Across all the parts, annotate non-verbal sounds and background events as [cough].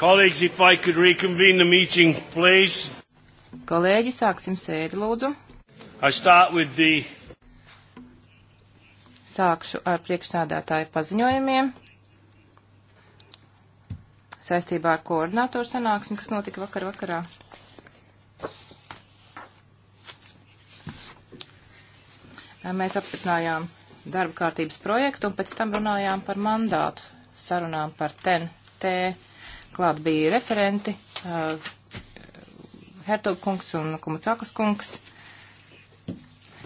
Kolēģis, if I could reconvene the meeting, please. Kolēģi, sāksim sēdi, lūdzu. I start with the... Sākšu ar priekšsādātāju paziņojumiem saistībā ar koordinātoru sanāksmi, kas notika vakar vakarā. Mēs apstiprinājām darba kārtības projektu un pēc tam runājām par mandātu sarunām par TEN-T klāt bija referenti, eh, Hertog kungs un Kumacākas kungs.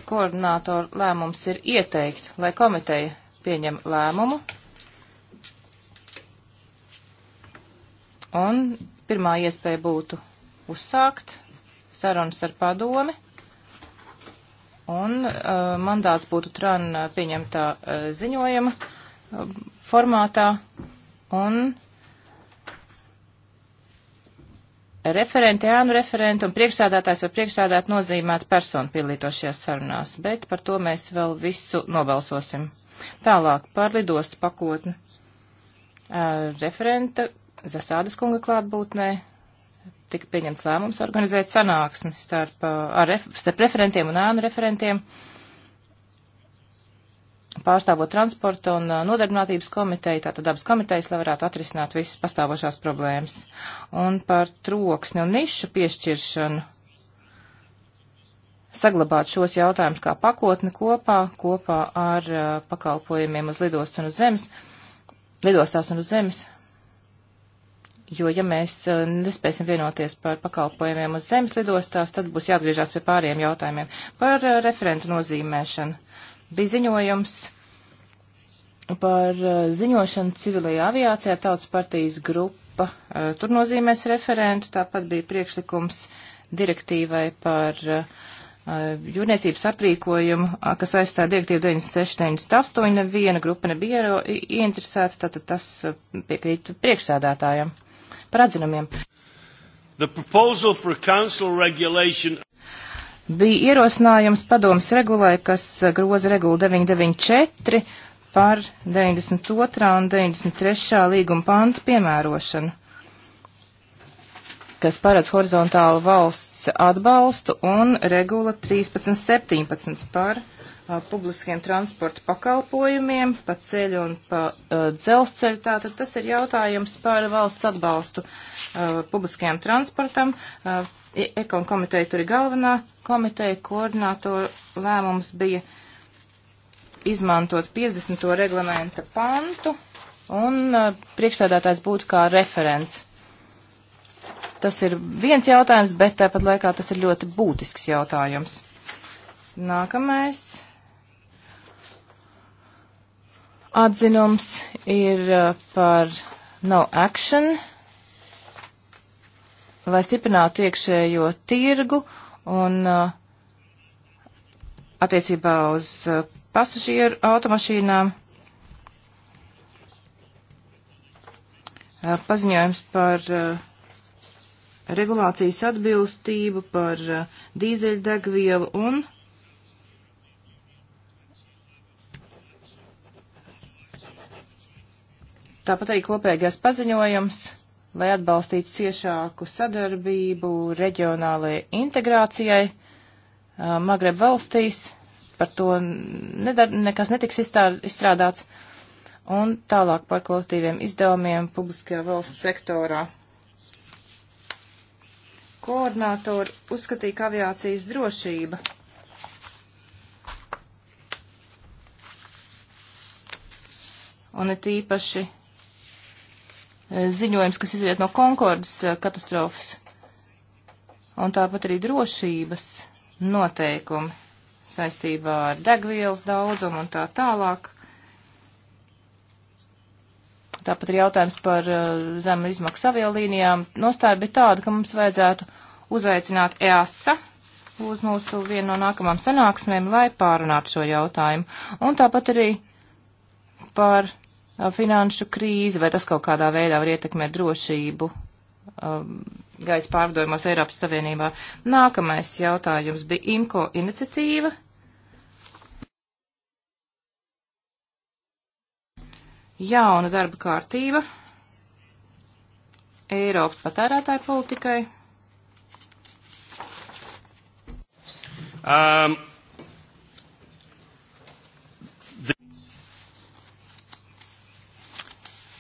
Koordinātoru lēmums ir ieteikt, lai komiteja pieņem lēmumu. Un pirmā iespēja būtu uzsākt sarunas ar padomi. Un uh, mandāts būtu tran pieņemtā uh, ziņojuma uh, formātā. Un uh, referenti, ēnu referenti un priekšsādātājs vai priekšsādāt nozīmēt personu piedalītošajās sarunās, bet par to mēs vēl visu nobalsosim. Tālāk par lidostu pakotni. Uh, referenta Zasādas kunga klātbūtnē tika pieņemts lēmums organizēt sanāksmi starp, uh, ar ref, starp referentiem un ēnu referentiem. Uh, pārstāvot transporta un nodarbinātības komiteju, tātad abas komitejas, lai varētu atrisināt visas pastāvošās problēmas. Un par troksni un nišu piešķiršanu saglabāt šos jautājumus kā pakotni kopā, kopā ar uh, pakalpojumiem uz lidostas un uz zemes, lidostās un uz zemes, jo ja mēs uh, nespēsim vienoties par pakalpojumiem uz zemes lidostās, tad būs jāatgriežās pie pāriem jautājumiem par uh, referentu nozīmēšanu bija ziņojums par eh, ziņošanu civilajā aviācijā tautas partijas grupa. Eh, tur nozīmēs referentu, tāpat bija priekšlikums direktīvai par eh, jūrniecības aprīkojumu, kas aizstāja direktīvu 9698, neviena grupa nebija ieinteresēta, tātad tas piekrīt priekšsēdētājiem par atzinumiem. Regulation bija ierosinājums padomas regulē, kas eh, groza regulu 994 par 92. un 93. līguma pantu piemērošanu, kas paredz horizontālu valsts atbalstu un regula 1317 par Uh, publiskiem transporta pakalpojumiem, pa ceļu un pa uh, dzelzceļu. Tātad tas ir jautājums par valsts atbalstu uh, publiskajam transportam. Uh, e- Ekon komiteja tur ir galvenā komiteja, koordinātoru lēmums bija izmantot 50. reglamenta pantu un uh, priekšsēdētājs būtu kā referents. Tas ir viens jautājums, bet tāpat laikā tas ir ļoti būtisks jautājums. Nākamais atzinums ir uh, par no action, lai stiprinātu iekšējo tirgu un uh, attiecībā uz uh, pasažieru automašīnām. Paziņojums par regulācijas atbilstību, par dīzeļdegvielu un Tāpat arī kopīgais paziņojums, lai atbalstītu ciešāku sadarbību reģionālajai integrācijai Magreb valstīs. Par to nedar, nekas netiks izstrādāts. Un tālāk par kolektīviem izdevumiem publiskajā valsts sektorā. Koordinātori uzskatīja, ka aviācijas drošība un it īpaši E, ziņojums, kas izriet no Konkordas e, katastrofas, un tāpat arī drošības noteikumi saistībā ar degvielas daudzumu un tā tālāk. Tāpat ir jautājums par uh, e, zemu izmaksu aviolīnijām. Nostāja bija tāda, ka mums vajadzētu uzveicināt EASA uz mūsu vienu no nākamām sanāksmēm, lai pārunātu šo jautājumu. Un tāpat arī par finanšu krīze, vai tas kaut kādā veidā var ietekmēt drošību um, gaisa pārvadojumos Eiropas Savienībā. Nākamais jautājums bija IMCO iniciatīva. Jauna darba kārtība Eiropas patērētāju politikai. Um.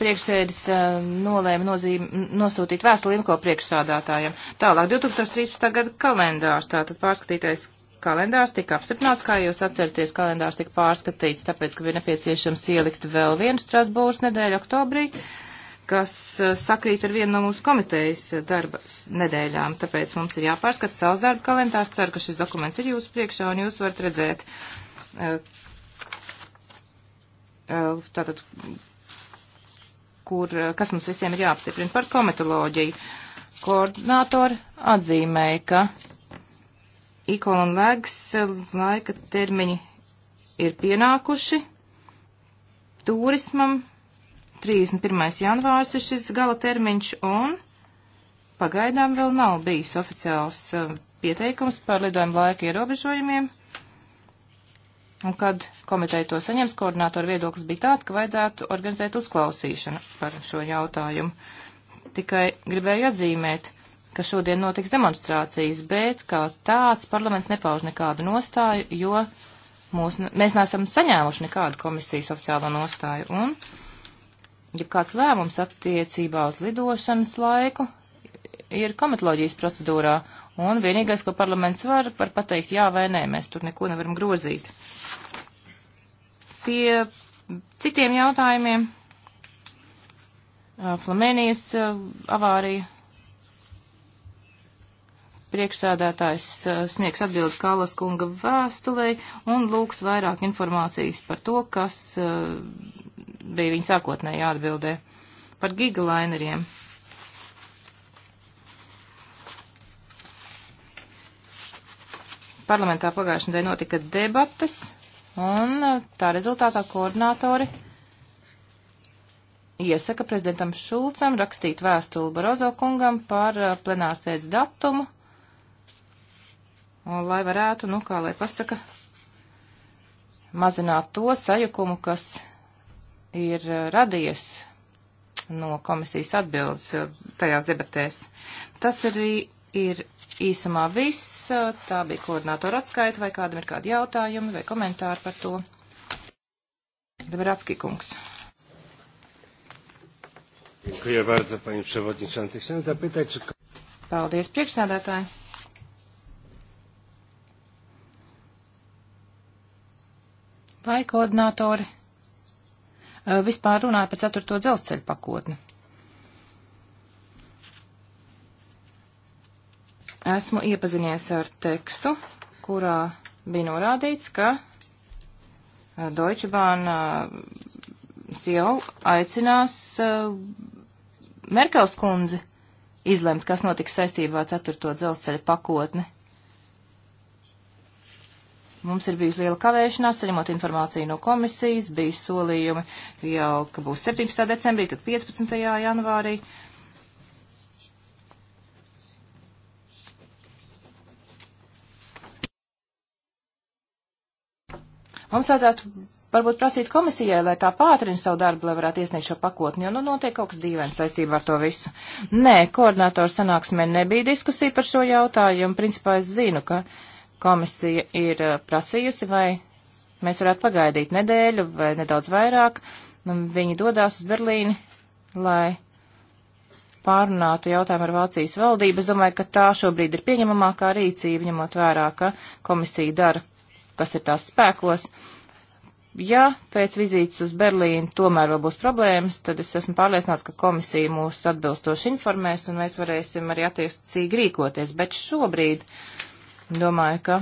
priekšsēdis eh, nolēma nozīm, nosūtīt vēstuli Imko priekšsādātājiem. Tālāk 2013. gada kalendārs, tātad pārskatītais kalendārs tika apstiprināts, kā jūs atceraties, kalendārs tika pārskatīts, tāpēc, ka bija nepieciešams ielikt vēl vienu Strasbūras nedēļu oktobrī, kas eh, sakrīt ar vienu no mūsu komitejas eh, darba nedēļām. Tāpēc mums ir jāpārskata savs darba kalendārs. Ceru, ka šis dokuments ir jūsu priekšā un jūs varat redzēt. Tātad kur, eh, kas mums visiem ir jāapstiprina par komitoloģiju. Koordinātori atzīmēja, ka ikona un legs eh, laika termiņi ir pienākuši turismam. 31. janvārs ir šis gala termiņš un pagaidām vēl nav bijis oficiāls eh, pieteikums par lidojumu laika ierobežojumiem. Un kad komiteja to saņems, koordinātora viedoklis bija tāds, ka vajadzētu organizēt uzklausīšanu par šo jautājumu. Tikai gribēju atzīmēt, ka šodien notiks demonstrācijas, bet kā tāds parlaments nepauž nekādu nostāju, jo mūs, mēs neesam saņēmuši nekādu komisijas oficiālo nostāju. Un, ja kāds lēmums attiecībā uz lidošanas laiku ir komitoloģijas procedūrā, un vienīgais, ko parlaments var, var pateikt jā vai nē, mēs tur neko nevaram grozīt pie citiem jautājumiem. Uh, Flamenijas uh, avārija. Priekšsēdētājs uh, sniegs atbildes Kālas kunga vēstulei un lūgs vairāk informācijas par to, kas bija viņa sākotnējā atbildē par gigalaineriem. Parlamentā pagājušajā nedēļā notika debatas Un eh, tā rezultātā koordinātori iesaka prezidentam Šulcam rakstīt vēstuli Barozo kungam par eh, plenārsēdes datumu, un, lai varētu, nu kā lai pasaka, mazināt to sajukumu, kas ir eh, radies no komisijas atbildes tajās debatēs. Tas arī ir īsumā viss. Tā bija koordinātora atskaita, vai kādam ir kādi jautājumi vai komentāri par to. Dabratski kungs. Dziękuję bardzo, panie przewodniczący. Chciałem zapytać, czy... Paldies, priekšsēdētāji. Vai koordinātori vispār runāja par ceturto dzelzceļa pakotni? esmu iepazinies ar tekstu, kurā bija norādīts, ka eh, Deutsche Bahn jau eh, aicinās eh, Merkels kundzi izlemt, kas notiks saistībā ar 4. dzelzceļa pakotni. Mums ir bijusi liela kavēšanās, saņemot informāciju no komisijas, bija solījumi jau, ka būs 17. decembrī, tad 15. janvārī. Uh, Mums vajadzētu varbūt prasīt komisijai, lai tā pātrina savu darbu, lai varētu iesniegt šo pakotni, jo nu notiek kaut kas dīvains saistībā ar to visu. Nē, koordinātoru sanāksmē nebija diskusija par šo jautājumu. Principā es zinu, ka komisija ir uh, prasījusi, vai mēs varētu pagaidīt nedēļu vai nedaudz vairāk. Viņi dodās uz Berlīni, lai pārunātu jautājumu ar Vācijas valdību. Es domāju, ka tā šobrīd ir pieņemamākā rīcība, ņemot vērā, ka komisija dara kas ir tās spēkos. Ja pēc vizītes uz Berlīnu tomēr vēl būs problēmas, tad es esmu pārliecināts, ka komisija mūs atbilstoši informēs un mēs varēsim arī attiecīgi rīkoties. Bet šobrīd domāju, ka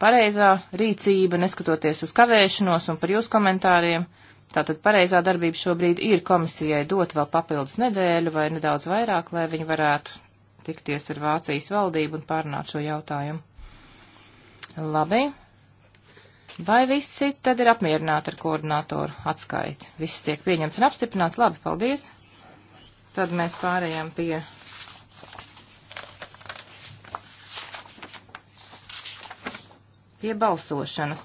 pareizā rīcība, neskatoties uz kavēšanos un par jūsu komentāriem, tātad pareizā darbība šobrīd ir komisijai dot vēl papildus nedēļu vai nedaudz vairāk, lai viņi varētu tikties ar Vācijas valdību un pārnāt šo jautājumu. Labi. Vai visi tad ir apmierināti ar koordinātoru atskaiti? Viss tiek pieņemts un apstiprināts. Labi, paldies. Tad mēs pārējām pie. Pie balsošanas.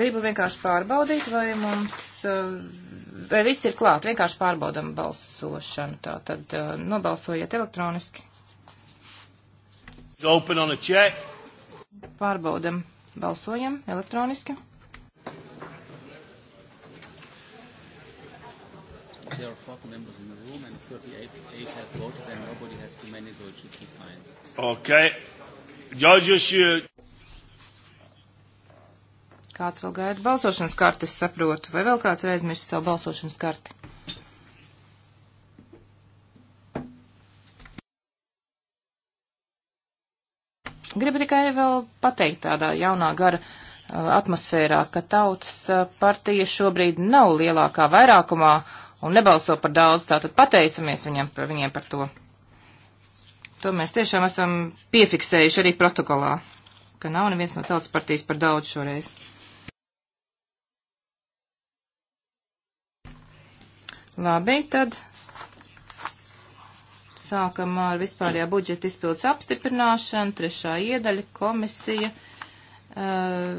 Gribu vienkārši pārbaudīt, vai mums uh, vai viss ir klāt, vienkārši pārbaudam balsošanu, tā tad uh, nobalsojiet elektroniski. Pārbaudam, balsojam elektroniski. There are four members in the room and 38 eight have voted and nobody has too many, so it should be fine. Okay. Judges, you... Kāds vēl gaida balsošanas karti, es saprotu. Vai vēl kāds reiz mirst savu balsošanas karti? Gribu tikai vēl pateikt tādā jaunā gara uh, atmosfērā, ka tautas uh, partija šobrīd nav lielākā vairākumā un nebalso par daudz, tātad pateicamies viņam, par, viņiem par to. To mēs tiešām esam piefiksējuši arī protokolā, ka nav neviens no tautas partijas par daudz šoreiz. Labi, tad sākam ar vispārējā budžeta izpildes apstiprināšanu, trešā iedaļa komisija. Uh, eh,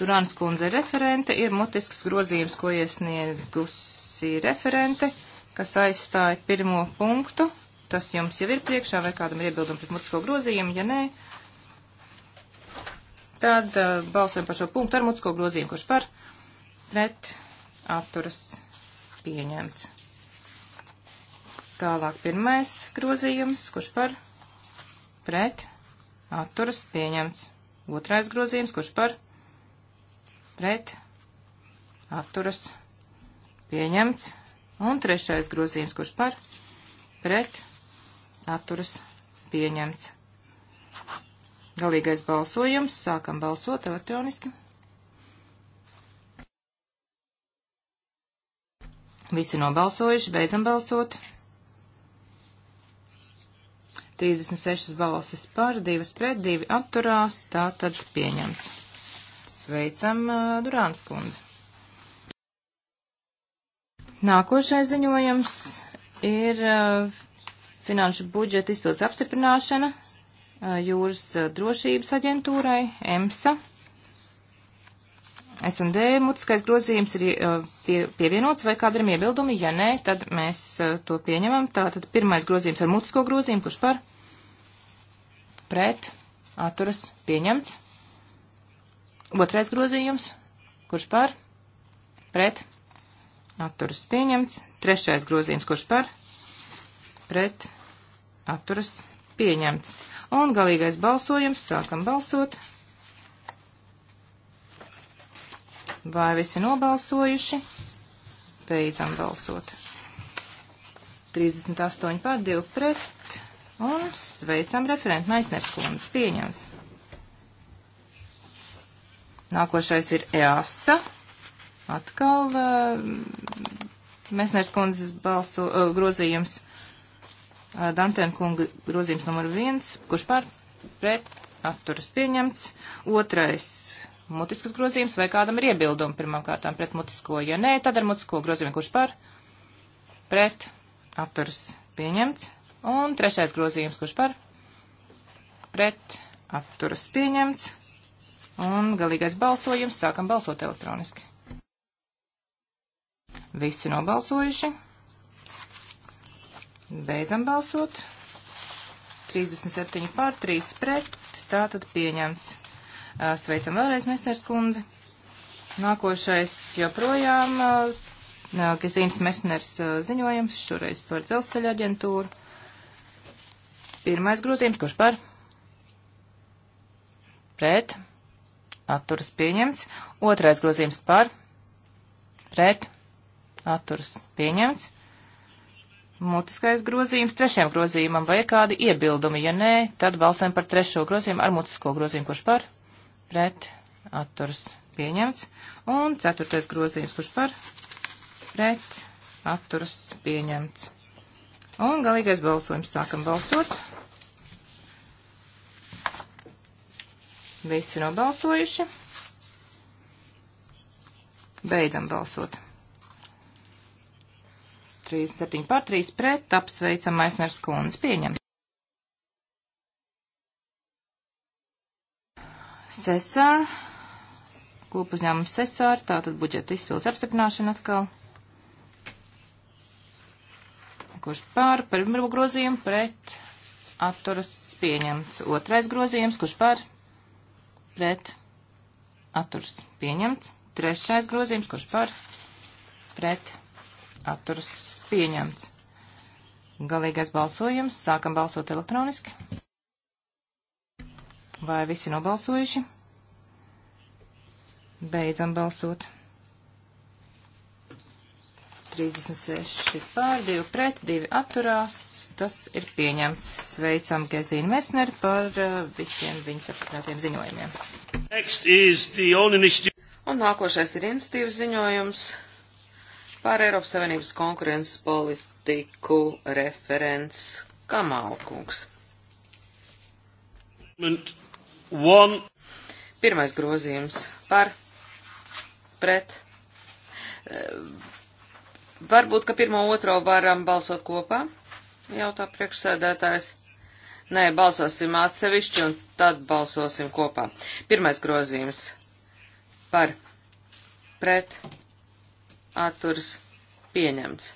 Turāns kundze referente ir mutisks grozījums, ko iesniegusi referente, kas aizstāja pirmo punktu. Tas jums jau ir priekšā, vai kādam ir iebildumi pret mutisko grozījumu, ja nē. Tad uh, balsojam par šo punktu ar mutisko grozījumu, kurš par pret atturas pieņemts. Tālāk pirmais grozījums, kurš par pret atturas pieņemts. Otrais grozījums, kurš par pret atturas pieņemts. Un trešais grozījums, kurš par pret atturas pieņemts. Galīgais balsojums. Sākam balsot elektroniski. Visi nobalsojuši, beidzam balsot. 36 balsis par, 2 pret, 2 atturās, tā tad pieņemts. Sveicam uh, Durāns kundzi. Nākošais ziņojums ir uh, finanšu budžeta izpildes apstiprināšana uh, jūras drošības aģentūrai EMSA. S&D mutiskais grozījums ir pie, pievienots vai kādam ir iebildumi? Ja nē, tad mēs to pieņemam. Tātad pirmais grozījums ar mutisko grozījumu, kurš par? Pret. Atturas. Pieņemts. Otrais grozījums, kurš par? Pret. Atturas. Pieņemts. Trešais grozījums, kurš par? Pret. Atturas. Pieņemts. Un galīgais balsojums. Sākam balsot. Vai visi nobalsojuši? Beidzam balsot. 38 pār 2 pret un sveicam referentu Maisners kundzi. Pieņemts. Nākošais ir EASA. Atkal uh, eh, Mēsners kundzes balsu uh, eh, grozījums. Uh, Dantēna kunga grozījums numur viens, kurš pār pret atturas pieņemts. Otrais mutiskas grozījums vai kādam ir iebildumi pirmām kārtām pret mutisko? Ja nē, tad ar mutisko grozījumu kurš par? Pret apturs pieņemts. Un trešais grozījums kurš par? Pret apturs pieņemts. Un galīgais balsojums sākam balsot elektroniski. Visi nobalsojuši. Beidzam balsot. 37 pār 3 pret. Tātad pieņemts. Sveicam vēlreiz, Mesters kundze. Nākošais joprojām Gezīnas Mesners ziņojums, šoreiz par dzelzceļa aģentūru. Pirmais grozījums, kurš par? Pret. Atturas pieņemts. Otrais grozījums par? Pret. Atturas pieņemts. Mutiskais grozījums trešajam grozījumam vai ir kādi iebildumi? Ja nē, tad balsojam par trešo grozījumu ar mutisko grozījumu, kurš par? pret atturs pieņemts. Un ceturtais grozījums, kurš par pret atturs pieņemts. Un galīgais balsojums. Sākam balsot. Visi nobalsojuši. Beidzam balsot. 37 par 3 pret apsveicam Maisners kundzes pieņem. Sesār, klubu uzņēmums Sesār, tātad budžeta izpildes apstiprināšana atkal. Kurš pār, par pirmo grozījumu pret atturas pieņemts. Otrais grozījums, kurš pār, pret atturas pieņemts. Trešais grozījums, kurš pār, pret atturas pieņemts. Galīgais balsojums. Sākam balsot elektroniski. Vai visi nobalsojuši? Beidzam balsot. 36 pār, 2 pret, 2 atturās. Tas ir pieņemts. Sveicam Gezīnu Mesneru par uh, visiem viņas apstiprinātiem ziņojumiem. Un nākošais ir institīvas ziņojums par Eiropas Savienības konkurences politiku referents Kamalkungs. Pirmais grozījums par pret. E, varbūt, ka pirmo otro varam balsot kopā, jautā priekšsēdētājs. Nē, balsosim atsevišķi un tad balsosim kopā. Pirmais grozījums par pret atturs pieņemts.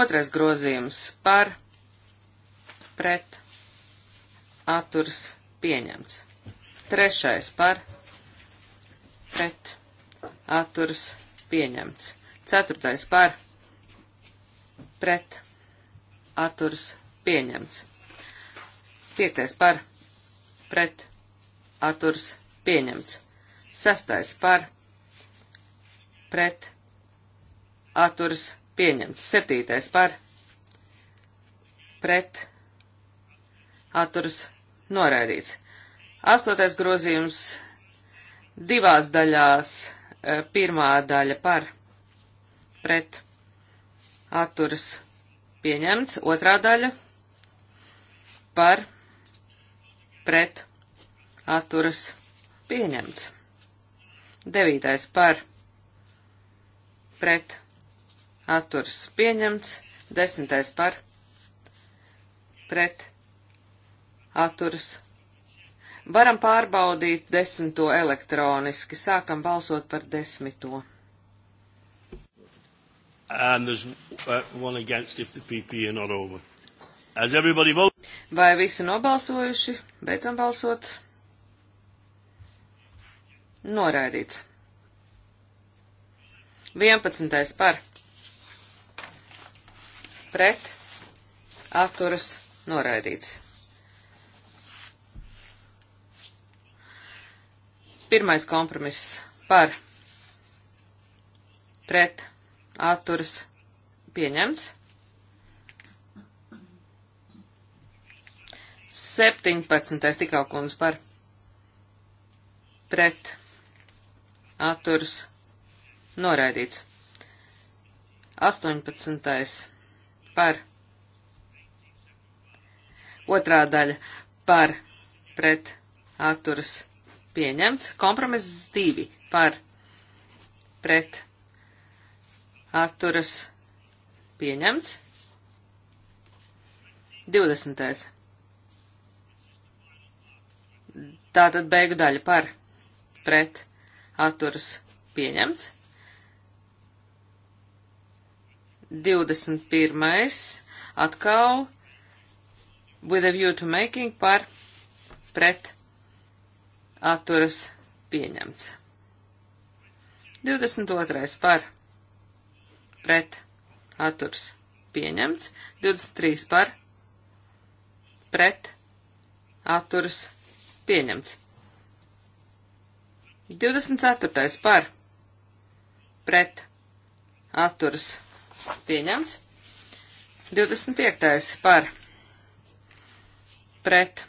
Otrais grozījums par pret atturs pieņemts pieņemts. Trešais par pret atturas pieņemts. Ceturtais par pret atturas pieņemts. Piektais par pret atturas pieņemts. Sestais par pret atturas pieņemts. Septītais par pret atturas pieņemts atturas Noraidīts. Astotais grozījums divās daļās. E, pirmā daļa par pret atturas pieņemts, otrā daļa par pret atturas pieņemts. Devītais par pret atturas pieņemts, desmitais par pret atturas. Varam pārbaudīt desmito elektroniski. Sākam balsot par desmito. Uh, Vai visi nobalsojuši? Beidzam balsot. Noraidīts. 11. par. Pret. Atturas. Noraidīts. Pirmais kompromiss par pret atturas pieņemts. 17. tikau kundze par pret atturas noraidīts. 18. par otrā daļa par pret atturas noraidīts pieņemts. Kompromiss 2 par pret atturas pieņemts. 20. Tātad beigu daļa par pret atturas pieņemts. 21. atkal with a view to making par pret atturas atturas pieņemts. 22. par pret atturas pieņemts. 23. par pret atturas pieņemts. 24. par pret atturas pieņemts. 25. par pret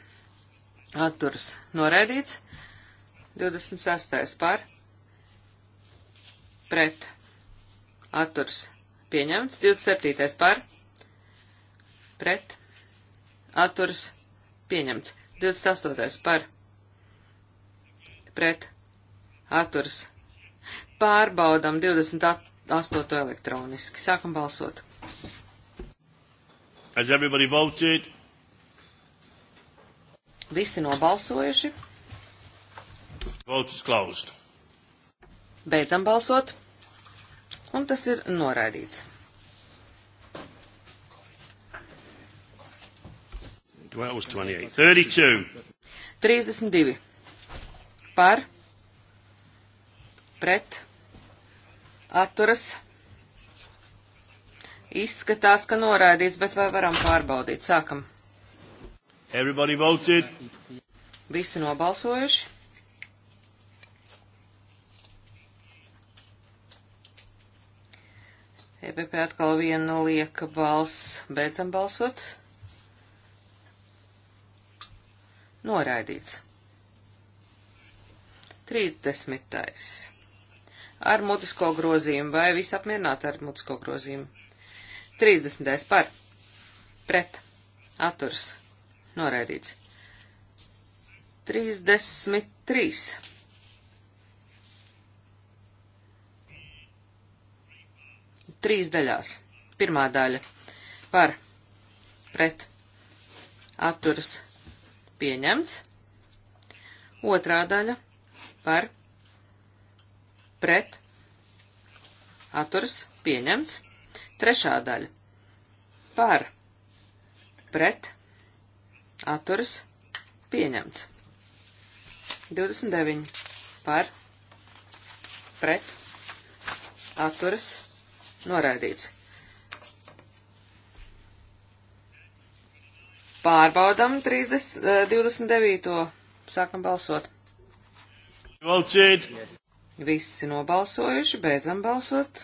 atturas noraidīts. 26. par, pret, atturs, pieņemts. 27. par, pret, atturs, pieņemts. 28. par, pret, atturs. Pārbaudam 28. elektroniski. Sākam balsot. Has everybody voted? Visi nobalsojuši. Votes closed. Beidzam balsot. Un tas ir noraidīts. Well, 28. 32. 32. Par. Pret. Atturas. Izskatās, ka noraidīts, bet vai varam pārbaudīt? Sākam. Everybody voted. Visi nobalsojuši. EPP atkal viena lieka balss. Beidzam balsot. Noraidīts. 30. Ar mutisko grozījumu. Vai visi apmierināti ar mutisko grozījumu? 30. par. Pret. Atturs. Noraidīts. 33. Trīs daļās. Pirmā daļa par pret atturas pieņemts. Otrā daļa par pret atturas pieņemts. Trešā daļa par pret atturas pieņemts. 29 par pret atturas pieņemts Noraidīts. Pārbaudam 30, 29. Eh, Sākam balsot. Valcīt. Visi nobalsojuši, beidzam balsot.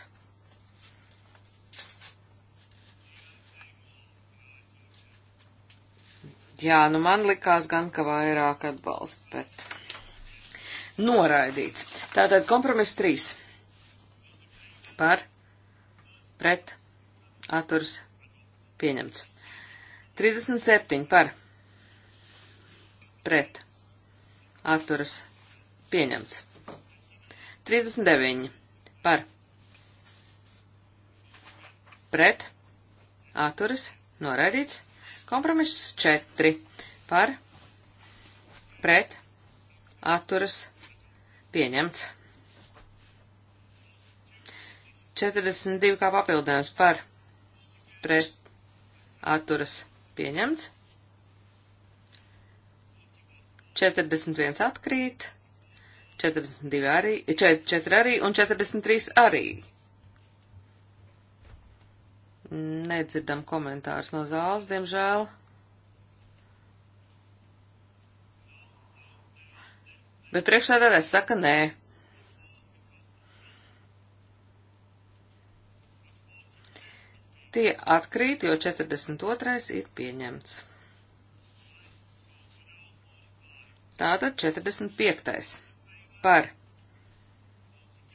Jā, nu man likās gan, ka vairāk atbalst, bet noraidīts. Tātad kompromiss trīs. Par pret atturs pieņemts. 37 par pret atturs pieņemts. 39 par pret atturs noraidīts. Kompromiss 4 par pret atturs pieņemts. 42 kā papildinājums par pret atturas pieņemts. 41 atkrīt, 42 arī, 4 arī un 43 arī. Nedzirdam komentārus no zāles, diemžēl. Bet priekšsēdētājs saka nē. Tie atkrīt, jo 42. ir pieņemts. Tātad 45. par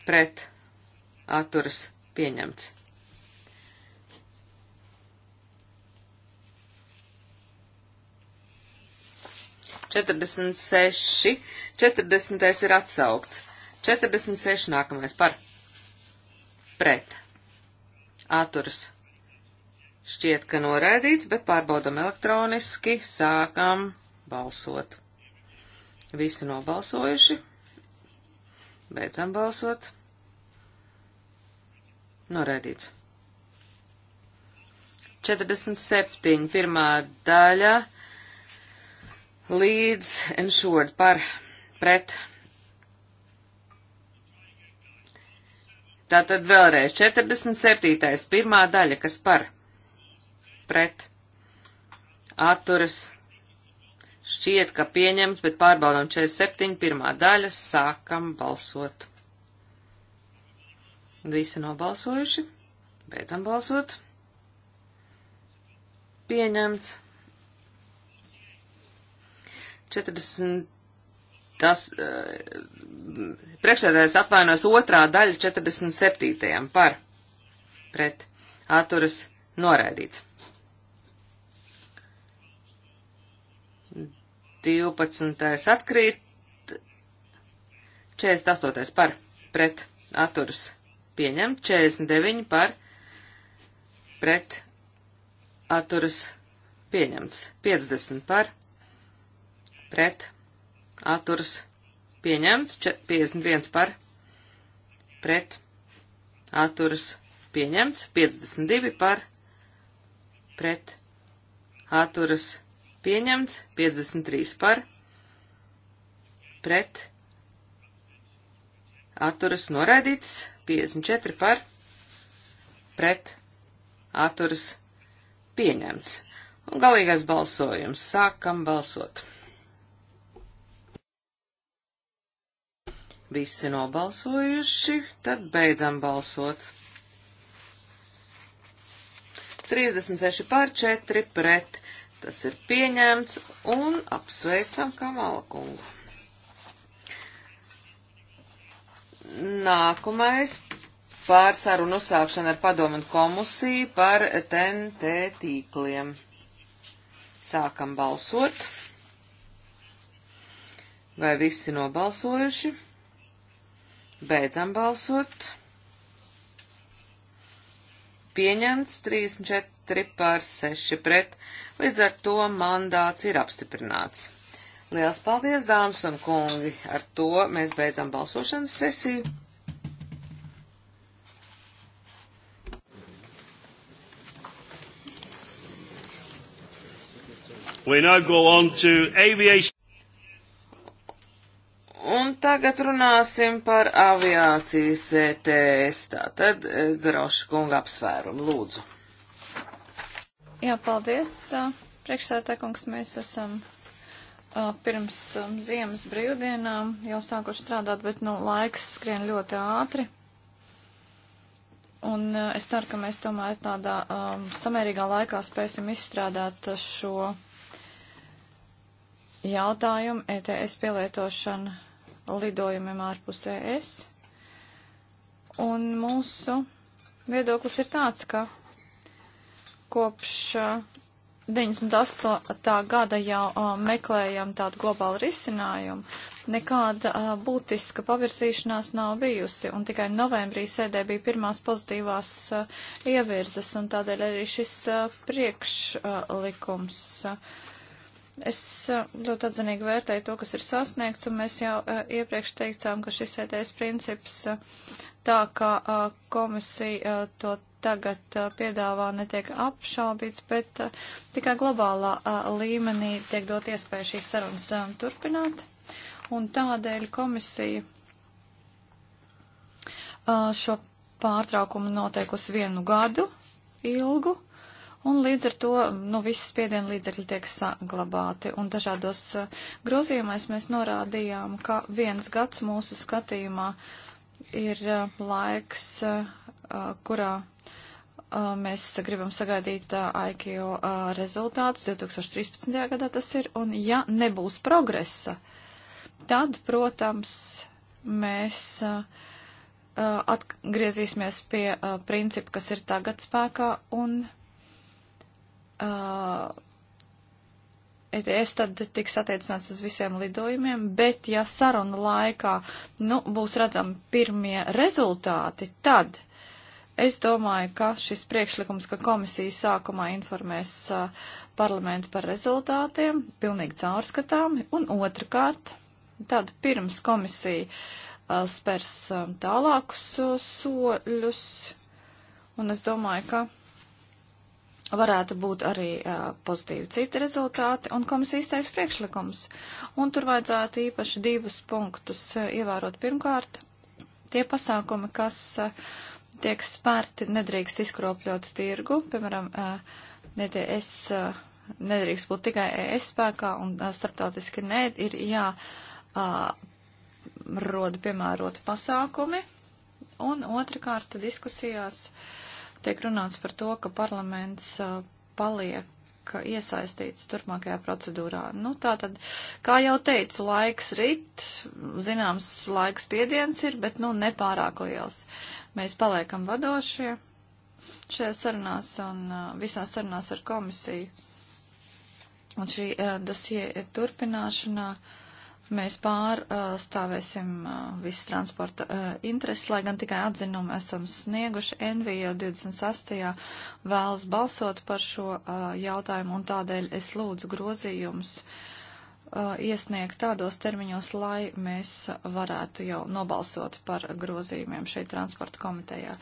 pret atturas pieņemts. Četrdesmit seši, četrdesmitais ir atsaukts. Četrdesmit seši nākamais par pret atturas pieņemts Šķiet, ka noraidīts, bet pārbaudam elektroniski, sākam balsot. Visi nobalsojuši. Beidzam balsot. Noraidīts. 47. pirmā daļa līdz ensured par pret. Tātad vēlreiz 47. pirmā daļa, kas par pret pret atturas šķiet, ka pieņems, bet pārbaudām 47. pirmā daļa, sākam balsot. Visi nobalsojuši, beidzam balsot. Pieņemts. 40. Tas, eh, priekšsēdājs apvainos otrā daļa 47. par pret atturas noraidīts. 12. atkrīt, 48. par pret atturas pieņemt, 49 par pret atturas pieņemts, 50 par pret atturas pieņemts, 51 par pret atturas pieņemts, 52 par pret atturas pieņemts pieņemts, 53 par, pret, atturas noraidīts, 54 par, pret, atturas pieņemts. Un galīgais balsojums. Sākam balsot. Visi nobalsojuši, tad beidzam balsot. 36 pār 4 pret Tas ir pieņemts un apsveicam Kamala kungu. Nākamais pār sarunu uzsākšanu ar padomu un komisiju par TNT tīkliem. Sākam balsot. Vai visi nobalsojuši? Beidzam balsot. Pieņemts 34 četri par seši pret, līdz ar to mandāts ir apstiprināts. Liels paldies, dāmas un kungi! Ar to mēs beidzam balsošanas sesiju. We now go on to aviation. Un tagad runāsim par aviācijas ETS, tātad eh, Groša kunga apsvērumu, lūdzu. Jā, paldies. Priekšsētā kungs, mēs esam pirms ziemas brīvdienām jau sākuši strādāt, bet nu, laiks skrien ļoti ātri. Un es ceru, ka mēs tomēr tādā um, samērīgā laikā spēsim izstrādāt šo jautājumu ETS pielietošanu lidojumiem ārpus ES. Un mūsu viedoklis ir tāds, ka Kopš 98. gada jau meklējam tādu globālu risinājumu. Nekāda būtiska pavirzīšanās nav bijusi, un tikai novembrī sēdē bija pirmās pozitīvās ievirzes, un tādēļ arī šis priekšlikums. Es ļoti atzinīgi vērtēju to, kas ir sasniegts, un mēs jau iepriekš teicām, ka šis ētais e princips tā kā komisija to tagad piedāvā, netiek apšaubīts, bet tikai globālā līmenī tiek dot iespēja šīs sarunas turpināt. Un tādēļ komisija šo pārtraukumu noteikusi vienu gadu ilgu, un līdz ar to nu, visi spiedienu līdzekļi tiek saglabāti. Un dažādos grozījumais mēs norādījām, ka viens gads mūsu skatījumā uh, ir laiks, kurā mēs gribam sagaidīt IKO rezultātus 2013. gadā tas ir, un ja nebūs progresa, tad, protams, mēs atgriezīsimies pie principa, kas ir tagad spēkā, un ETS tad tiks attiecināts uz visiem lidojumiem, bet ja saruna laikā nu, būs redzami pirmie rezultāti, tad es domāju, ka šis priekšlikums, ka komisija sākumā informēs uh, parlamentu par rezultātiem, pilnīgi caurskatāmi, un otrkārt, tad pirms komisija uh, spērs uh, tālākus soļus, un es domāju, ka varētu būt arī uh, pozitīvi citi rezultāti, un komisija izteiks priekšlikums. Un tur vajadzētu īpaši divus punktus uh, ievērot. Pirmkārt, tie pasākumi, kas uh, tiek spērti, nedrīkst izkropļot tirgu, piemēram, ETS nedrīkst būt tikai ES spēkā, un starptautiski nē, ir jā roda piemēroti pasākumi, un otrkārt diskusijās uh, tiek runāts par to, ka parlaments paliek iesaistīts turpmākajā procedūrā. Nu, tā tad, kā jau teicu, laiks rit, zināms, laiks piediens ir, bet, nu, nepārāk liels. Mēs paliekam vadošie šajā sarunās un visās sarunās ar komisiju. Un šī dosie turpināšanā. Uh, Mēs pārstāvēsim uh, visas transporta uh, intereses, lai gan tikai atzinumu esam snieguši. NV jau 28. vēlas balsot par šo uh, jautājumu, un tādēļ es lūdzu grozījumus iesniegt tādos termiņos, lai mēs varētu jau nobalsot par grozījumiem šeit transporta komitejā,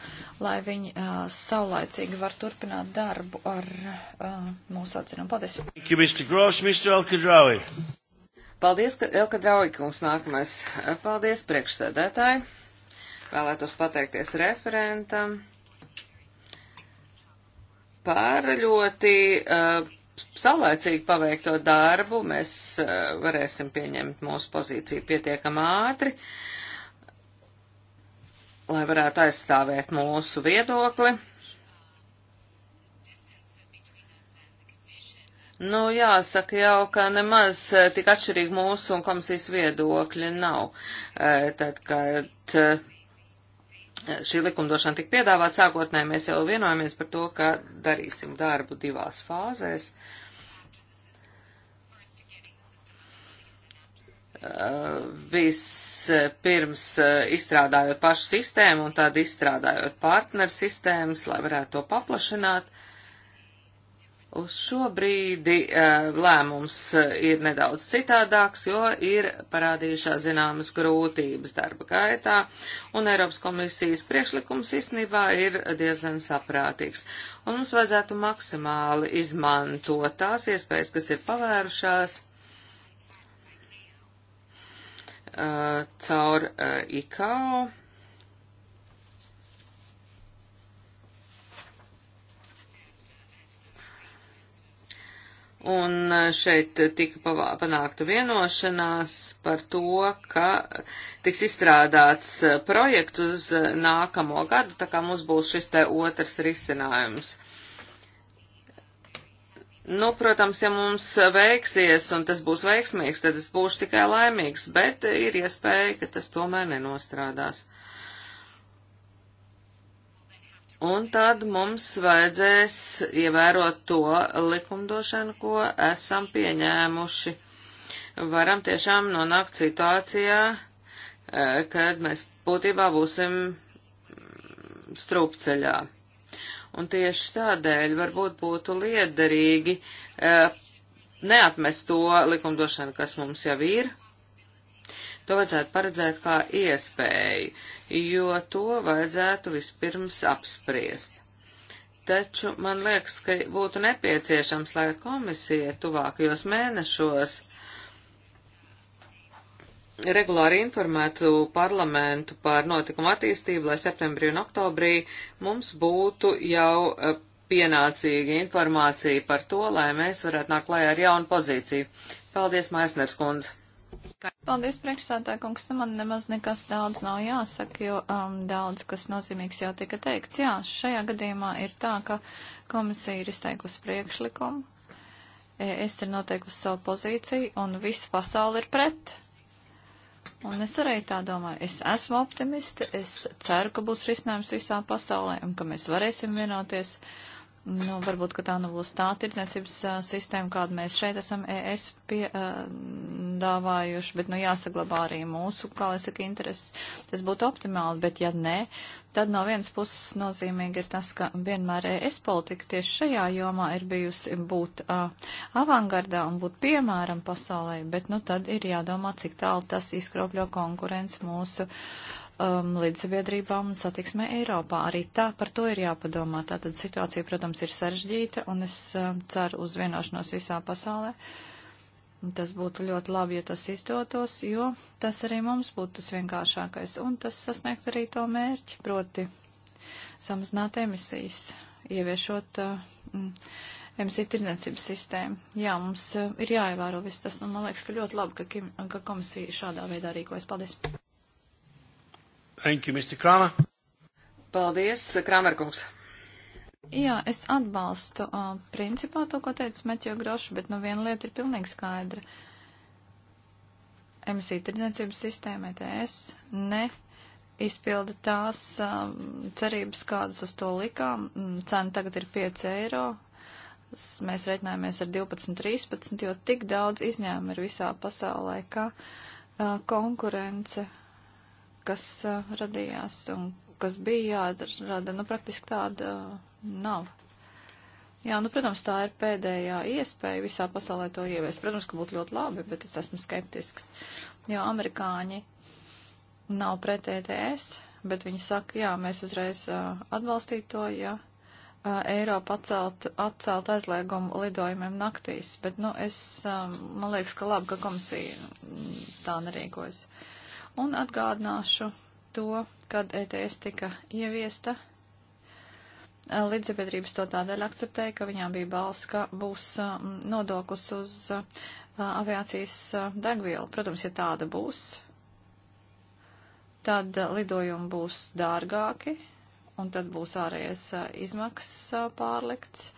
lai viņi uh, saulaicīgi var turpināt darbu ar uh, mūsu atzinumu. Paldies! Thank you, Mr. Gross, Mr. Alkadrawi. Paldies, ka Elka Draujkungs nākamais. Paldies priekšsēdētāji. Vēlētos pateikties referentam par ļoti uh, saulēcīgi paveikto darbu. Mēs uh, varēsim pieņemt mūsu pozīciju pietiekam ātri, lai varētu aizstāvēt mūsu viedokli. Nu, jāsaka jau, ka nemaz eh, tik atšķirīgi mūsu un komisijas viedokļi nav. Eh, tad, kad eh, šī likumdošana tika piedāvāta sākotnē, mēs jau vienojamies par to, ka darīsim darbu divās fāzēs. Vispirms izstrādājot pašu sistēmu un tad izstrādājot partneru sistēmas, lai varētu to paplašināt. Uz šo brīdi eh, lēmums eh, ir nedaudz citādāks, jo ir parādījušās zināmas grūtības darba gaitā, un Eiropas komisijas priekšlikums īstenībā ir diezgan saprātīgs. Un mums vajadzētu maksimāli izmantot tās iespējas, kas ir pavērušās eh, caur IKAU Un e, šeit tika panākta vienošanās par to, ka tiks izstrādāts e, projekts uz e, nākamo gadu, tā kā mums būs šis te otrs risinājums. Nu, protams, ja mums veiksies un tas būs veiksmīgs, tad es būšu tikai laimīgs, bet ir iespēja, ka tas tomēr nenostrādās. Un tad mums vajadzēs ievērot to likumdošanu, ko esam pieņēmuši. Varam tiešām nonākt situācijā, eh, kad mēs būtībā būsim strupceļā. Un tieši tādēļ varbūt būtu liederīgi eh, neatmest to likumdošanu, kas mums jau ir, To vajadzētu paredzēt kā iespēju, jo to vajadzētu vispirms apspriest. Taču man liekas, ka būtu nepieciešams, lai komisija tuvākajos mēnešos regulāri informētu parlamentu par notikumu attīstību, lai septembrī un oktobrī mums būtu jau eh, pienācīga informācija par to, lai mēs varētu nākt klājā ar jaunu pozīciju. Paldies, Maisners kundze! Paldies, priekšstādāja kungs. Nu, man nemaz nekas daudz nav jāsaka, jo um, daudz, kas nozīmīgs jau tika teikts. Jā, šajā gadījumā ir tā, ka komisija ir izteikusi priekšlikumu, e, es ir noteikusi savu pozīciju un viss pasauli ir pret. Un es arī tā domāju, es esmu optimisti, es ceru, ka būs risinājums visā pasaulē un ka mēs varēsim vienoties. Uh, Nu, varbūt, ka tā nav būs tā tirdzniecības sistēma, kādu mēs šeit esam ES piedāvājuši, bet, nu, jāsaglabā arī mūsu, kā es saku, intereses. Tas būtu optimāli, bet, ja nē, tad no vienas puses nozīmīgi ir tas, ka vienmēr ES politika tieši šajā jomā ir bijusi būt uh, avangardā un būt piemēram pasaulē, bet, nu, tad ir jādomā, cik tālu tas izkropļo konkurence mūsu uh, um, līdzsabiedrībām un satiksmē Eiropā. Arī tā par to ir jāpadomā. Tātad situācija, protams, ir sarežģīta un es um, ceru uz vienošanos visā pasaulē. Tas būtu ļoti labi, ja tas izdotos, jo tas arī mums būtu tas vienkāršākais un tas sasniegt arī to mērķi, proti samazināt emisijas, ieviešot uh, mm, emisiju tirdzniecības sistēmu. Jā, mums uh, ir jāievēro viss tas, un man liekas, ka ļoti labi, ka, Kim, ka komisija šādā veidā rīkojas. Paldies! Thank you, Mr. Kramer. Paldies, Kramerkungs. Jā, es atbalstu uh, principā to, ko teica Meķo Grošu, bet nu viena lieta ir pilnīgi skaidra. Emisiju tirdzniecības sistēma ETS ne izpilda tās uh, cerības, kādas uz to likām. Mm, cena tagad ir 5 eiro. Mēs reiķinājāmies ar 12, 13, jo tik daudz izņēmumu ir visā pasaulē, ka uh, konkurence kas uh, radījās un kas bija jārada, nu, praktiski tāda nav. Jā, nu, protams, tā ir pēdējā iespēja visā pasaulē to ieviest. Protams, ka būtu ļoti labi, bet es esmu skeptisks, jo amerikāņi nav pret ETS, bet viņi saka, jā, mēs uzreiz uh, atbalstītu to, ja uh, Eiropa atcelt, atcelt aizliegumu lidojumiem naktīs, bet, nu, es, uh, man liekas, ka labi, ka komisija tā nerīkojas. Uh, Un atgādināšu to, kad ETS tika ieviesta. Līdzsabiedrības to tādēļ akceptēja, ka viņām bija balss, ka būs um, nodoklis uz uh, aviācijas uh, degvielu. Protams, ja tāda būs, tad lidojumi būs dārgāki, un tad būs ārējais uh, izmaksas pārlikts,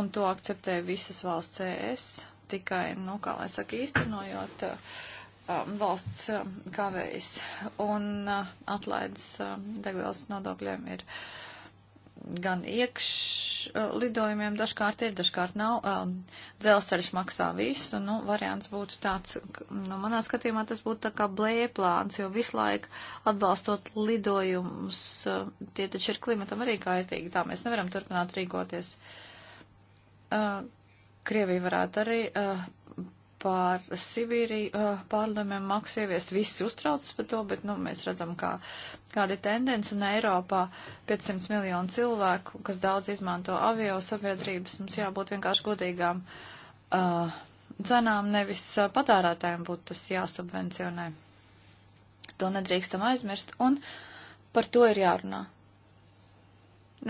un to akceptē visas valsts CS, e tikai, nu, kā lai saka, īstenojot. Uh, Um, valsts kavējas um, un uh, atlaides um, degvielas nodokļiem ir gan iekš uh, lidojumiem dažkārt ir, dažkārt nav. Dzelzceļš maksā visu, nu, variants būtu tāds, nu, manā skatījumā tas būtu tā kā blēplāns, jo visu laiku atbalstot lidojumus, uh, tie taču ir klimatam arī kaitīgi, tā mēs nevaram turpināt rīkoties. Krievija varētu arī uh, par Sibīriju uh, pārlēmēm maksu ieviest. Visi uztraucas par to, bet nu, mēs redzam, kā, kāda ir tendence. Un Eiropā 500 miljonu cilvēku, kas daudz izmanto avio sabiedrības, mums jābūt vienkārši godīgām uh, cenām, nevis uh, patērētājiem būtu tas jāsubvencionē. To nedrīkstam aizmirst, un par to ir jārunā.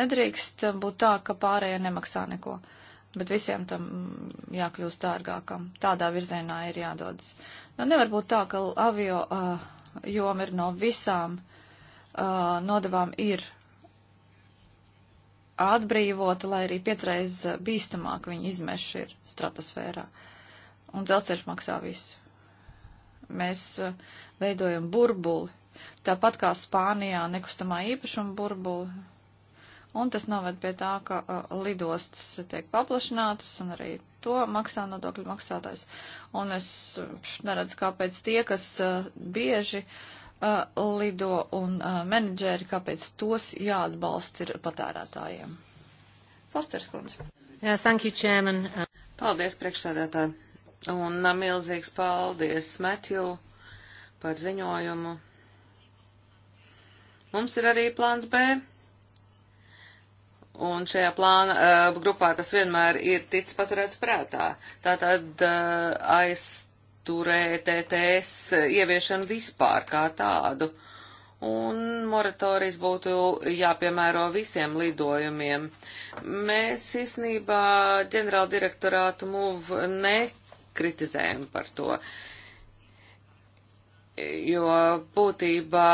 Nedrīkst uh, būt tā, ka pārējie nemaksā neko. Uh, bet visiem tam mm, jākļūst dārgākam. Tādā virzienā ir jādodas. Nu, nevar būt tā, ka avio uh, joma ir no visām uh, nodavām ir atbrīvota, lai arī piecreiz bīstamāk viņa izmeša ir stratosfērā. Un dzelzceļš maksā visu. Mēs uh, veidojam burbuli, tāpat kā Spānijā nekustamā īpašuma burbuli un tas noved pie tā, ka uh, lidostas tiek paplašinātas, un arī to maksā nodokļu maksātājs. Un es uh, neredzu, kāpēc tie, kas uh, bieži uh, lido un uh, menedžeri, kāpēc tos jāatbalsta ir patērētājiem. Fosters kundze. Yeah, thank you, chairman. Paldies, priekšsēdētāji. Un uh, milzīgs paldies, Matthew, par ziņojumu. Mums ir arī plāns B Un šajā plāna uh, grupā tas vienmēr ir ticis paturēts prātā. Tātad uh, aizturēt ETS uh, ieviešanu vispār kā tādu. Un moratorijas būtu jāpiemēro visiem lidojumiem. Mēs īstenībā ģenerāla direktorātu MUV nekritizējam par to, jo būtībā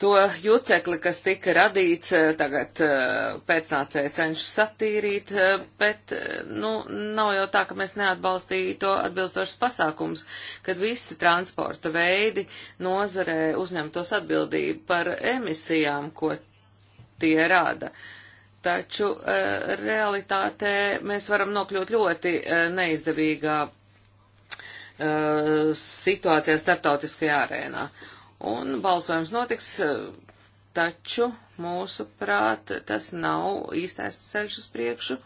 To jucekli, kas tika radīts, eh, tagad eh, pēcnācēji cenšas attīrīt, eh, bet, nu, nav jau tā, ka mēs neatbalstītu atbilstošas pasākums, kad visi transporta veidi nozarē uzņemtos atbildību par emisijām, ko tie rada. Taču realitātē mēs varam nokļūt ļoti neizdevīgā situācijā starptautiskajā arēnā. Un balsojums notiks, taču mūsu prāt tas nav īstais ceļš uz priekšu.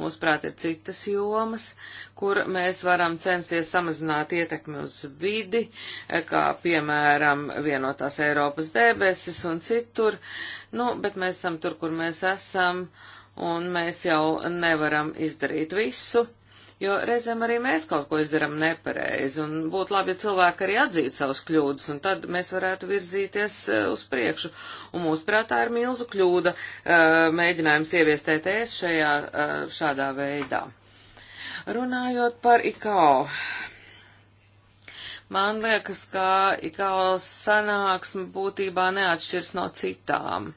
Mūsu prāt ir citas jomas, kur mēs varam censties samazināt ietekmi uz vidi, kā piemēram vienotās Eiropas debesis un citur. Nu, bet mēs esam tur, kur mēs esam, un mēs jau nevaram izdarīt visu Jo reizēm arī mēs kaut ko izdarām nepareizi, un būtu labi, ja cilvēki arī atzītu savus kļūdas, un tad mēs varētu virzīties eh, uz priekšu. Un mūsuprāt, tā ir milzu kļūda eh, mēģinājums ieviest ETS šajā, eh, šādā veidā. Runājot par IKO. Man liekas, ka IKO sanāksme būtībā neatšķirs no citām.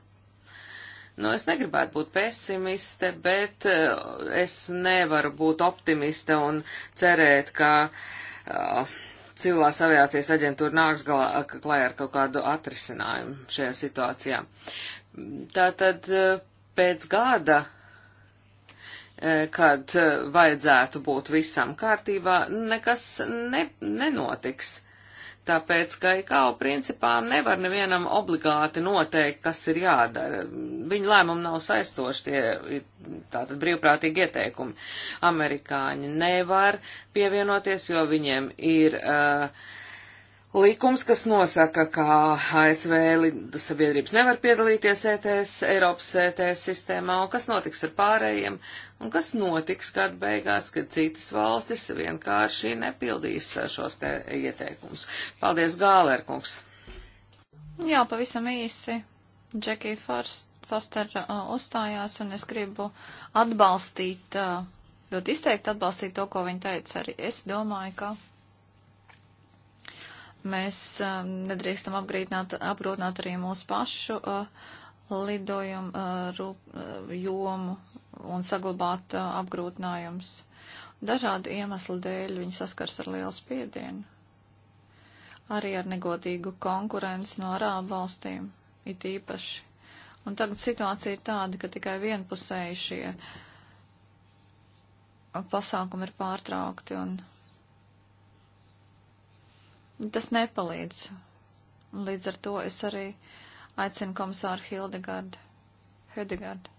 Nu, es negribētu būt pesimiste, bet eh, es nevaru būt optimiste un cerēt, ka uh, civilās aviācijas aģentūra nāks galā, eh, klājā ar kaut kādu atrisinājumu šajā situācijā. Tātad pēc gada, kad vajadzētu būt visam kārtībā, nekas ne, nenotiks. Tāpēc, ka IKO principā nevar nevienam obligāti noteikt, kas ir jādara. Viņa lēmumi nav saistoši, tie ir tātad brīvprātīgi ieteikumi. Amerikāņi nevar pievienoties, jo viņiem ir uh, likums, kas nosaka, ka ASV sabiedrības nevar piedalīties ETS, Eiropas ETS sistēmā, un kas notiks ar pārējiem Un kas notiks gada beigās, kad citas valstis vienkārši nepildīs šos te ieteikumus? Paldies, Gālērkungs! Jā, pavisam īsi. Džekija Foster uh, uzstājās, un es gribu atbalstīt, uh, ļoti izteikti atbalstīt to, ko viņa teica. Arī es domāju, ka mēs uh, nedrīkstam apgrūtināt arī mūsu pašu uh, lidojumu uh, rūp, uh, jomu un saglabāt uh, apgrūtinājums. Dažādu iemeslu dēļ viņi saskars ar lielu spiedienu. Arī ar negodīgu konkurenci no arābu valstīm, it īpaši. Un tagad situācija ir tāda, ka tikai vienpusēji šie pasākumi ir pārtraukti un tas nepalīdz. Līdz ar to es arī aicinu komisāru Hildegardu. Hedegardu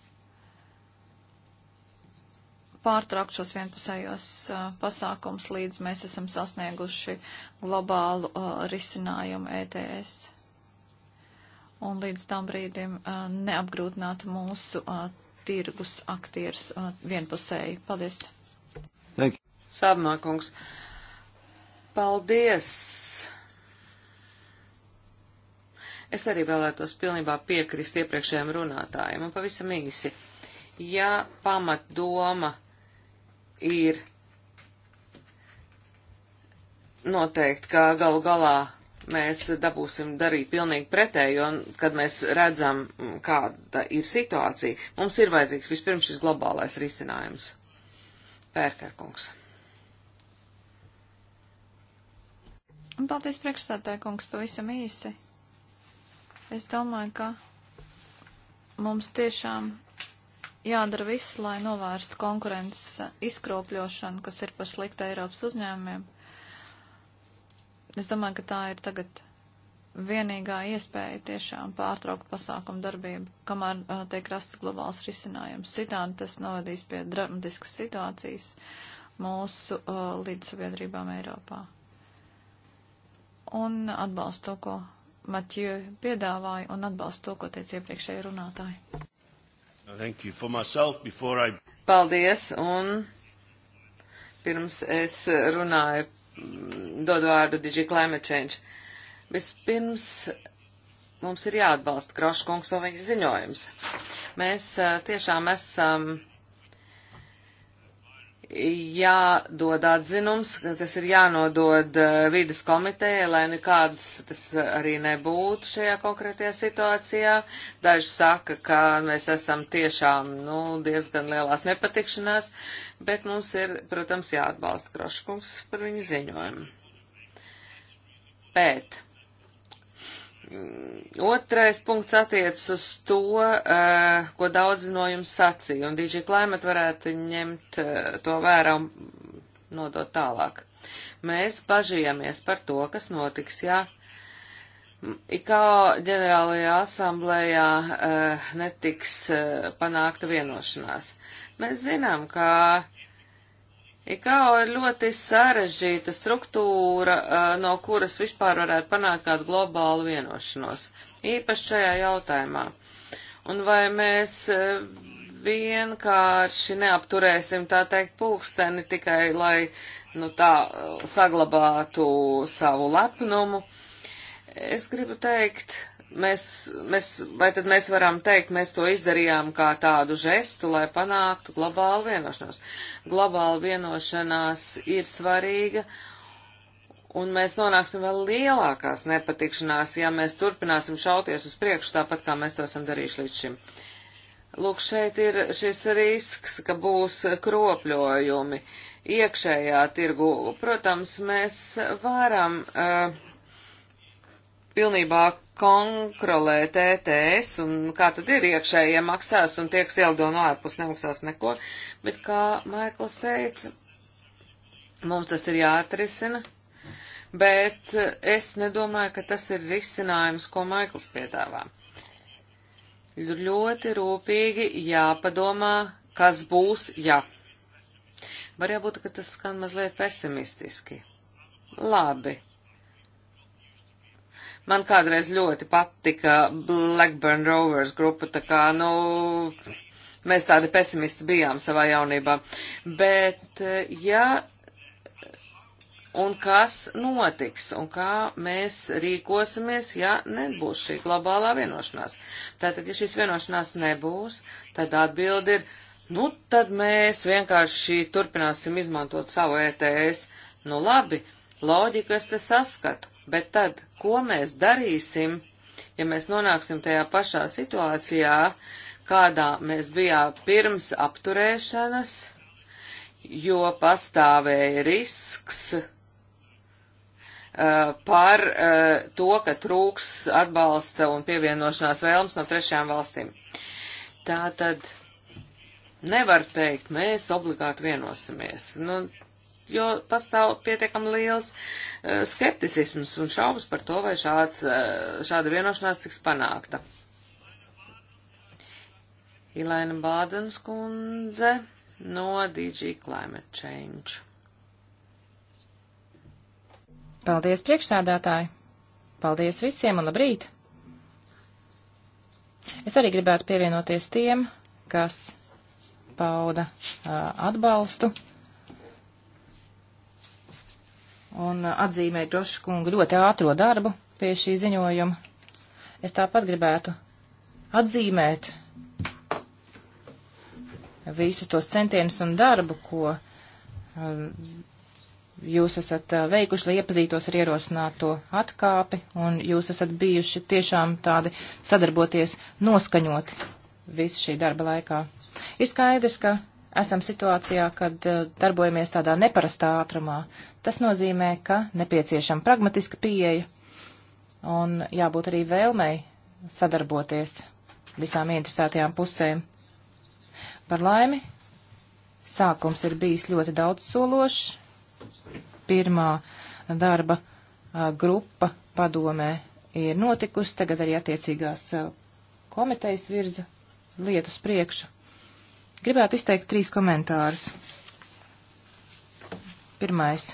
pārtraukt šos vienpusējos uh, pasākums, līdz mēs esam sasnieguši globālu uh, risinājumu ETS. Un līdz tam brīdim uh, neapgrūtināt mūsu uh, tirgus aktierus uh, vienpusēji. Paldies! Sābmākungs, paldies! Es arī vēlētos pilnībā piekrist iepriekšējiem runātājiem un pavisam īsi ja pamatdoma ir noteikti, ka galu galā mēs dabūsim darīt pilnīgi pretējo, kad mēs redzam, mm, kāda ir situācija. Mums ir vajadzīgs vispirms šis globālais risinājums. Pērkerkungs. Paldies, priekšstādāja kungs, pavisam īsi. Es domāju, ka mums tiešām jādara viss, lai novērstu konkurences izkropļošanu, kas ir par sliktu Eiropas uzņēmumiem. Es domāju, ka tā ir tagad vienīgā iespēja tiešām pārtraukt pasākumu darbību, kamēr uh, tiek rasts globāls risinājums. Citādi tas novadīs pie dramatiskas situācijas mūsu uh, līdzsabiedrībām Eiropā. Un atbalstu to, ko Matjē piedāvāja, un atbalstu to, ko teica iepriekšēji runātāji. Myself, I... Paldies, un pirms es runāju, dodu vārdu Digi Climate Change. Vispirms mums ir jāatbalsta Groškungs un viņa ziņojums. Mēs tiešām esam. Um, jādod atzinums, ka tas ir jānodod eh, vidas komitejai, lai nekādas tas arī nebūtu šajā konkrētajā situācijā. Daži saka, ka mēs esam tiešām nu, diezgan lielās nepatikšanās, bet mums ir, protams, jāatbalsta Kroškungs par viņu ziņojumu. Bet Mm, otrais punkts attiecas uz to, uh, ko daudzi no jums sacīja, un DJ Climate varētu ņemt uh, to vērā un nodot tālāk. Mēs bažījāmies par to, kas notiks, ja IKO ģenerālajā asamblējā uh, netiks panākta vienošanās. Mēs zinām, ka IKO ir ļoti sarežģīta struktūra, no kuras vispār varētu panākt kādu globālu vienošanos, īpaši šajā jautājumā. Un vai mēs vienkārši neapturēsim, tā teikt, pulksteni tikai, lai, nu tā, saglabātu savu lepnumu? Es gribu teikt, Mēs, mēs, vai tad mēs varam teikt, mēs to izdarījām kā tādu žestu, lai panāktu globālu vienošanos? Globāla vienošanās ir svarīga, un mēs nonāksim vēl lielākās nepatikšanās, ja mēs turpināsim šauties uz priekšu, tāpat kā mēs to esam darījuši līdz šim. Lūk, šeit ir šis risks, ka būs kropļojumi iekšējā tirgu. Protams, mēs varam uh, pilnībā kontrolēt ETS un kā tad ir iekšējie ja maksās un tiek ieldo no ārpus nemaksās neko, bet kā Maikls teica, mums tas ir jāatrisina, bet es nedomāju, ka tas ir risinājums, ko Maikls piedāvā. Ļoti rūpīgi jāpadomā, kas būs, ja. Var jābūt, ka tas skan mazliet pesimistiski. Labi, Man kādreiz ļoti patika Blackburn Rovers grupa, tā kā, nu, mēs tādi pesimisti bijām savā jaunībā. Bet, ja un kas notiks un kā mēs rīkosimies, ja nebūs šī globālā vienošanās. Tātad, ja šīs vienošanās nebūs, tad atbildi ir, nu, tad mēs vienkārši turpināsim izmantot savu ETS. Nu, labi, loģiku es te saskatu, bet tad, ko mēs darīsim, ja mēs nonāksim tajā pašā situācijā, kādā mēs bijām pirms apturēšanas, jo pastāvēja risks uh, par uh, to, ka trūks atbalsta un pievienošanās vēlms no trešajām valstīm. Tātad nevar teikt, mēs obligāti vienosimies. Nu, jo pastāv pietiekami liels uh, skepticisms un šaubas par to, vai šāds, uh, šāda vienošanās tiks panākta. Ilaina Bādens kundze no DG Climate Change. Paldies priekšsādātāji! Paldies visiem un labrīt! Es arī gribētu pievienoties tiem, kas pauda uh, atbalstu un atzīmēju Grošu kungu ļoti ātro darbu pie šī ziņojuma. Es tāpat gribētu atzīmēt visus tos centienus un darbu, ko um, jūs esat uh, veikuši, lai iepazītos ar ierosināto atkāpi, un jūs esat bijuši tiešām tādi sadarboties noskaņoti visu šī darba laikā. Ir skaidrs, ka esam situācijā, kad uh, darbojamies tādā neparastā ātrumā, Tas nozīmē, ka nepieciešama pragmatiska pieeja un jābūt arī vēlmei sadarboties visām interesētajām pusēm. Par laimi, sākums ir bijis ļoti daudz sološs. Pirmā darba a, grupa padomē ir notikusi, tagad arī attiecīgās a, komitejas virza lietas priekšu. Gribētu izteikt trīs komentārus. Pirmais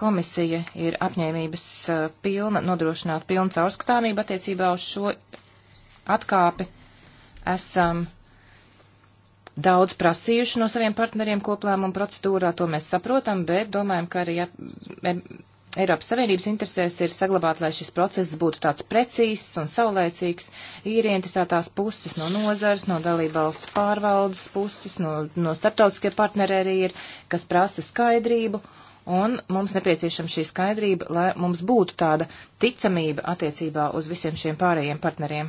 komisija ir apņēmības eh, pilna nodrošināt pilnu caurskatāmību attiecībā uz šo atkāpi. Esam daudz prasījuši no saviem partneriem koplēmumu procedūrā, to mēs saprotam, bet domājam, ka arī Eiropas Savienības interesēs ir saglabāt, lai šis process būtu tāds precīzs un saulēcīgs. Ir ieinteresētās puses no nozares, no dalībvalstu pārvaldes puses, no, no starptautiskie partneri arī ir, kas prasa skaidrību un mums nepieciešama šī skaidrība, lai mums būtu tāda ticamība attiecībā uz visiem šiem pārējiem partneriem.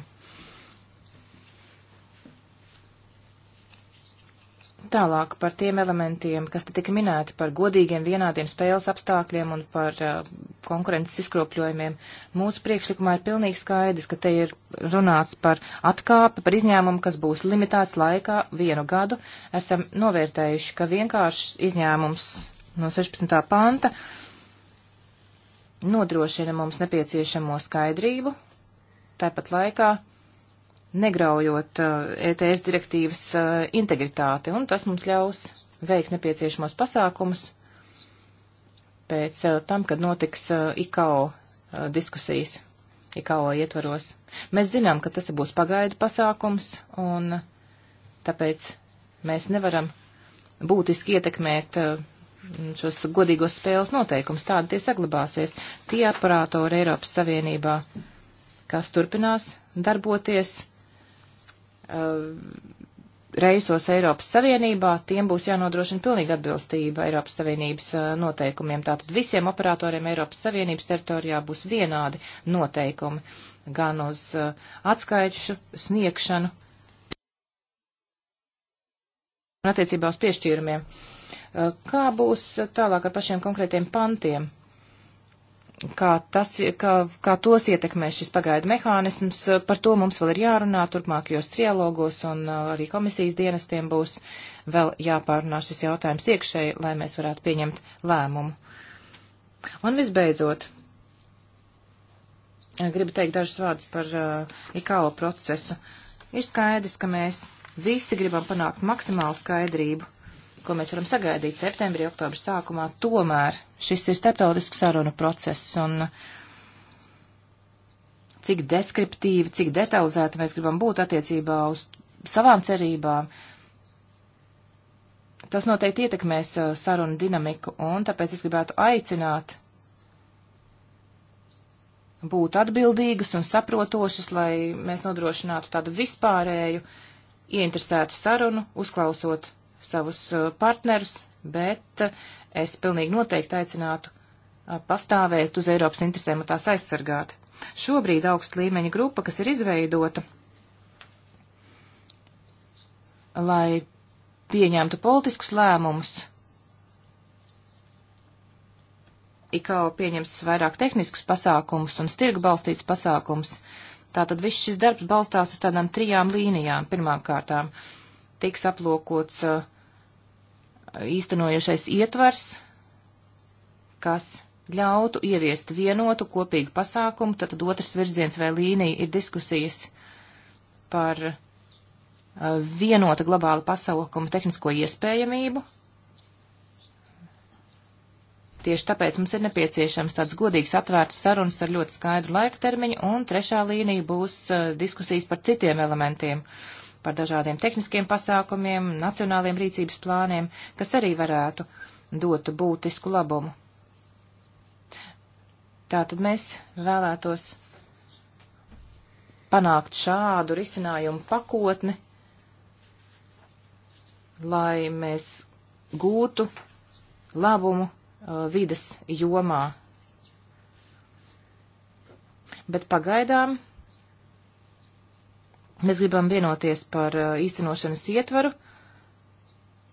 Tālāk par tiem elementiem, kas te tika minēti par godīgiem, vienādiem spēles apstākļiem un par uh, konkurences izkropļojumiem. Mūsu priekšlikumā ir pilnīgi skaidrs, ka te ir runāts par atkāpi, par izņēmumu, kas būs limitāts laikā vienu gadu. Esam novērtējuši, ka vienkāršs izņēmums no 16. panta nodrošina mums nepieciešamo skaidrību, tāpat laikā negraujot uh, eh, ETS direktīvas uh, integritāti, un tas mums ļaus veikt nepieciešamos pasākumus pēc uh, tam, kad notiks IKO diskusijas, IKO ietvaros. Mēs zinām, ka tas būs pagaidu pasākums, un tāpēc mēs nevaram būtiski ietekmēt uh, šos godīgos spēles noteikums. Tādi tie saglabāsies. Tie operatori Eiropas Savienībā, kas turpinās darboties uh, reisos Eiropas Savienībā, tiem būs jānodrošina pilnīga atbilstība Eiropas Savienības uh, noteikumiem. Tātad visiem operatoriem Eiropas Savienības teritorijā būs vienādi noteikumi gan uz uh, atskaišu sniegšanu, un attiecībā uz piešķīrumiem. Uh, Kā būs tālāk ar pašiem konkrētiem pantiem? Kā, tas, kā, kā tos ietekmē šis pagaidu mehānisms, par to mums vēl ir jārunā turpmākajos trialogos un uh, arī komisijas dienestiem būs vēl jāpārunā šis jautājums iekšēji, lai mēs varētu pieņemt lēmumu. Un visbeidzot, gribu teikt dažus vārdus par uh, IKO procesu. Ir skaidrs, ka mēs visi gribam panākt maksimālu skaidrību ko mēs varam sagaidīt septembrī, oktobra sākumā, tomēr šis ir starptautisku sarunu process un cik deskriptīvi, cik detalizēti mēs gribam būt attiecībā uz savām cerībām. Tas noteikti ietekmēs uh, sarunu dinamiku un tāpēc es gribētu aicināt būt atbildīgas un saprotošas, lai mēs nodrošinātu tādu vispārēju ieinteresētu sarunu, uzklausot savus partnerus, bet es pilnīgi noteikti aicinātu pastāvēt uz Eiropas interesēm un tās aizsargāt. Šobrīd augsta līmeņa grupa, kas ir izveidota, lai pieņemtu politiskus lēmumus, IKO pieņems vairāk tehniskus pasākumus un stirgu balstīts pasākumus. Tātad viss šis darbs balstās uz tādām trijām līnijām. Pirmām kārtām tiks aplūkots uh, īstenojušais ietvars, kas ļautu ieviest vienotu kopīgu pasākumu, tad otrs virziens vai līnija ir diskusijas par uh, vienota globāla pasaukuma tehnisko iespējamību. Tieši tāpēc mums ir nepieciešams tāds godīgs atvērts sarunas ar ļoti skaidru laika termiņu, un trešā līnija būs uh, diskusijas par citiem elementiem. Uh, par dažādiem tehniskiem pasākumiem, nacionāliem rīcības plāniem, kas arī varētu dot būtisku labumu. Tātad mēs vēlētos panākt šādu risinājumu pakotni, lai mēs gūtu labumu uh, vides jomā. Bet pagaidām Mēs gribam vienoties par uh, īstenošanas ietvaru,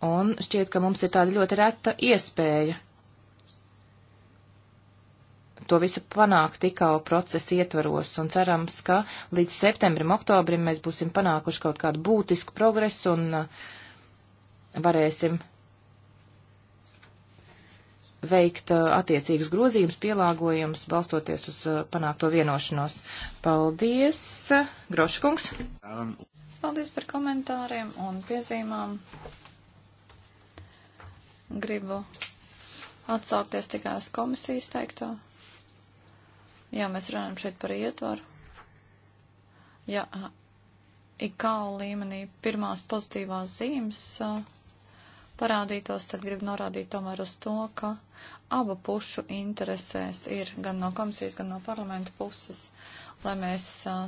un šķiet, ka mums ir tāda ļoti reta iespēja to visu panākt tikau procesa ietvaros, un cerams, ka līdz septembrim, oktobrim mēs būsim panākuši kaut kādu būtisku progresu un uh, varēsim veikt uh, attiecīgus grozījumus, pielāgojumus, balstoties uz uh, panākto vienošanos. Paldies, Groškungs! Paldies par komentāriem un piezīmām. Gribu atsaukties tikai uz komisijas teikto. Jā, mēs runājam šeit par ietvaru. Jā, uh, ikālu līmenī pirmās pozitīvās zīmes. Uh, parādītos, tad gribu norādīt tomēr uz to, ka abu pušu interesēs ir gan no komisijas, gan no parlamenta puses, lai mēs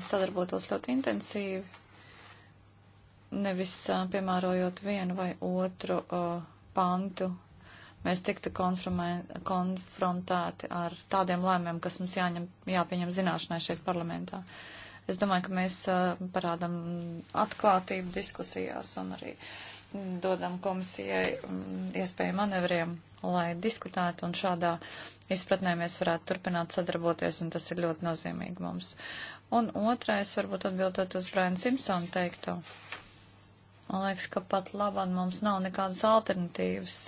sadarbotos ļoti intensīvi, nevis piemērojot vienu vai otru pantu. Mēs tiktu konfrontēti ar tādiem lēmēm, kas mums jāņem, jāpieņem zināšanai šeit parlamentā. Es domāju, ka mēs parādam atklātību diskusijās un arī uh, dodam komisijai mm, iespēju manevriem, lai diskutētu, un šādā izpratnē mēs varētu turpināt sadarboties, un tas ir ļoti nozīmīgi mums. Un otrais, varbūt atbildot uz Brian Simpsonu teikto. Man liekas, ka pat labāk mums nav nekādas alternatīvas,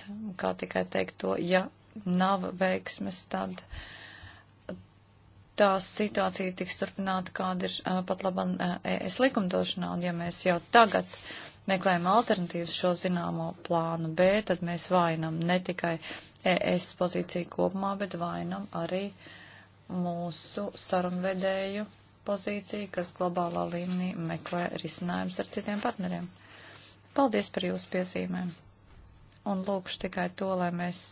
kā tikai teikt to, ja nav veiksmes, tad tā situācija tiks turpināta, kāda ir pat labāk es likumdošanā, un ja mēs jau tagad. Uh, meklējam alternatīvas šo zināmo plānu B, tad mēs vainam ne tikai ES pozīciju kopumā, bet vainam arī mūsu sarunvedēju pozīciju, kas globālā līmenī meklē risinājums ar citiem partneriem. Paldies par jūsu piezīmēm. Un lūkšu tikai to, lai mēs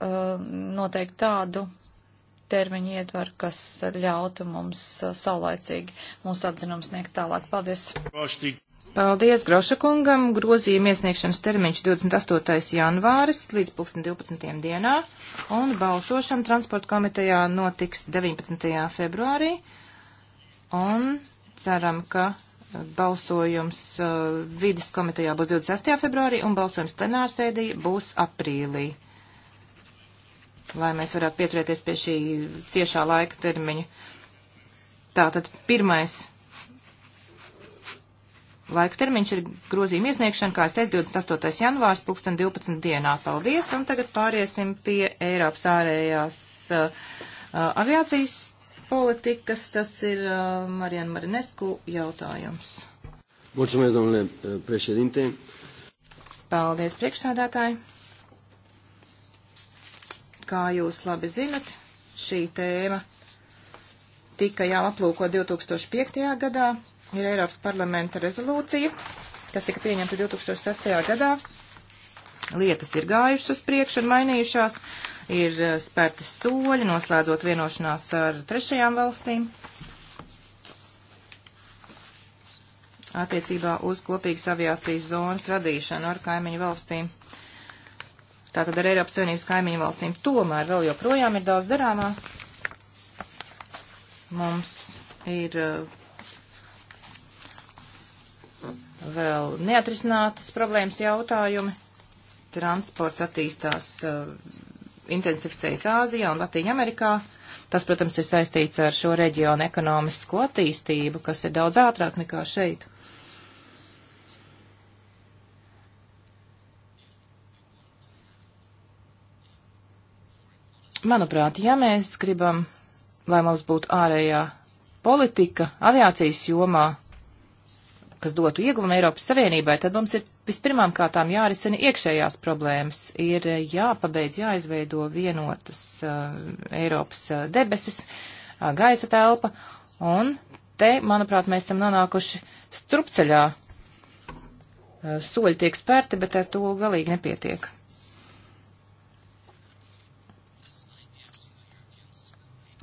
uh, noteikti tādu termiņu iedvaru, kas ļautu mums uh, saulaicīgi mūsu atzinumu sniegt tālāk. Paldies! Paldies Groša kungam! Grozījuma iesniegšanas termiņš 28. janvāris līdz 12. dienā un balsošana transporta komitejā notiks 19. februārī un ceram, ka balsojums uh, vidas komitejā būs 26. februārī un balsojums plenārsēdī būs aprīlī lai mēs varētu pieturēties pie šī ciešā laika termiņa. Tātad pirmais laika termiņš ir grozījuma iesniegšana, kā es teicu, 28. janvārs, 2012. dienā. Paldies, un tagad pāriesim pie Eiropas ārējās uh, uh aviācijas politikas. Tas ir uh, Marijan Marinesku jautājums. Mulțumesc, domnule uh, președinte. Paldies, priekšsādātāji. Kā jūs labi zinat, šī tēma tika jau aplūko 2005. gadā, ir Eiropas parlamenta rezolūcija, kas tika pieņemta 2006. gadā. Lietas ir gājušas uz priekšu un mainījušās, ir eh, spērtas soļi, noslēdzot vienošanās ar trešajām valstīm. attiecībā uz kopīgas aviācijas zonas radīšanu ar kaimiņu valstīm tātad ar Eiropas Savienības kaimiņu valstīm. Tomēr vēl joprojām ir daudz darāmā. Mums ir eh, vēl neatrisinātas problēmas jautājumi. Transports attīstās, eh, intensificējas Āzijā un Latīņa Amerikā. Tas, protams, ir saistīts ar šo reģionu ekonomisko attīstību, kas ir daudz ātrāk nekā šeit. Manuprāt, ja mēs gribam, lai mums būtu ārējā politika aviācijas jomā, kas dotu ieguvumu Eiropas Savienībai, tad mums ir vispirmām kārtām jārisina iekšējās problēmas, ir jāpabeidz, jāizveido vienotas uh, Eiropas uh, debesis, uh, gaisa telpa, un te, manuprāt, mēs esam nonākuši strupceļā. Uh, soļi tiek spērti, bet ar to galīgi nepietiek.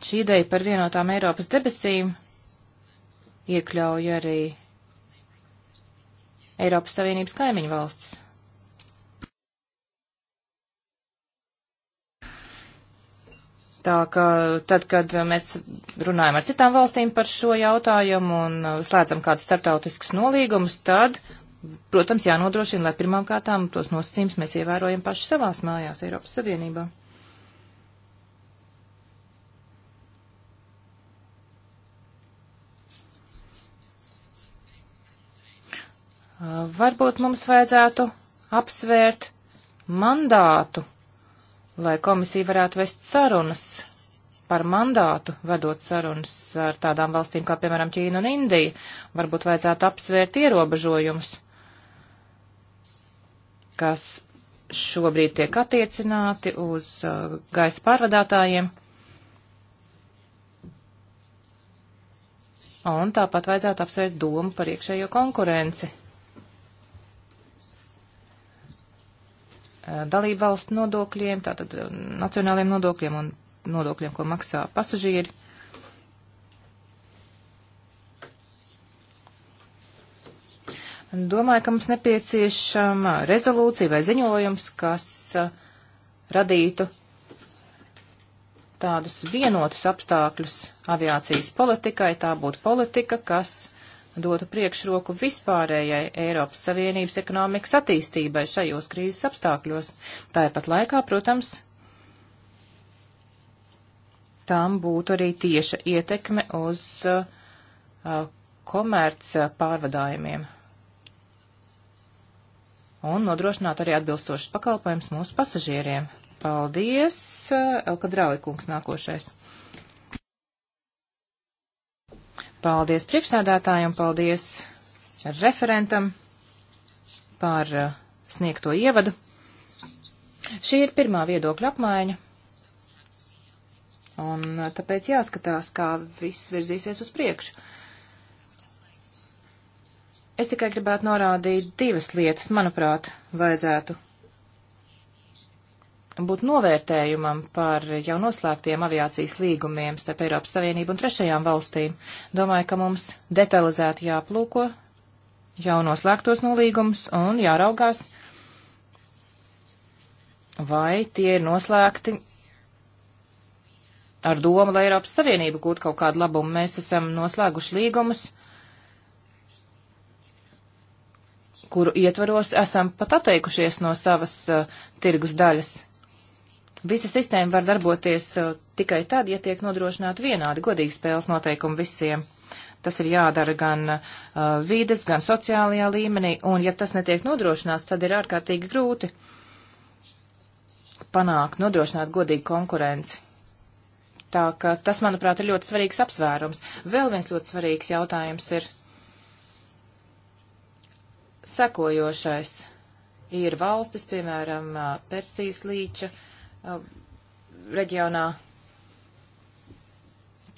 Šī ideja par vienotām Eiropas debesīm iekļauj arī Eiropas Savienības kaimiņu valsts. Tā ka tad, kad mēs runājam ar citām valstīm par šo jautājumu un slēdzam kādus startautiskus nolīgumus, tad, protams, jānodrošina, lai pirmām kārtām tos nosacījumus mēs ievērojam paši savās mājās Eiropas Savienībā. Varbūt mums vajadzētu apsvērt mandātu, lai komisija varētu vest sarunas par mandātu, vedot sarunas ar tādām valstīm kā, piemēram, Ķīna un Indija. Varbūt vajadzētu apsvērt ierobežojumus, kas šobrīd tiek attiecināti uz uh, gaisa pārvadātājiem. Un tāpat vajadzētu apsvērt domu par iekšējo konkurenci. Uh, dalību valstu nodokļiem, tātad uh, nacionāliem nodokļiem un nodokļiem, ko maksā pasažieri. Domāju, ka mums nepieciešama rezolūcija vai ziņojums, kas uh, radītu tādus vienotus apstākļus aviācijas politikai. Tā būtu politika, kas dotu priekšroku vispārējai Eiropas Savienības ekonomikas attīstībai šajos krīzes apstākļos. Tāpat laikā, protams, tam būtu arī tieša ietekme uz uh, komerc pārvadājumiem un nodrošināt arī atbilstošas pakalpojums mūsu pasažieriem. Paldies, uh, Elka Drauikungs nākošais. Paldies priekšsēdētājiem, paldies referentam par uh, sniegto ievadu. Šī ir pirmā viedokļa apmaiņa. Un uh, tāpēc jāskatās, kā viss virzīsies uz priekšu. Es tikai gribētu norādīt divas lietas, manuprāt, vajadzētu būt novērtējumam par jau noslēgtiem aviācijas līgumiem starp Eiropas Savienību un trešajām valstīm. Domāju, ka mums detalizēti jāplūko jau noslēgtos nolīgumus un jāraugās, vai tie ir noslēgti ar domu, lai Eiropas Savienība gūtu kaut kādu labumu. Mēs esam noslēguši līgumus. kuru ietvaros esam pat atteikušies no savas uh, tirgus daļas. Visa sistēma var darboties uh, tikai tad, ja tiek nodrošināti vienādi godīgi spēles noteikumi visiem. Tas ir jādara gan uh, vīdes, gan sociālajā līmenī, un ja tas netiek nodrošināts, tad ir ārkārtīgi grūti panākt, nodrošināt godīgu konkurenci. Tā ka tas, manuprāt, ir ļoti svarīgs apsvērums. Vēl viens ļoti svarīgs jautājums ir sekojošais. Ir valstis, piemēram, uh, Persijas līča, uh, uh, reģionā.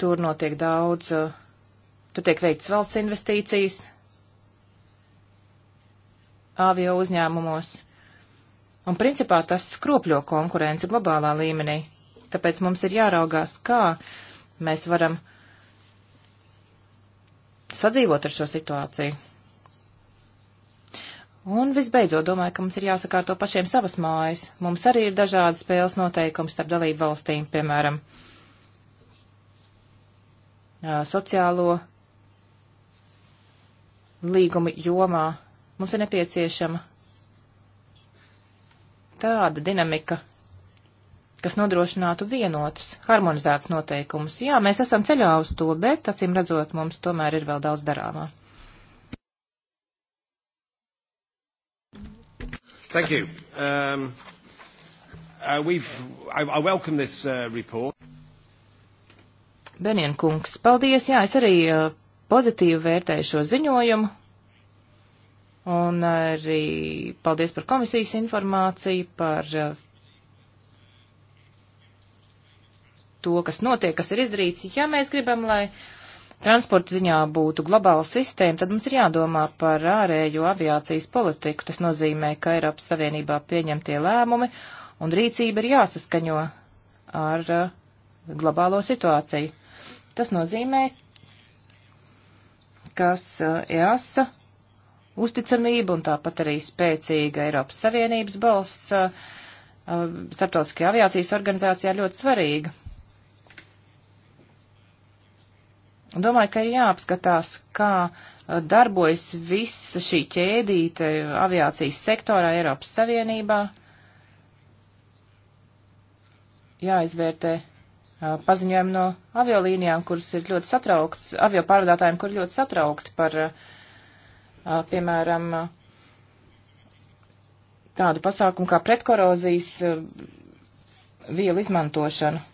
Tur notiek daudz, uh, tur tiek veikts valsts investīcijas avio uzņēmumos. Un principā tas skropļo konkurenci globālā līmenī. Tāpēc mums ir jāraugās, kā mēs varam sadzīvot ar šo situāciju. Un visbeidzot, domāju, ka mums ir jāsakārto pašiem savas mājas. Mums arī ir dažādi spēles noteikumi starp dalību valstīm, piemēram, sociālo līgumu jomā. Mums ir nepieciešama tāda dinamika, kas nodrošinātu vienotus, harmonizētus noteikumus. Jā, mēs esam ceļā uz to, bet, acīm redzot, mums tomēr ir vēl daudz darāmā. Thank you. Um, uh, we've, I, I welcome this uh, report. Benien kungs, paldies. Jā, es arī uh, pozitīvi vērtēju šo ziņojumu. Un arī paldies par komisijas informāciju, par uh, to, kas notiek, kas ir izdarīts. Ja mēs gribam, lai transporta ziņā būtu globāla sistēma, tad mums ir jādomā par ārējo aviācijas politiku. Tas nozīmē, ka Eiropas Savienībā pieņemtie lēmumi un rīcība ir jāsaskaņo ar uh, globālo situāciju. Tas nozīmē, ka uh, EASA uzticamība un tāpat arī spēcīga Eiropas Savienības balss uh, uh starptautiskajā aviācijas organizācijā ļoti svarīga. Domāju, ka ir jāapskatās, kā eh, darbojas visa šī ķēdīte aviācijas sektorā Eiropas Savienībā. Jāizvērtē eh, paziņojumi no aviolīnijām, kuras ir ļoti satraukts, avio pārvadātājiem, kur ļoti satraukti par, eh, piemēram, tādu pasākumu kā pretkorozijas vielu izmantošanu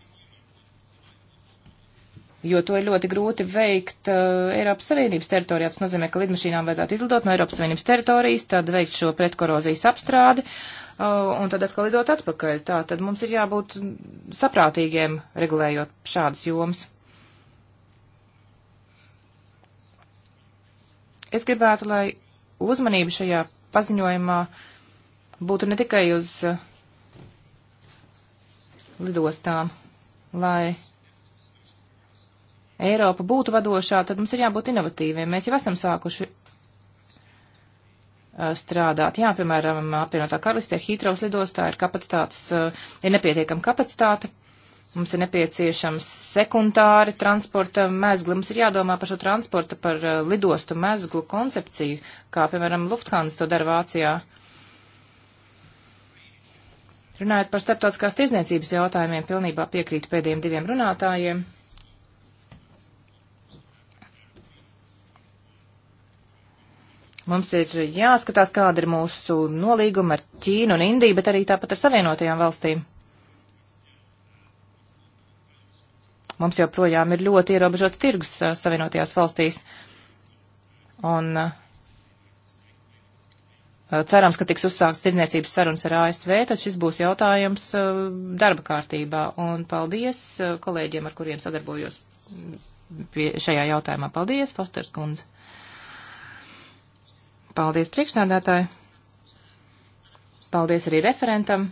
jo to ir ļoti grūti veikt uh, Eiropas Savienības teritorijā. Tas nozīmē, ka lidmašīnām vajadzētu izlidot no Eiropas Savienības teritorijas, tad veikt šo pretkorozijas apstrādi uh, un tad atkal lidot atpakaļ. Tā tad mums ir jābūt saprātīgiem regulējot šādas jomas. Es gribētu, lai uzmanība šajā paziņojumā būtu ne tikai uz uh, lidostām, lai Eiropa būtu vadošā, tad mums ir jābūt inovatīviem. Mēs jau esam sākuši uh, strādāt. Jā, piemēram, apvienotā karalistē Hītraus lidostā ir kapacitātes, uh, ir nepietiekama kapacitāte. Mums ir nepieciešams sekundāri transporta mezgli. Mums ir jādomā par šo transporta, par uh, lidostu mezglu koncepciju, kā, piemēram, Lufthansa to dara Vācijā. Runājot par starptautiskās tirzniecības jautājumiem, pilnībā piekrītu pēdējiem diviem runātājiem. Mums ir jāskatās, kāda ir mūsu nolīguma ar Ķīnu un Indiju, bet arī tāpat ar Savienotajām valstīm. Mums joprojām ir ļoti ierobežots tirgus Savienotajās valstīs. Un Cerams, ka tiks uzsākts tirdzniecības sarunas ar ASV, tad šis būs jautājums darba kārtībā. Un paldies kolēģiem, ar kuriem sadarbojos šajā jautājumā. Paldies, Fosters kundze. Paldies priekšstādātāji. Paldies arī referentam.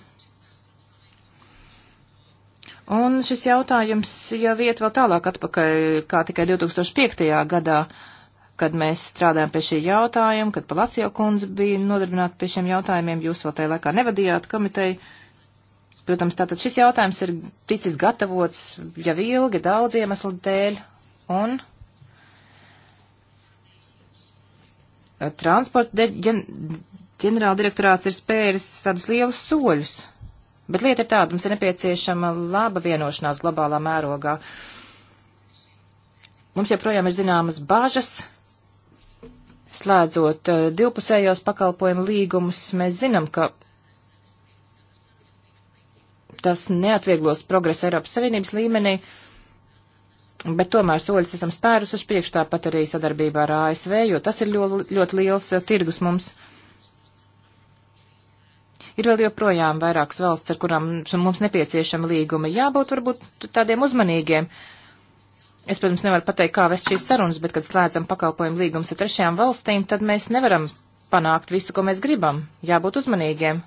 Un šis jautājums jau iet vēl tālāk atpakaļ, kā tikai 2005. gadā, kad mēs strādājām pie šī jautājuma, kad Palasio kundze bija nodarbināta pie šiem jautājumiem, jūs vēl tajā laikā nevadījāt komiteju. Protams, tātad šis jautājums ir ticis gatavots jau ilgi daudziem eslu dēļ, un transporta ģen ģenerāldirektorāts ir spēris tādus lielus soļus, bet lieta ir tāda, mums ir nepieciešama laba vienošanās globālā mērogā. Mums joprojām ir zināmas bažas, slēdzot uh, divpusējos pakalpojumu līgumus, mēs zinām, ka tas neatvieglos progresu Eiropas Savienības līmenī. Uh, Bet tomēr soļus esam spērus uz priekšu tāpat arī sadarbībā ar ASV, jo tas ir ļoti, ļoti liels uh, tirgus mums. Ir vēl joprojām vairākas valsts, ar kurām mums nepieciešama līguma. Jābūt varbūt tādiem uzmanīgiem. Es, protams, nevaru pateikt, kā vest šīs sarunas, bet, kad slēdzam pakalpojumu līgumus ar trešajām valstīm, tad mēs nevaram panākt visu, ko mēs gribam. Jābūt uzmanīgiem.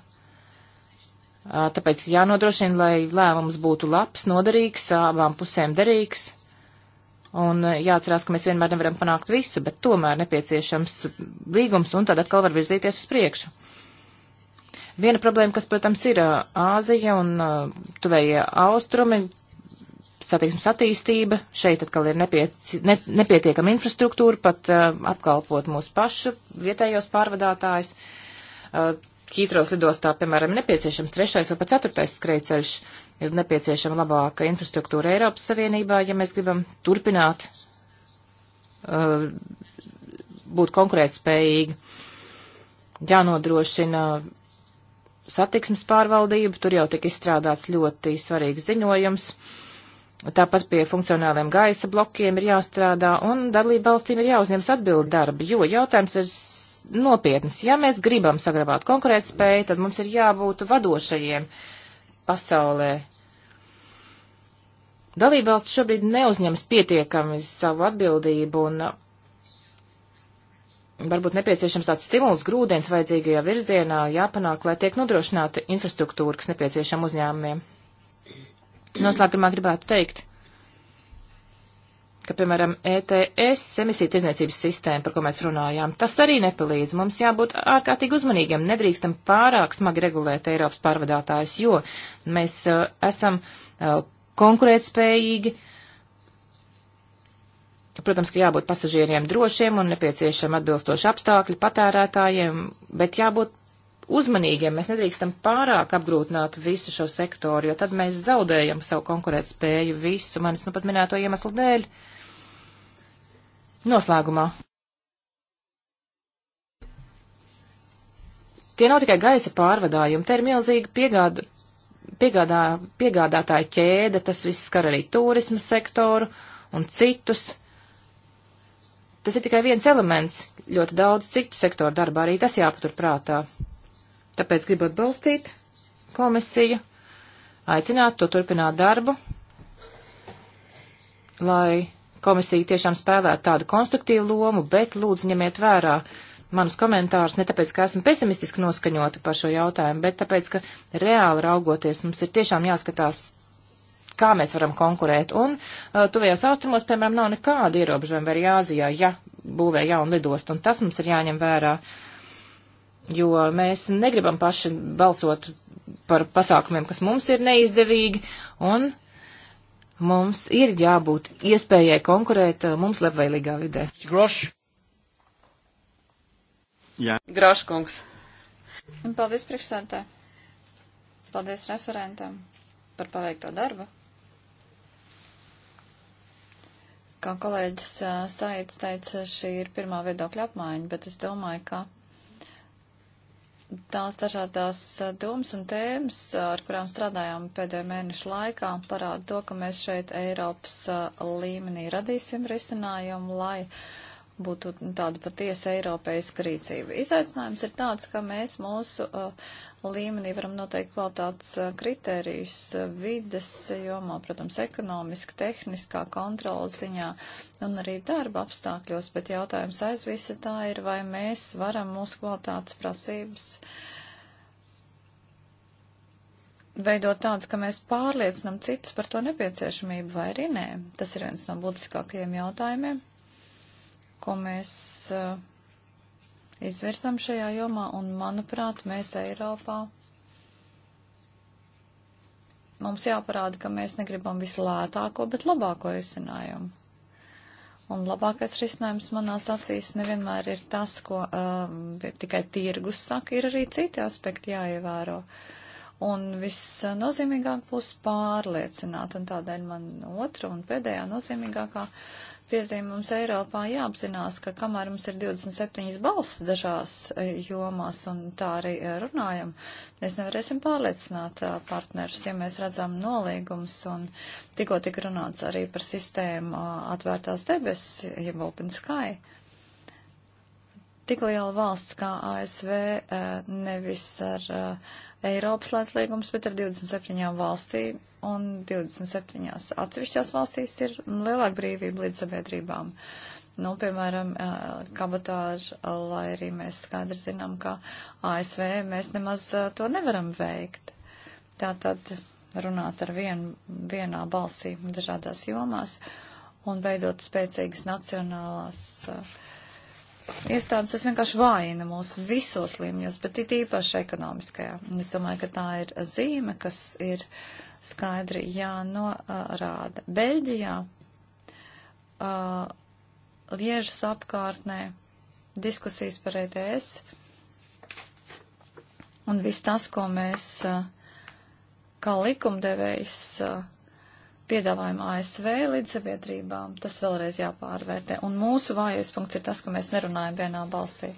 Tāpēc jānodrošina, lai lēmums būtu labs, noderīgs, abām pusēm derīgs Un eh, jāatcerās, ka mēs vienmēr nevaram panākt visu, bet tomēr nepieciešams līgums un tad atkal var virzīties uz priekšu. Viena problēma, kas, protams, ir eh, Āzija un eh, tuvējie austrumi, satiksmes attīstība, šeit atkal ir nepieci, ne, nepietiekama infrastruktūra, pat uh, apkalpot mūsu pašu vietējos pārvadātājus. Uh, Kītros lidostā, piemēram, nepieciešams trešais vai pat ceturtais skrejceļš. Uh, ir nepieciešama labāka infrastruktūra Eiropas Savienībā, ja mēs gribam turpināt uh, būt konkurētspējīgi. Jānodrošina satiksmes pārvaldību, tur jau tika izstrādāts ļoti svarīgs ziņojums. Tāpat pie funkcionāliem gaisa blokiem ir jāstrādā un dalība valstīm ir jāuzņems atbildi darbi, jo jautājums ir nopietnas. Ja mēs gribam saglabāt konkurētspēju, tad mums ir jābūt vadošajiem uh, pasaulē. Dalībvalsts šobrīd neuzņemas pietiekami savu atbildību un uh, varbūt nepieciešams tāds stimuls grūdienis vajadzīgajā virzienā jāpanāk, lai tiek nodrošināta infrastruktūra, kas nepieciešama uzņēmumiem. Noslēgumā gribētu teikt, ka, piemēram, ETS emisiju tirzniecības sistēma, par ko mēs runājām, tas arī nepalīdz. Mums jābūt ārkārtīgi uzmanīgiem, nedrīkstam pārāk smagi regulēt Eiropas pārvadātājus, jo mēs uh, esam uh, konkurētspējīgi. Protams, ka jābūt pasažieriem drošiem un nepieciešami atbilstoši apstākļi patērētājiem, bet jābūt uzmanīgiem. Mēs nedrīkstam pārāk apgrūtināt visu šo sektoru, jo tad mēs zaudējam savu konkurētspēju visu manis nu pat minēto iemeslu dēļ. Uh, Noslēgumā. Tie nav tikai gaisa pārvadājumi, te ir milzīga piegāda, piegādā, piegādātāja ķēde, tas viss skar arī turismu sektoru un citus. Tas ir tikai viens elements, ļoti daudz citu sektoru darbā arī tas jāpatur prātā. Tāpēc gribu atbalstīt komisiju, aicināt to turpināt darbu, lai Komisija tiešām spēlētu tādu konstruktīvu lomu, bet lūdzu ņemiet vērā manus komentārus ne tāpēc, ka esmu pesimistiski noskaņota par šo jautājumu, bet tāpēc, ka reāli raugoties mums ir tiešām jāskatās, kā mēs varam konkurēt. Un uh, tuvējos austrumos, piemēram, nav nekāda ierobežojuma vai arī Āzijā, ja būvē jaunu lidostu, un tas mums ir jāņem vērā, jo mēs negribam paši balsot par pasākumiem, kas mums ir neizdevīgi, un uh, Mums ir jābūt iespējai konkurēt eh, mums labvēlīgā vidē. Grošs. Jā. Grošs kungs. Paldies priekšsēdētāji. Paldies referentam par paveikto darbu. Kā kolēģis eh, Saits teica, šī ir pirmā viedokļa apmaiņa, bet es domāju, ka tās dažādās domas un tēmas, ar kurām strādājām pēdējo mēnešu laikā, parāda to, ka mēs šeit Eiropas līmenī radīsim risinājumu, lai uh, būtu tāda patiesa eiropeiska rīcība. Izaicinājums ir tāds, ka mēs mūsu uh, līmenī varam noteikt kvalitātes uh, kritērijus uh, vides jomā, protams, ekonomiski, tehniskā kontrola ziņā un arī darba apstākļos, bet jautājums aiz visa tā ir, vai mēs varam mūsu kvalitātes prasības veidot tāds, ka mēs pārliecinam citus par to nepieciešamību vai arī nē. Tas ir viens no būtiskākajiem jautājumiem ko mēs uh, izvirsam šajā jomā, un, manuprāt, mēs Eiropā mums jāparāda, ka mēs negribam vislētāko, bet labāko risinājumu. Un labākais risinājums manās acīs nevienmēr ir tas, ko uh, tikai tirgus saka, ir arī citi aspekti jāievēro. Un visnozīmīgāk būs pārliecināt, un tādēļ man otra un pēdējā nozīmīgākā uh, piezīmums Eiropā jāapzinās, ka kamēr mums ir 27 balss dažās e, jomās un tā arī e, runājam, mēs nevarēsim pārliecināt e, partnerus, ja mēs redzam nolīgums un tikko tik runāts arī par sistēmu atvērtās debesis, jeb Open Sky. Tik liela valsts kā ASV nevis ar Eiropas lētlīgums, bet ar 27 valstīm un 27. atsevišķās valstīs ir lielāka brīvība līdz sabiedrībām. Nu, piemēram, kabotāžu, lai arī mēs skaidri zinām, ka ASV mēs nemaz to nevaram veikt. Tātad runāt ar vien, vienā balsī dažādās jomās un veidot spēcīgas nacionālās uh, iestādes, tas vienkārši vājina mūs visos līmeņos, bet it īpaši ekonomiskajā. Un es domāju, ka tā ir zīme, kas ir uh, skaidri jānorāda. Beļģijā, uh, Liežas apkārtnē, diskusijas par ETS un viss tas, ko mēs uh, kā likumdevējs uh, piedāvājam ASV līdzsaviedrībām, tas vēlreiz jāpārvērtē. Un mūsu vājais punkts ir tas, ka mēs nerunājam vienā balstī.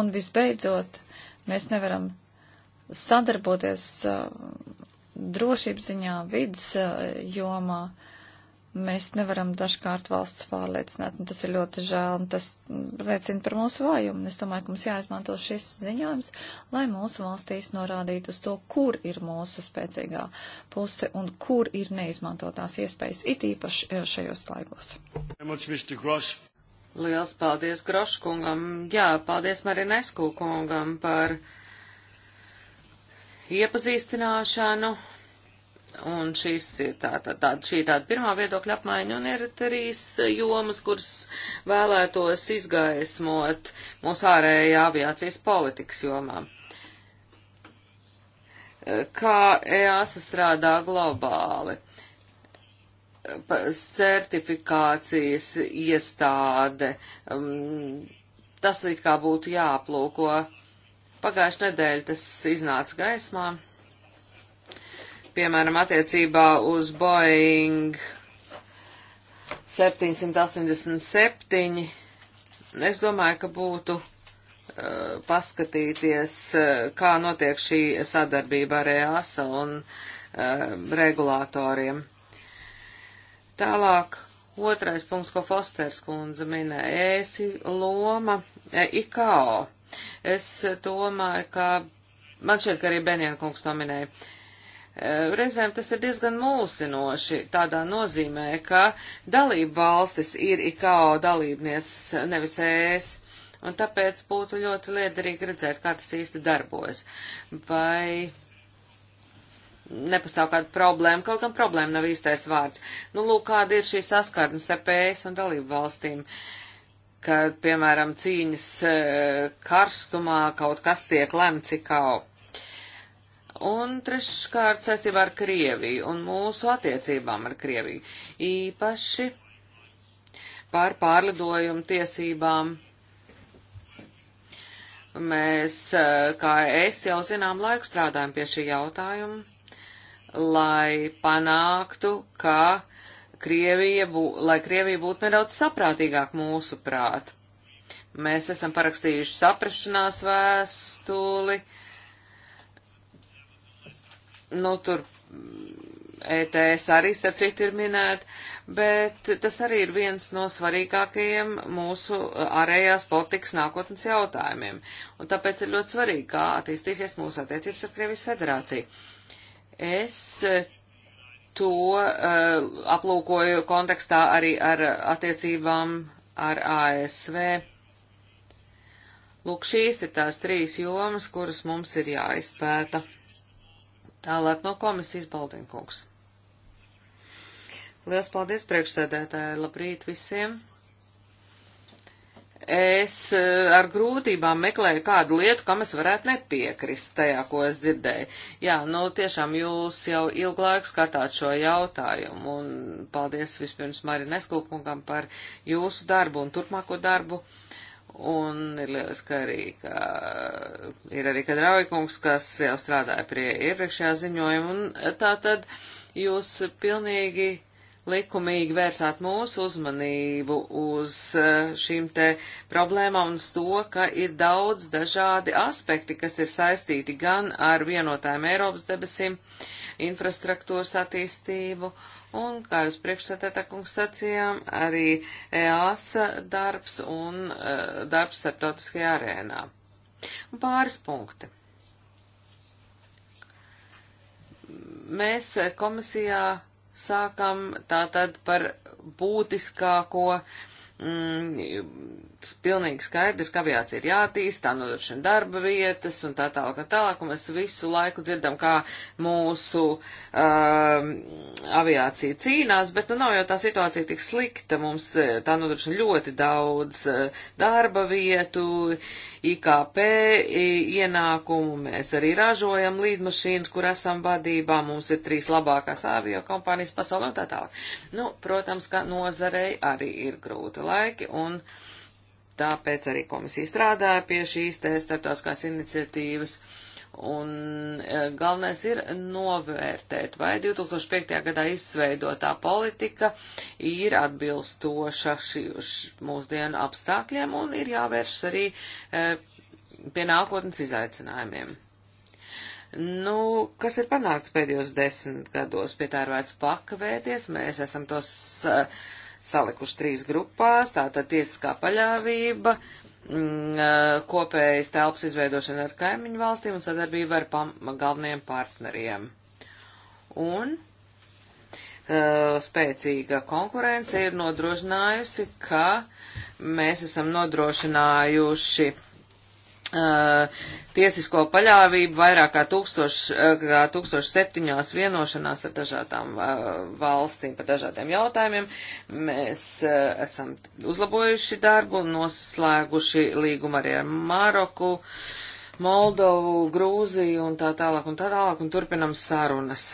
Un visbeidzot, mēs nevaram sadarboties uh, drošības ziņā, vidas eh, jomā mēs nevaram dažkārt valsts pārliecināt, un tas ir ļoti žēl, un tas liecina par mūsu vājumu. Es domāju, ka mums jāizmanto šis ziņojums, lai mūsu valstīs norādītu uz to, kur ir mūsu spēcīgā puse un kur ir neizmantotās iespējas, it īpaši eh, šajos laikos. Liels paldies Groškungam, jā, paldies Marinesku kungam par iepazīstināšanu, un šīs ir tā, tā, tā, šī tāda pirmā viedokļa apmaiņa, un ir trīs jomas, kuras vēlētos izgaismot mūsu ārējā aviācijas politikas jomā. Kā EASA strādā globāli? Certifikācijas iestāde. Um, tas it kā būtu jāaplūko Pagājušajā nedēļā tas iznāca gaismā, piemēram, attiecībā uz Boeing 787. Es domāju, ka būtu eh, paskatīties, eh, kā notiek šī sadarbība ar EASA un uh, regulātoriem. Tālāk, otrais punkts, ko Fosters kundze minēja, ēsi e loma e IKO. Es domāju, ka man šķiet, ka arī Benjana kungs to minēja. E, reizēm tas ir diezgan mulsinoši tādā nozīmē, ka dalība valstis ir IKO dalībnieces, nevis ES un tāpēc būtu ļoti liederīgi redzēt, kā tas īsti darbojas. Vai nepastāv kāda problēma, kaut gan problēma nav īstais vārds. Nu, lūk, kāda ir šī saskarnes ar PS un dalību valstīm ka, piemēram, cīņas eh, karstumā kaut kas tiek lemts ikau. Un treškārt saistībā ar Krieviju un mūsu attiecībām ar Krieviju. Īpaši par pārlidojumu tiesībām. Mēs, eh, kā es jau zinām, laiku strādājam pie šī jautājuma, lai panāktu, ka uh, Krievija, bū, lai Krievija būtu nedaudz saprātīgāk mūsu prāt. Mēs esam parakstījuši saprašanās vēstuli, nu tur ETS arī starp citu ir minēta, bet tas arī ir viens no svarīgākajiem mūsu uh, ārējās politikas nākotnes jautājumiem. Un tāpēc ir ļoti svarīgi, kā attīstīsies mūsu attiecības ar Krievijas federāciju. Es uh, to uh, aplūkoju kontekstā arī ar attiecībām ar ASV. Lūk, šīs ir tās trīs jomas, kuras mums ir jāizpēta. Tālāk no komisijas Baldinkungs. Lielas paldies priekšsēdētāji, labrīt visiem! es eh, ar grūtībām meklēju kādu lietu, kam es varētu nepiekrist tajā, ko es dzirdēju. Jā, nu tiešām jūs jau ilgu laiku skatāt šo jautājumu un paldies vispirms Marines Kulkungam par jūsu darbu un turpmāko darbu. Un ir lieliski arī, ka ir arī Kadraujkungs, kas jau strādāja pie iepriekšējā ziņojuma, un eh, tā tad jūs pilnīgi likumīgi vērsāt mūsu uzmanību uz eh, šīm te problēmām un uz to, ka ir daudz dažādi aspekti, kas ir saistīti gan ar vienotājiem Eiropas debesim, infrastruktūras attīstību, un, kā jūs priekšsētētā kungs sacījām, arī EASA darbs un uh, darbs starptautiskajā arēnā. Pāris punkti. Mēs eh, komisijā sākam tātad par būtiskāko mm, pilnīgi skaidrs, ka aviācija ir jātīst, tā nodrošina darba vietas un tā tālāk un tālāk, un mēs visu laiku dzirdam, kā mūsu um, aviācija cīnās, bet nu nav jau tā situācija tik slikta, mums eh, tā nodrošina ļoti daudz eh, darba vietu, IKP ienākumu, mēs arī ražojam līdmašīnas, kur esam vadībā, mums ir trīs labākās avio kompānijas pasaulē un tā tālāk. Nu, protams, ka nozarei arī ir grūti laiki, un tāpēc arī komisija strādāja pie šīs te starptautiskās iniciatīvas. Un e, galvenais ir novērtēt, vai 2005. gadā izveidotā politika ir atbilstoša šī, šī mūsdienu apstākļiem un ir jāvēršas arī e, pie nākotnes izaicinājumiem. Nu, kas ir panākts pēdējos desmit gados, pie tā ir vērts pakavēties, mēs esam tos. Uh, salikuši trīs grupās, tātad tiesiskā paļāvība, mm, kopējas telpas izveidošana ar kaimiņu valstīm un sadarbība ar pam, galveniem partneriem. Un spēcīga konkurence ir nodrošinājusi, ka mēs esam nodrošinājuši uh, tiesisko paļāvību vairāk kā, tūkstoš, eh, kā 1007 vienošanās ar dažādām eh, valstīm par dažādiem jautājumiem. Mēs esam uzlabojuši darbu, noslēguši līgumu arī ar Maroku, Moldovu, Grūziju un tā tālāk un tā tālāk un turpinam sarunas.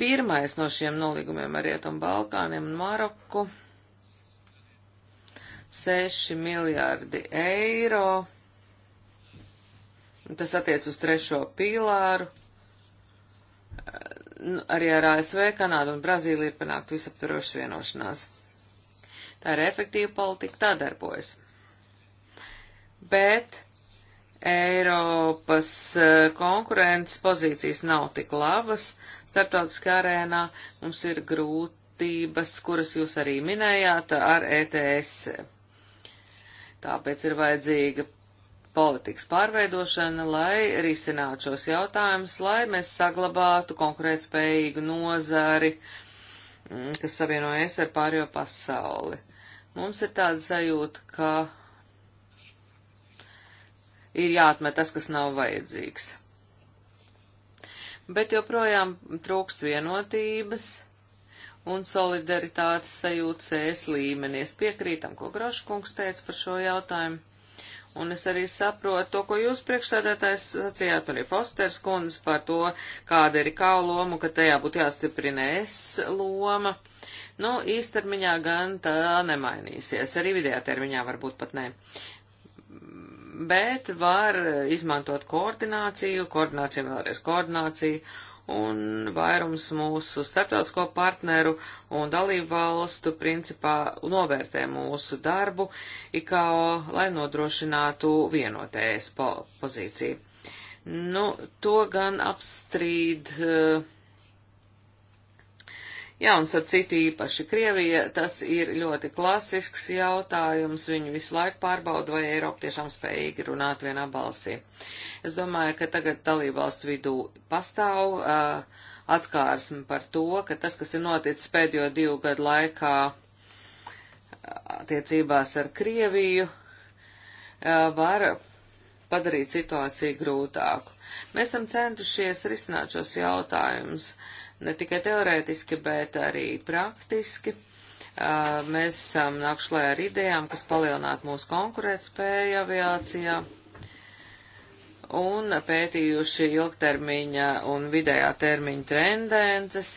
Pirmais no šiem nolīgumiem ar Rietumu Balkāniem un Maroku 6 miljārdi eiro, un tas attiec uz trešo pīlāru. Eh, nu, arī ar ASV, Kanādu un Brazīliju ir panākt visaptvarošas vienošanās. Tā ir efektīva politika, tā darbojas. Bet Eiropas eh, konkurences pozīcijas nav tik labas starptautiskā arēnā. Mums ir grūtības, kuras jūs arī minējāt, ar ETS Tāpēc ir vajadzīga politikas pārveidošana, lai risinātu šos jautājumus, lai mēs saglabātu konkurētspējīgu nozari, mm, kas savienojas ar pārējo pasauli. Mums ir tāda sajūta, ka ir jāatmet tas, kas nav vajadzīgs. Bet joprojām trūkst vienotības un solidaritātes sajūta CS līmenī. Es piekrītam, ko Groškungs teica par šo jautājumu. Un es arī saprotu to, ko jūs priekšsēdētājs sacījāt, un arī Fosters kundze par to, kāda ir kāva loma, ka tajā būtu jāstiprina es loma. Nu, īstermiņā gan tā nemainīsies, arī vidējā termiņā varbūt pat ne. Bet var izmantot koordināciju, koordināciju vēlreiz koordināciju, un vairums mūsu starptautisko partneru un dalību valstu principā novērtē mūsu darbu, ikā, lai nodrošinātu vienotējas e po pozīciju. Nu, to gan apstrīd. Eh, Jā, un ar citu īpaši Krievija, tas ir ļoti klasisks jautājums, viņu visu laiku pārbauda, vai Eiropa tiešām spējīgi runāt vienā balsī. Uh, Es domāju, ka tagad dalībvalstu vidū pastāv uh, atskārsme par to, ka tas, kas ir noticis pēdējo divu gadu laikā uh, attiecībās ar Krieviju, uh, var padarīt situāciju grūtāku. Mēs esam centušies risināt šos jautājumus ne tikai teorētiski, bet arī praktiski. Uh, mēs esam nākuši klajā ar idejām, kas palielinātu mūsu konkurētspēju aviācijā. Mm un pētījuši ilgtermiņa un vidējā termiņa tendences,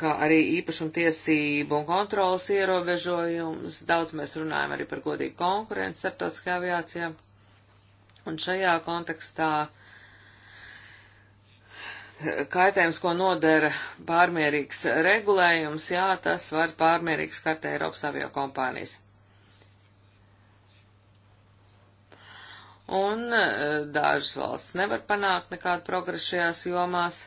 kā arī īpašumtiesību un kontrolas ierobežojumus. Daudz mēs runājam arī par godīgu konkurenci starptautiskajā aviācijā. Un šajā kontekstā kaitējums, ko nodara pārmērīgs regulējums, jā, tas var pārmērīgs kartē Eiropas avio kompānijas. un e, dažas valsts nevar panākt nekādu progresu šajās jomās.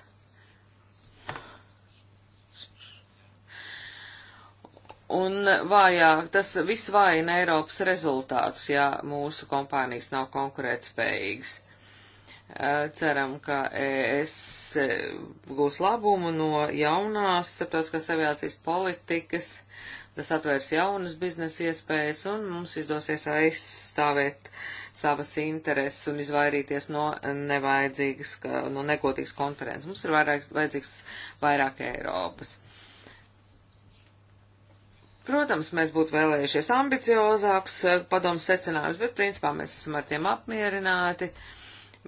Un e, vājāk, tas viss vājina Eiropas rezultātus, ja mūsu kompānijas nav konkurētspējīgas. E, ceram, ka es gūs labumu no jaunās starptautiskās aviācijas politikas, tas atvērs jaunas biznesa iespējas un mums izdosies aizstāvēt uh, savas intereses un izvairīties no nevajadzīgas, no nekotīgas konferences. Mums ir vairāk, vajadzīgs vairāk Eiropas. Protams, mēs būtu vēlējušies ambiciozāks eh, padomus secinājums, bet principā mēs esam ar tiem apmierināti. Uh,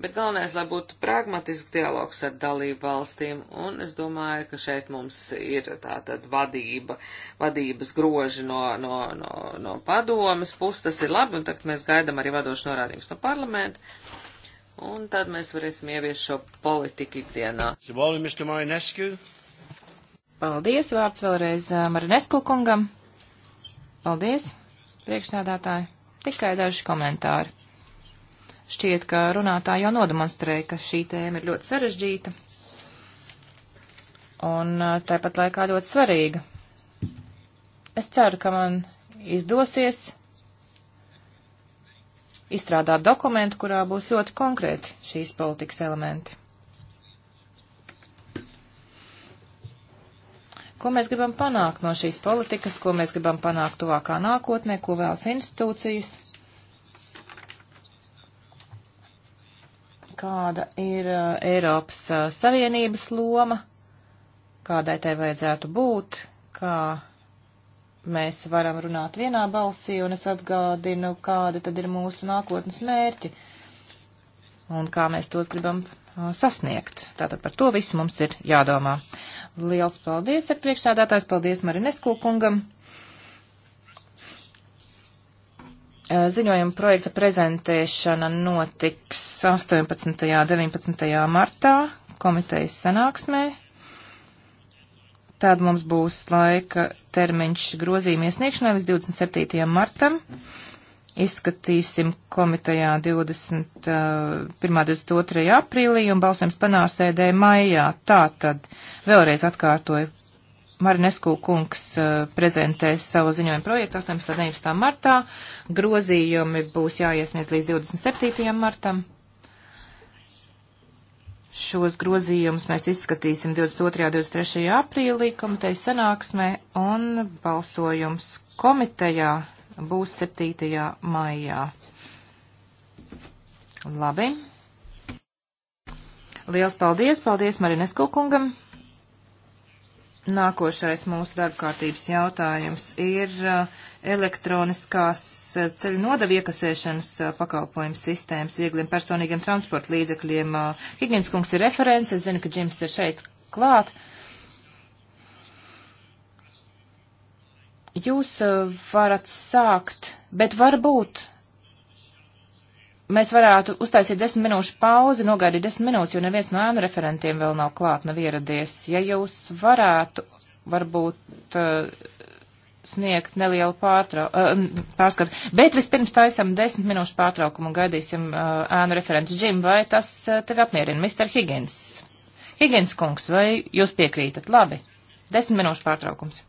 Bet galvenais, lai būtu pragmatisks dialogs ar dalību valstīm, un es domāju, ka šeit mums ir tā tad vadība, vadības groži no, no, no, no padomas puses, tas ir labi, un tagad mēs gaidām arī vadošu norādījumus no parlamenta, un tad mēs varēsim ieviest šo politiku ikdienā. Paldies, vārds vēlreiz Marinesku kungam. Paldies, priekšstādātāji. Tikai daži komentāri. Šķiet, ka runātāji jau nodemonstrēja, ka šī tēma ir ļoti sarežģīta un tāpat laikā ļoti svarīga. Es ceru, ka man izdosies izstrādāt dokumentu, kurā būs ļoti konkrēti šīs politikas elementi. Ko mēs gribam panākt no šīs politikas, ko mēs gribam panākt tuvākā nākotnē, ko vēlas institūcijas? kāda ir uh, Eiropas uh, Savienības loma, kādai tai vajadzētu būt, kā mēs varam runāt vienā balsī, un es atgādinu, kādi tad ir mūsu nākotnes mērķi un kā mēs tos gribam uh, sasniegt. Tātad par to visu mums ir jādomā. Liels paldies, ar priekšsādātājs, paldies Marinesko kungam. Ziņojuma projekta prezentēšana notiks 18. un 19. martā komitejas sanāksmē. Tad mums būs laika termiņš grozījuma iesniegšanai līdz 27. martam izskatīsim komitejā 21. 22. aprīlī un balsojums panārsēdē maijā. Tā tad vēlreiz atkārtoju. Marinesku kungs prezentēs savu ziņojumu projektu 18. 19. martā grozījumi būs jāiesniedz līdz 27. martam. Šos grozījumus mēs izskatīsim 22. un 23. aprīlī komitejas sanāksmē un balsojums komitejā būs 7. maijā. Labi. Liels paldies! Paldies Marinesku kungam! Nākošais mūsu darbkārtības jautājums ir uh, elektroniskās uh, ceļu nodavu iekasēšanas uh, pakalpojums sistēmas viegliem personīgiem transporta līdzekļiem. Higgins kungs ir referents, es zinu, ka Džims ir šeit klāt. Jūs varat sākt, bet varbūt mēs varētu uztaisīt desmit minūšu pauzi, nogaidīt desmit minūtes, jo neviens no ēnu referentiem vēl nav klāt, nav ieradies. Ja jūs varētu varbūt uh, sniegt nelielu pārtrau, uh, pārskatu, bet vispirms taisam desmit minūšu pārtraukumu un gaidīsim uh, ēnu referentu Džim, vai tas uh, tevi apmierina, Mr. Higgins? Higgins kungs, vai jūs piekrītat? Labi, desmit minūšu pārtraukums.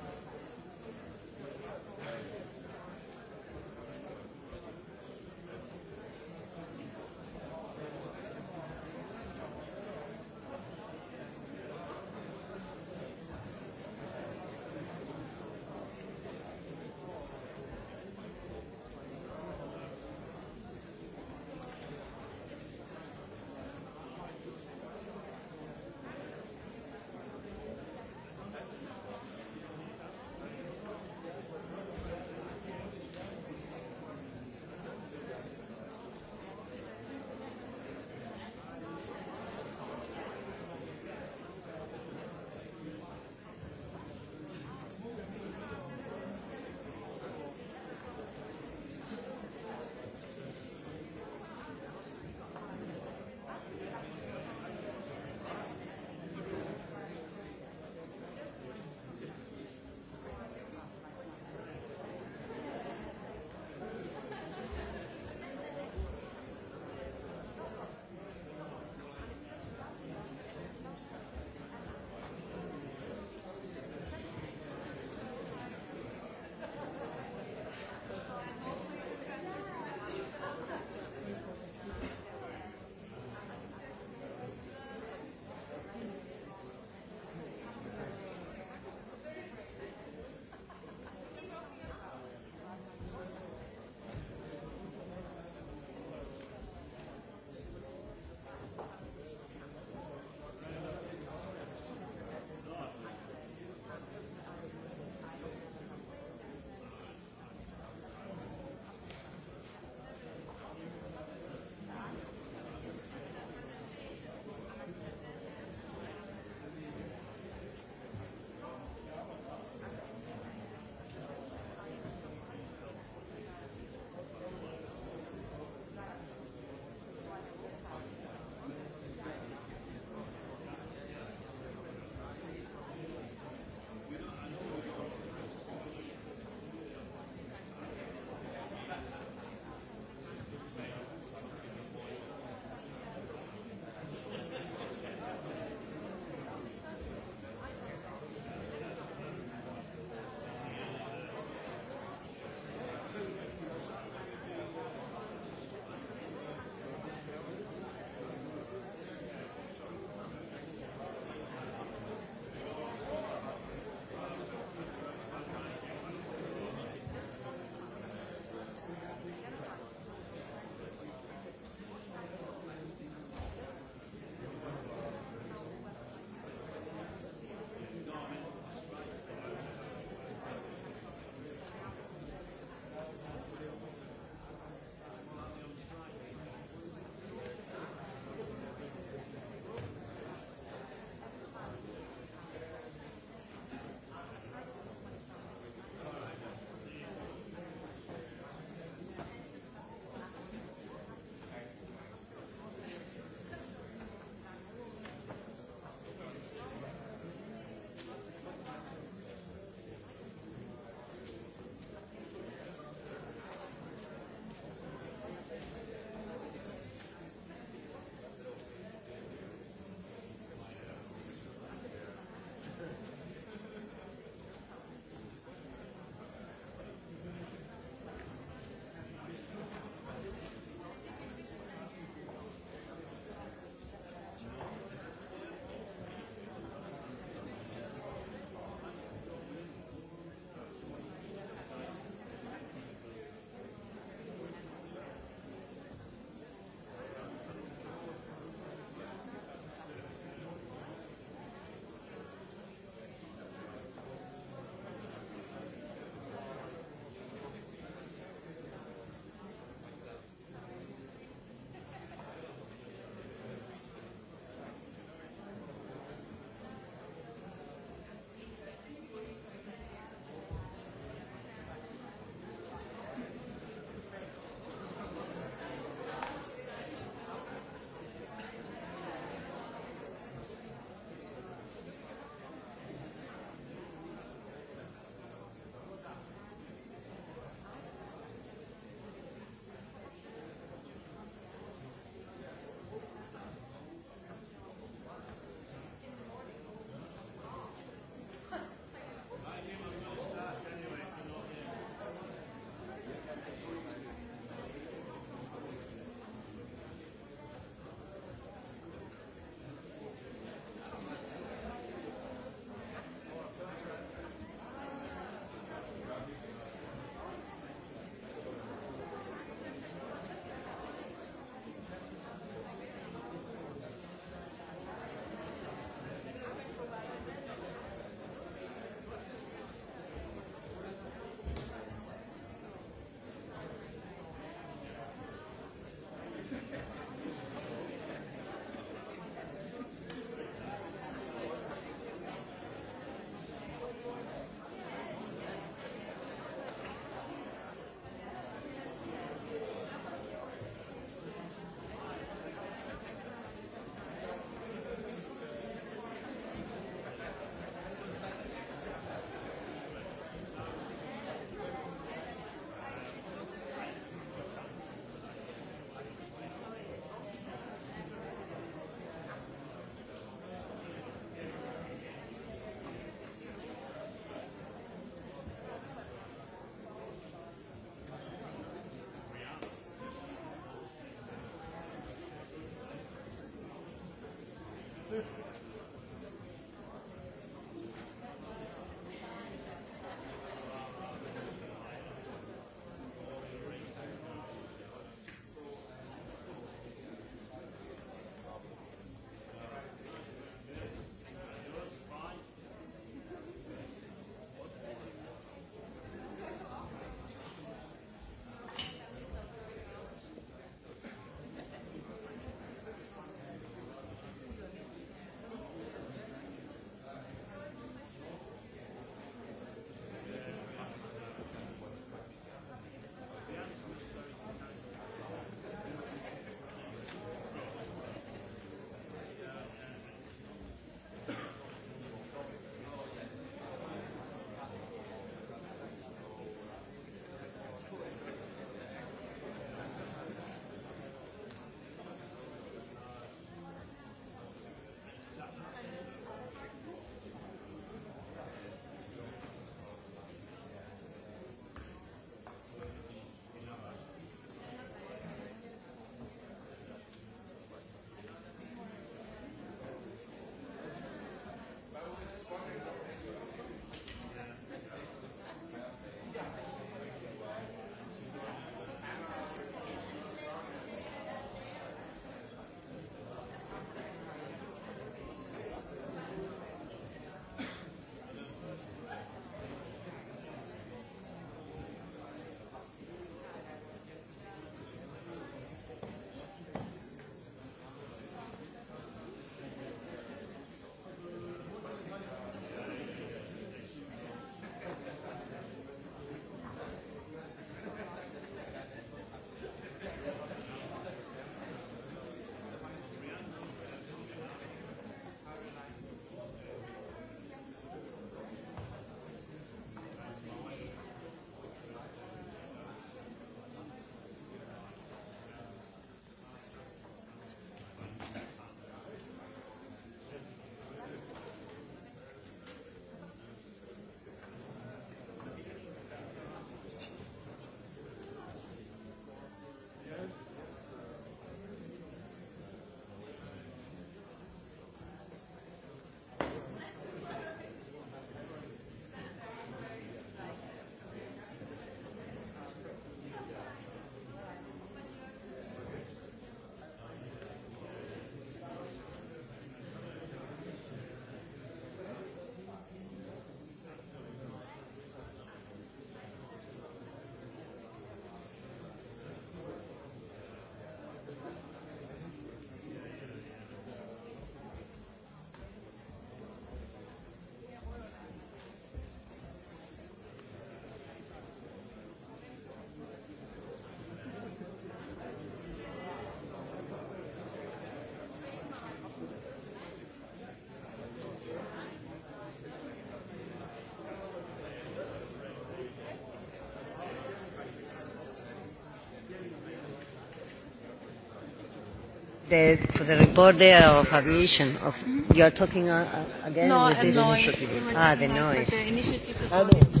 the, for the report there of aviation. Of, you are talking uh, uh again no, with this noise. initiative. We're ah, the noise. The initiative about ah, no.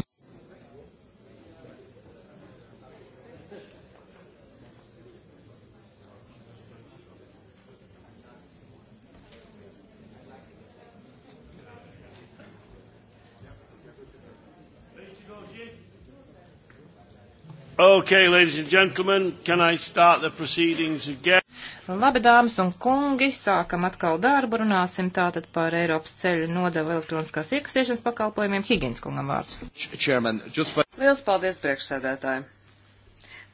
Okay, ladies and gentlemen, can I start the proceedings again? Labi, dāmas un kungi, sākam atkal darbu, runāsim tātad par Eiropas ceļu nodevu elektroniskās iekasēšanas pakalpojumiem. Higins kungam vārds. Chairman, by... Liels paldies priekšsēdētāji.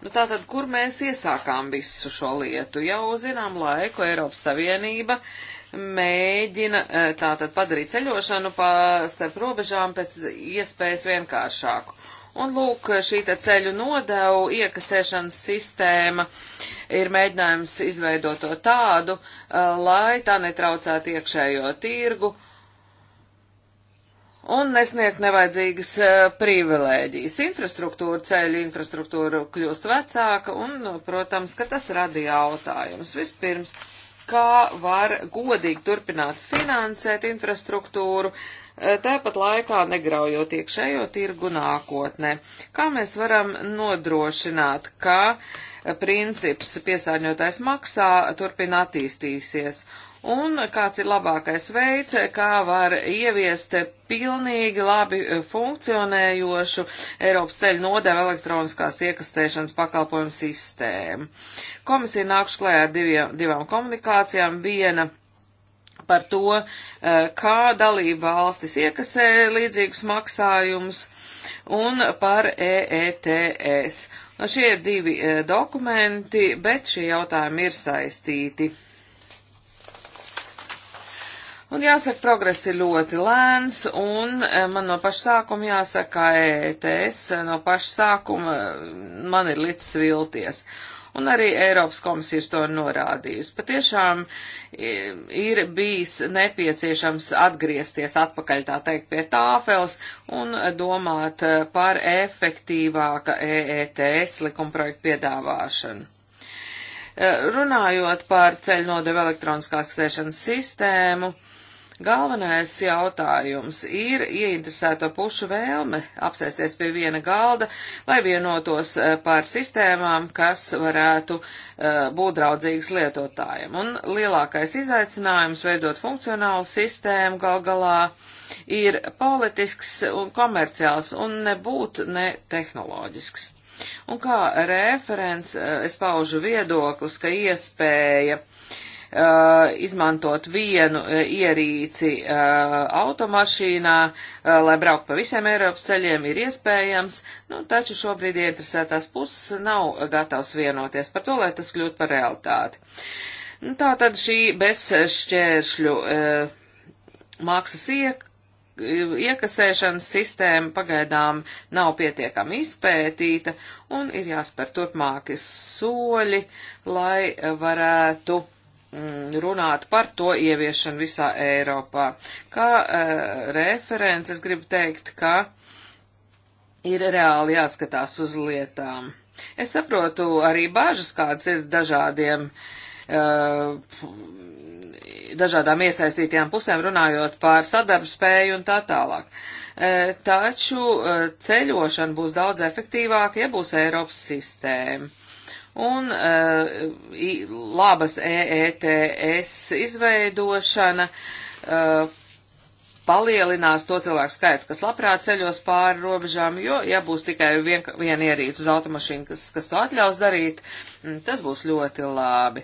Nu tātad, kur mēs iesākām visu šo lietu? Jau zinām laiku Eiropas Savienība mēģina e, tātad padarīt ceļošanu pa starp robežām pēc iespējas vienkāršāku. Un lūk, šī te ceļu nodevu iekasēšanas sistēma ir mēģinājums izveidot to tādu, eh, lai tā netraucētu iekšējo tirgu un nesniegt nevajadzīgas eh, privilēģijas. Infrastruktūra, ceļu infrastruktūra kļūst vecāka un, nu, protams, ka tas rada jautājumus. Vispirms, kā var godīgi turpināt finansēt infrastruktūru, eh, tāpat laikā negraujot iekšējo tirgu nākotnē. Kā mēs varam nodrošināt, ka uh, princips piesārņotājs maksā turpina attīstīsies. Un kāds ir labākais veids, kā var ieviest pilnīgi labi funkcionējošu Eiropas ceļu nodevu elektroniskās iekastēšanas pakalpojumu sistēmu. Komisija nākšu klējā diviem, divām komunikācijām. Viena par to, eh, kā dalība valstis iekasē līdzīgus maksājumus un par EETS. No nu, šie ir divi e, dokumenti, bet šie jautājumi ir saistīti. Un jāsaka, progress ir ļoti lēns, un e, man no paša sākuma jāsaka, ka ETS e, no paša sākuma man ir licis vilties. Uh, un arī Eiropas komisijas to norādījis. Patiešām ir bijis nepieciešams atgriezties atpakaļ, tā teikt, pie tāfels un domāt e, par efektīvāka EETS likumprojektu piedāvāšanu. E, runājot par ceļnodevu elektroniskās sēšanas sistēmu, uh, Galvenais jautājums ir ieinteresēto pušu vēlme apsēsties pie viena galda, lai vienotos eh, par sistēmām, kas varētu eh, būt draudzīgas lietotājiem. Un lielākais izaicinājums veidot funkcionālu sistēmu gal galā ir politisks un komerciāls un nebūt ne tehnoloģisks. Un kā referents eh, es paužu viedoklis, ka iespēja uh, Uh, izmantot vienu uh, ierīci uh, automašīnā, lai braukt pa visiem Eiropas ceļiem, ir iespējams, nu, taču šobrīd ieinteresētās puses nav gatavs vienoties par to, lai tas kļūtu par realitāti. Nu, tā tad šī bezšķēršļu mākslas iek iekasēšanas sistēma pagaidām nav pietiekami izpētīta un ir jāspēr turpmāki soļi, lai varētu Mm, runāt par to ieviešanu visā Eiropā. Kā uh, referents es gribu teikt, ka ir reāli jāskatās uz lietām. Es saprotu arī bāžas, kāds ir dažādiem, uh, dažādām iesaistītajām pusēm runājot par sadarbspēju un tā tālāk. Uh, taču ceļošana būs daudz efektīvāka, ja būs Eiropas sistēma un uh, labas EETS izveidošana uh, palielinās to cilvēku skaitu, kas labprāt ceļos pāri robežām, jo, ja būs tikai vien, viena ierīca uz automašīnu, kas, kas to atļaus darīt, mm, tas būs ļoti labi.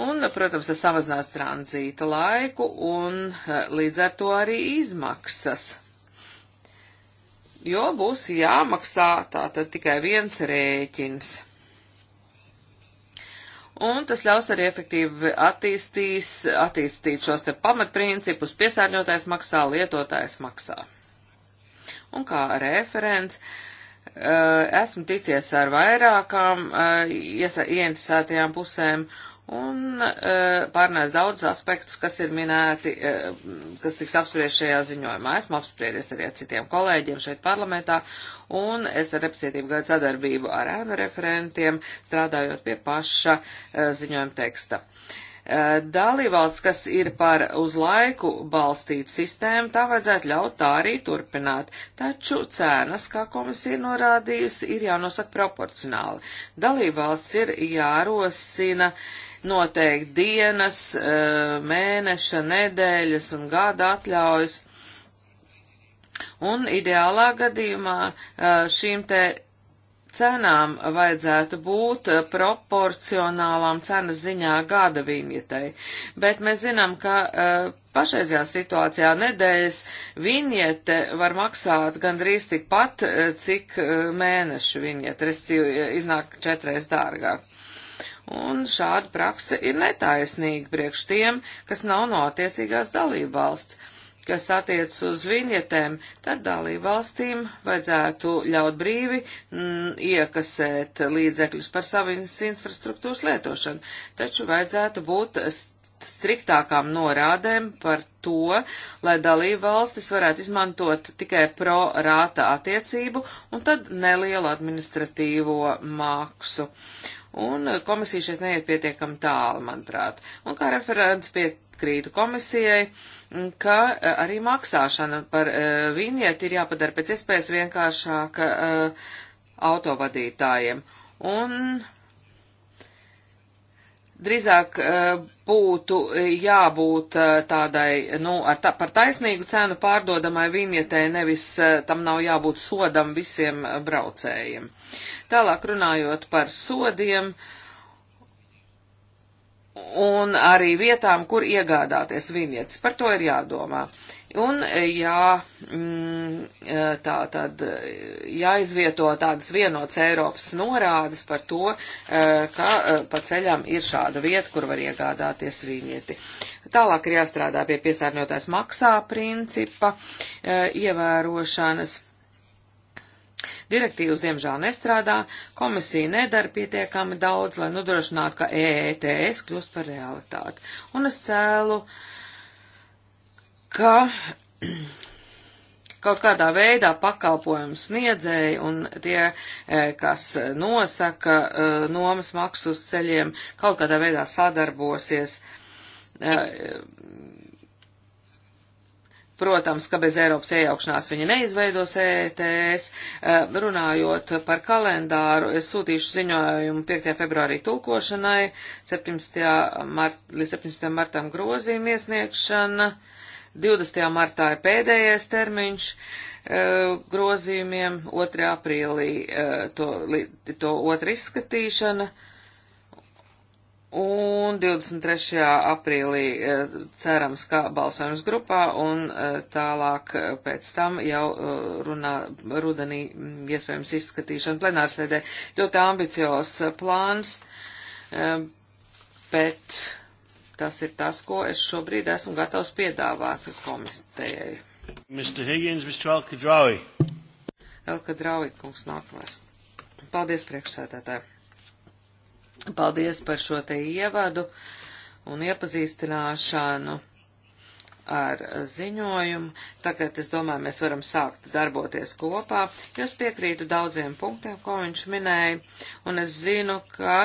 Un, protams, tas samazinās tranzīta laiku un eh, līdz ar to arī izmaksas. Jo būs jāmaksā tātad tikai viens rēķins un tas ļaus arī efektīvi attīstīs, attīstīt šos te pamatprincipus - piesārņotājs maksā, lietotājs maksā. Un kā referents eh, esmu ticies ar vairākām eh, ieinteresētajām pusēm, un uh, pārnēs daudz aspektus, kas ir minēti, uh, kas tiks apspriest šajā ziņojumā. Esmu apspriedies arī ar citiem kolēģiem šeit parlamentā, un es ar nepacietību gaidu sadarbību ar ēnu referentiem, strādājot pie paša uh, ziņojuma teksta. Dalībvalsts, kas ir par uz laiku balstītu sistēmu, tā vajadzētu ļaut tā arī turpināt, taču cēnas, kā komisija norādījusi, ir jānosaka proporcionāli. Dalībvalsts ir jārosina uh, noteikt dienas, eh, mēneša, nedēļas un gada atļaujas. Un ideālā gadījumā eh, šīm te cenām vajadzētu būt eh, proporcionālām cenas ziņā gada viņetei, bet mēs zinām, ka uh, pašreizajā situācijā nedēļas viņete var maksāt gandrīz tikpat, cik uh, mēneša viņete, restīvi iznāk četreiz dārgāk un šāda prakse ir netaisnīga priekš tiem, kas nav no attiecīgās dalībvalsts. Kas attiec uz viņietēm, tad dalībvalstīm vajadzētu ļaut brīvi m, mm, iekasēt līdzekļus par savu infrastruktūras lietošanu, taču vajadzētu būt striktākām norādēm par to, lai dalībvalstis varētu izmantot tikai pro rāta attiecību un tad nelielu administratīvo mākslu. Uh, un eh, komisija šeit neiet pietiekami tālu, manuprāt. Un kā referents piekrītu komisijai, mm, ka eh, arī maksāšana par eh, vīnieti ir jāpadara pēc iespējas vienkāršāka autovadītājiem. Un drīzāk eh, būtu eh, jābūt eh, tādai, nu, tā, par taisnīgu cenu pārdodamai vinietē, nevis tam nav jābūt sodam visiem braucējiem. Tālāk runājot par sodiem un arī vietām, kur iegādāties vinietes, par to ir jādomā. Uh, Un eh, jā, mm, eh, tā tad eh, jāizvieto tādas vienotas Eiropas norādes par to, ka pa ceļam ir šāda vieta, kur var iegādāties vīnieti. Tālāk ir jāstrādā pie piesārņotājs maksā principa ievērošanas. Direktīvas, diemžēl, nestrādā, komisija nedara pietiekami daudz, lai nodrošinātu, ka EETS kļūst par realitāti. Un es cēlu uh, ka [clears throat] kaut kādā veidā pakalpojumu sniedzēji un tie, eh, kas nosaka eh, nomas maksu uz ceļiem, kaut kādā veidā sadarbosies. Eh, protams, ka bez Eiropas iejaukšanās viņi neizveidos ETS. Runājot par kalendāru, es sūtīšu ziņojumu 5. februārī tulkošanai, 17. Mart, līdz 17. martam grozījuma iesniegšana. 20. martā ir pēdējais termiņš eh, grozījumiem, 2. aprīlī eh, to, to otra izskatīšana un 23. aprīlī eh, cerams, ka balsojums grupā un tālāk pēc tam jau runā rudenī mm, iespējams izskatīšana plenārsēdē. Ļoti ambiciozs plāns, bet Tas ir tas, ko es šobrīd esmu gatavs piedāvāt komitejai. Mr. Higgins, Mr. Alkadraui. Alkadraui, kungs nākamais. Paldies priekšsēdētāji. Paldies par šo te ievadu un iepazīstināšanu ar ziņojumu. Tagad, es domāju, mēs varam sākt darboties kopā. Es piekrītu daudziem punktiem, ko viņš minēja, un es zinu, ka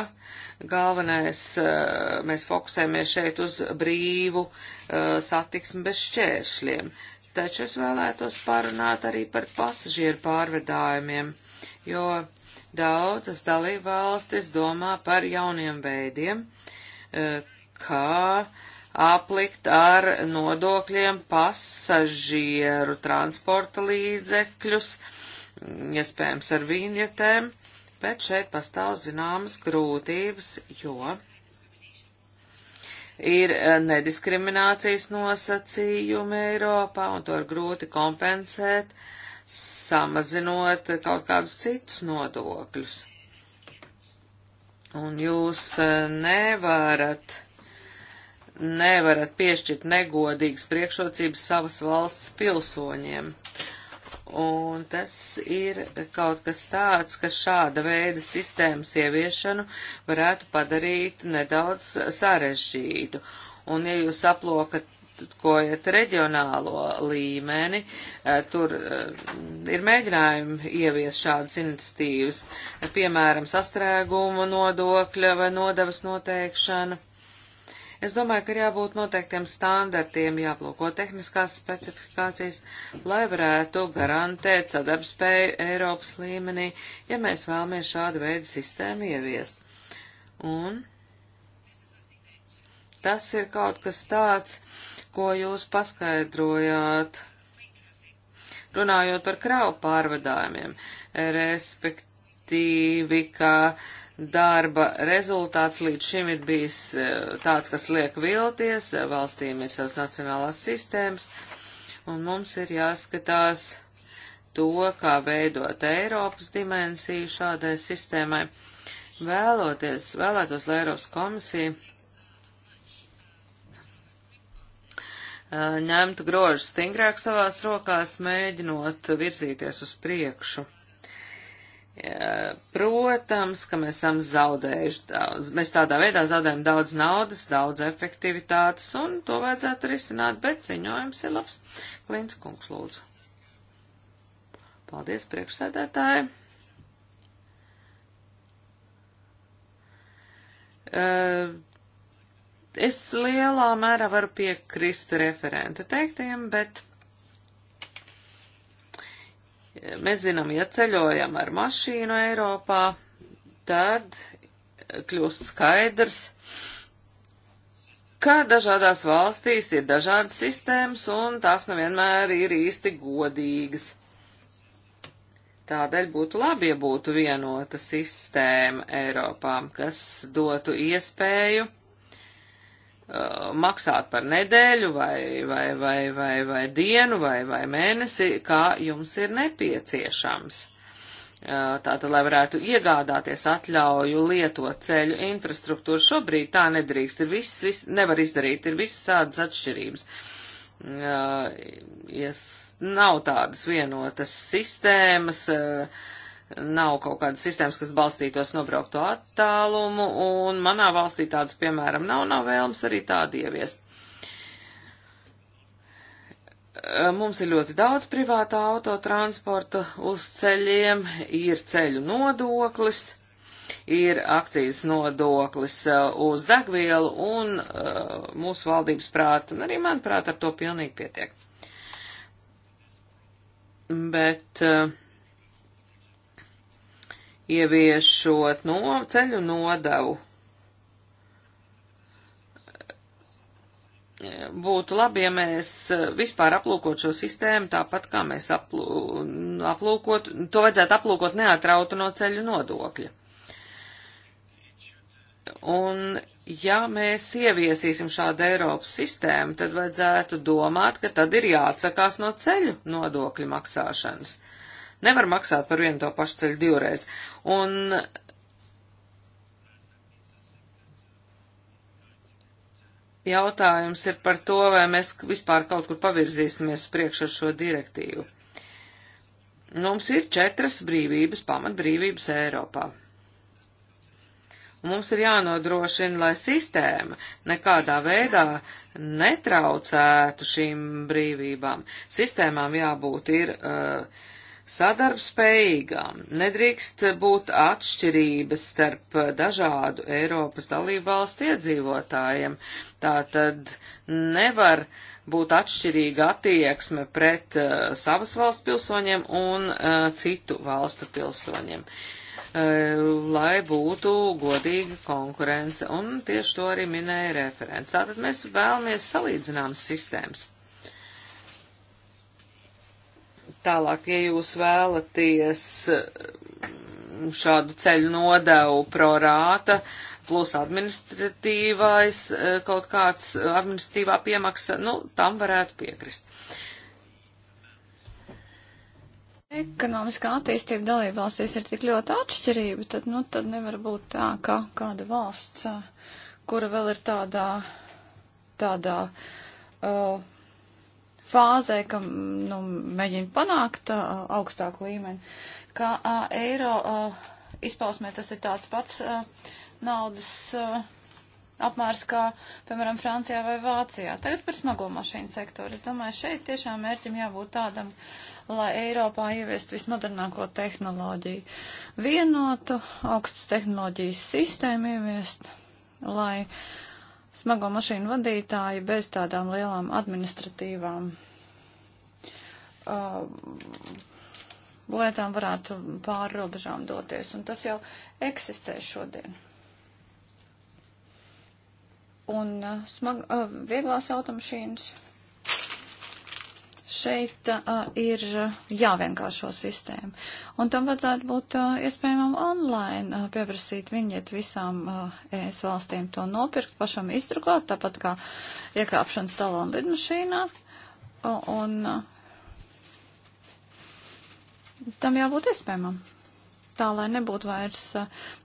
Galvenais, eh, mēs fokusējamies šeit uz brīvu eh, satiksmi bez šķēršļiem, taču es vēlētos parunāt arī par pasažieru pārvedājumiem, jo daudzas dalībvalstis domā par jauniem veidiem, eh, kā aplikt ar nodokļiem pasažieru transporta līdzekļus, mm, iespējams ar vīnietēm. Ja bet šeit pastāv zināmas grūtības, jo ir eh, nediskriminācijas nosacījumi Eiropā, un to ir grūti kompensēt, samazinot kaut kādus citus nodokļus. Un jūs eh, nevarat, nevarat piešķirt negodīgas priekšrocības savas valsts pilsoņiem. Un tas ir kaut kas tāds, ka šāda veida sistēmas ieviešanu varētu padarīt nedaudz sarežģītu. Un ja jūs aplokat kojat reģionālo līmeni, eh, tur eh, ir mēģinājumi ievies šādas iniciatīvas, piemēram, sastrēguma nodokļa vai nodevas noteikšana. Es domāju, ka ir jābūt noteiktiem standartiem, jāplūko tehniskās specifikācijas, lai varētu garantēt sadarbspēju Eiropas līmenī, ja mēs vēlamies šādu veidu sistēmu ieviest. Un tas ir kaut kas tāds, ko jūs paskaidrojāt, runājot par kravu pārvadājumiem, respektīvi, ka uh, darba rezultāts līdz šim ir bijis eh, tāds, kas liek vilties, eh, valstīm ir savas nacionālās sistēmas, un mums ir jāskatās to, kā veidot Eiropas dimensiju šādai sistēmai. Vēloties, vēlētos, lai Eiropas komisija eh, ņemtu grožus stingrāk savās rokās, mēģinot virzīties uz priekšu. Protams, ka mēs esam zaudējuši daudz, mēs tādā veidā zaudējam daudz naudas, daudz efektivitātes, un to vajadzētu risināt, bet ziņojums ir labs. Klīns kungs, lūdzu. Paldies, priekšsēdētāji. Eh, es lielā mērā varu piekrist referenta teiktiem, bet Mēs zinām, ja ceļojam ar mašīnu Eiropā, tad kļūst skaidrs, ka dažādās valstīs ir dažādas sistēmas un tās nevienmēr ir īsti godīgas. Tādēļ būtu labi, ja būtu vienota sistēma Eiropām, kas dotu iespēju Uh, maksāt par nedēļu vai, vai, vai, vai, vai dienu vai, vai mēnesi, kā jums ir nepieciešams. Uh, tātad, lai varētu iegādāties atļauju lietot ceļu infrastruktūru, šobrīd tā nedrīkst, ir viss, viss nevar izdarīt, ir visādas atšķirības. Uh, ja nav tādas vienotas sistēmas, uh, nav kaut kādas sistēmas, kas balstītos nobraukto attālumu, un manā valstī tādas, piemēram, nav, nav vēlams arī tādu ieviest. Mums ir ļoti daudz privātā autotransporta uz ceļiem, ir ceļu nodoklis, ir akcijas nodoklis uz degvielu, un mūsu valdības prāta, un arī manuprāt, ar to pilnīgi pietiek. Bet uh, ieviešot no ceļu nodevu. Būtu labi, ja mēs vispār aplūkot šo sistēmu tāpat, kā mēs aplū, aplūkot, to vajadzētu aplūkot neatrautu no ceļu nodokļa. Un ja mēs ieviesīsim šādu Eiropas sistēmu, tad vajadzētu domāt, ka tad ir jāatsakās no ceļu nodokļu maksāšanas. Uh, Nevar maksāt par vienu to pašu ceļu divreiz. Un jautājums ir par to, vai mēs vispār kaut kur pavirzīsimies priekš ar šo direktīvu. Mums ir četras brīvības, pamatbrīvības Eiropā. Un mums ir jānodrošina, lai sistēma nekādā veidā netraucētu šīm brīvībām. Sistēmām jābūt ir uh, sadarbspējīgām. Nedrīkst būt atšķirības starp dažādu Eiropas dalību valstu iedzīvotājiem. Tā tad nevar būt atšķirīga attieksme pret uh, savas valsts pilsoņiem un uh, citu valstu pilsoņiem uh, lai būtu godīga konkurence, un tieši to arī minēja referents. Tātad mēs vēlamies salīdzināmas sistēmas. Tālāk, ja jūs vēlaties mm, šādu ceļu nodevu prorāta, plus administratīvais e, kaut kāds administratīvā piemaksa, nu, tam varētu piekrist. Ekonomiskā attīstība dalībvalstīs ir tik ļoti atšķirība, tad, nu, tad nevar būt tā, ka kāda valsts, kura vēl ir tādā, tādā uh, fāzē, ka nu, mēģina panākt uh, augstāku līmeni, ka uh, eiro uh, izpausmē tas ir tāds pats uh, naudas uh, apmērs kā, piemēram, Francijā vai Vācijā. Tagad par smago mašīnu sektoru. Es domāju, šeit tiešām mērķim jābūt tādam, lai Eiropā ieviest vismodernāko tehnoloģiju. Vienotu augstas tehnoloģijas sistēmu ieviest, lai uh, smago mašīnu vadītāji bez tādām lielām administratīvām uh, lietām varētu pāri robežām doties. Un tas jau eksistē šodien. Un uh, smag, uh, vieglās automašīnas Šeit uh, ir jāvienkāršo sistēmu. Un tam vajadzētu būt uh, iespējamam online uh, pieprasīt viņiet visām uh, ES valstīm to nopirkt, pašam izdrukāt, tāpat kā iekāpšanas talā un lidmašīnā. Uh, un uh, tam jābūt iespējamam tā, lai nebūtu vairs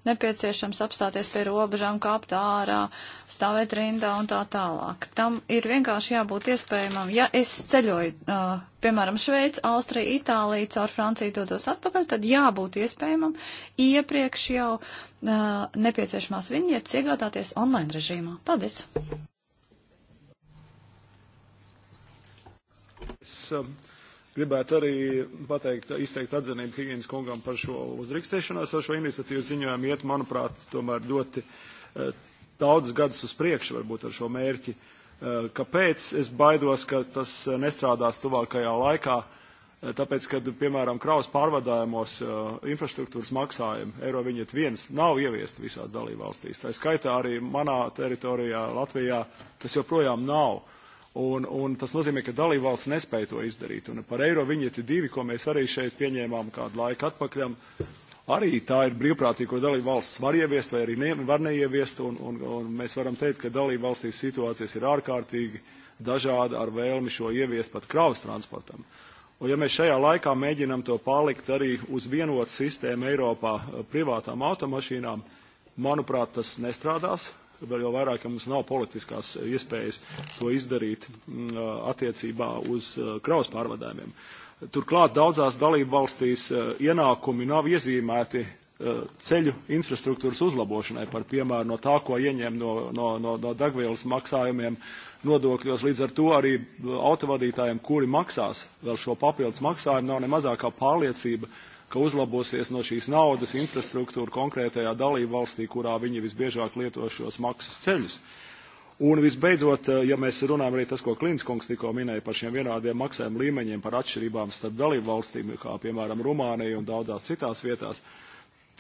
nepieciešams apstāties pie robežām, kāpt ārā, stāvēt rindā un tā tālāk. Tam ir vienkārši jābūt iespējamam. Ja es ceļoju, piemēram, Šveic, Austrija, Itālija, caur Franciju dodos atpakaļ, tad jābūt iespējamam iepriekš jau nepieciešamās viņietas iegādāties online režīmā. Paldies! Es, um... Gribētu arī pateikt, izteikt atzinību Higienas kungam par šo uzrikstēšanās ar šo iniciatīvu ziņojumu. Iet, manuprāt, tomēr ļoti eh, daudzus gadus uz priekšu varbūt ar šo mērķi. Eh, kāpēc? Es baidos, ka tas eh, nestrādās tuvākajā laikā, tāpēc, kad, piemēram, kraus pārvadājumos infrastruktūras maksājumi eiro viņiet viens nav ieviesti visās dalībvalstīs. Tā skaitā arī manā teritorijā Latvijā tas joprojām nav. Un, un tas nozīmē, ka dalībvalsts nespēja to izdarīt. Un par eiro viņieti divi, ko mēs arī šeit pieņēmām kādu laiku atpakaļ, arī tā ir brīvprātīga, ko dalībvalsts var ieviest vai arī ne, var neieviest. Un, un, un mēs varam teikt, ka dalībvalstīs situācijas ir ārkārtīgi dažāda ar vēlmi šo ieviest pat kravas transportam. Un ja mēs šajā laikā mēģinam to palikt arī uz vienotu sistēmu Eiropā eh, privātām automašīnām, manuprāt, tas nestrādās, vēl jau vairāk, ja mums nav politiskās iespējas to izdarīt mm, attiecībā uz kraus pārvadājumiem. Turklāt daudzās dalību valstīs ienākumi nav iezīmēti ceļu infrastruktūras uzlabošanai, par piemēru no tā, ko ieņem no, no, no, no degvielas maksājumiem nodokļos. Līdz ar to arī autovadītājiem, kuri maksās vēl šo papildus maksājumu, nav ne mazākā pārliecība, uh, ka uzlabosies no šīs naudas infrastruktūra konkrētajā dalību valstī, kurā viņi visbiežāk lieto šos maksas ceļus. Un visbeidzot, eh, ja mēs runājam arī tas, ko Klinskungs tikko minēja par šiem vienādiem maksājuma līmeņiem, par atšķirībām starp dalību valstīm, kā piemēram Rumānija un daudzās citās vietās,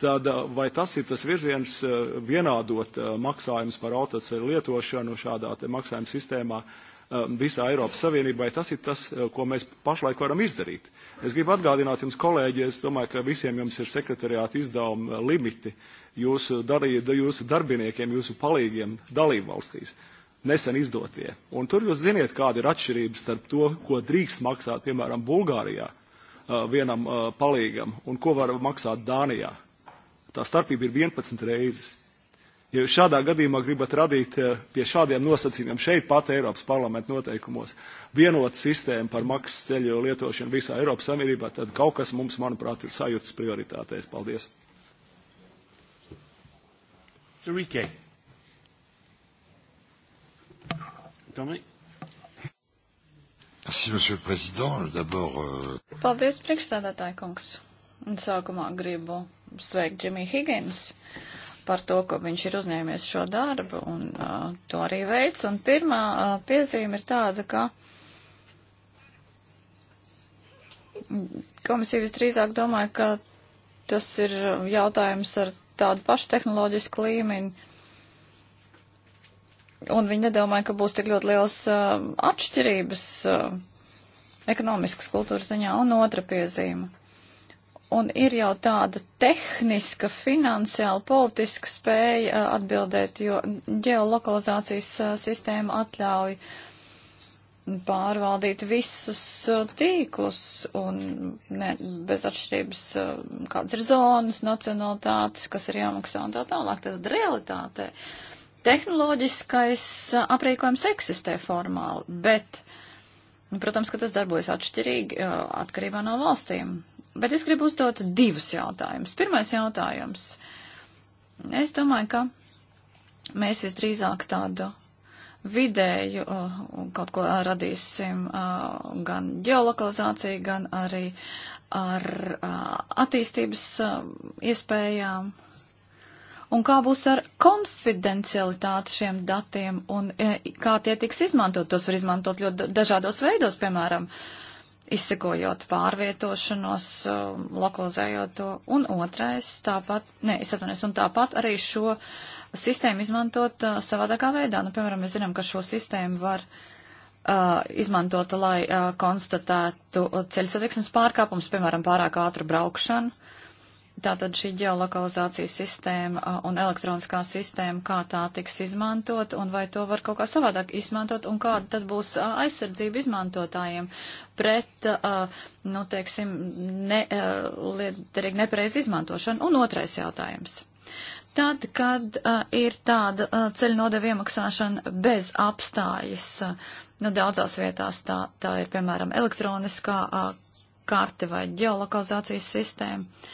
tad eh, vai tas ir tas virziens eh, vienādot maksājumus par autoceļu lietošanu šādā te maksājuma sistēmā, uh, Um, visā Eiropas Savienībai. Tas ir tas, uh, ko mēs pašlaik varam izdarīt. Es gribu atgādināt jums, kolēģi, es domāju, ka visiem jums ir sekretariāta izdevuma uh, limiti jūsu, darī, jūsu darbiniekiem, jūsu palīgiem dalībvalstīs nesen izdotie. Un tur jūs ziniet, kāda ir atšķirība starp to, ko drīkst maksāt, piemēram, Bulgārijā uh, vienam palīgam un ko var maksāt Dānijā. Tā starpība ir 11 reizes. Ja jūs šādā gadījumā gribat radīt eh, pie šādiem nosacījumiem šeit pat Eiropas parlamenta noteikumos vienotu sistēmu par maksas ceļu lietošanu visā Eiropas Savienībā, tad kaut kas mums, manuprāt, ir sajūtas prioritātēs. Paldies! Enrique. Dominic. Merci, Monsieur le Président. D'abord. Euh... Paldies, priekšstādātāji kungs. Un sākumā gribu sveikt Džimiju Higgins par to, ka viņš ir uzņēmies šo darbu un uh, to arī veids. Un pirmā uh, piezīme ir tāda, ka komisija visdrīzāk domāja, ka tas ir jautājums ar tādu pašu tehnoloģisku līmeni. Un viņi nedomāja, ka būs tik ļoti liels uh, atšķirības uh, ekonomiskas kultūras ziņā. Un otra piezīme un ir jau tāda tehniska, finansiāla, politiska spēja atbildēt, jo geolokalizācijas sistēma atļauj pārvaldīt visus tīklus un ne, bez atšķirības, kādas ir zonas, nacionalitātes, kas ir jāmaksā un tā tālāk. Tad realitātē tehnoloģiskais aprīkojums eksistē formāli, bet, nu, protams, ka tas darbojas atšķirīgi atkarībā no valstīm Bet es gribu uzdot divus jautājumus. Pirmais jautājums. Es domāju, ka mēs visdrīzāk tādu vidēju uh, kaut ko radīsim uh, gan geolokalizāciju, gan arī ar uh, attīstības iespējām. Un kā būs ar konfidencialitāti šiem datiem un kā tie tiks izmantot? Tos var izmantot ļoti dažādos veidos, piemēram, uh, izsekojot pārvietošanos, um, lokalizējot to. Un otrais, tāpat, ne, es atvainojos, un tāpat arī šo sistēmu izmantot uh, savādākā veidā. Nu, piemēram, mēs zinām, ka šo sistēmu var uh, izmantot, lai uh, konstatētu ceļu satiksmes pārkāpumus, piemēram, pārāk ātru braukšanu. Tātad šī geolokalizācijas sistēma un elektroniskā sistēma, kā tā tiks izmantot un vai to var kaut kā savādāk izmantot un kāda tad būs aizsardzība izmantotājiem pret, nu, teiksim, ne, liederīgi nepareiz izmantošanu. Un otrais jautājums. Tad, kad ir tāda ceļnodeva iemaksāšana bez apstājas, nu, daudzās vietās tā, tā ir, piemēram, elektroniskā karte vai geolokalizācijas sistēma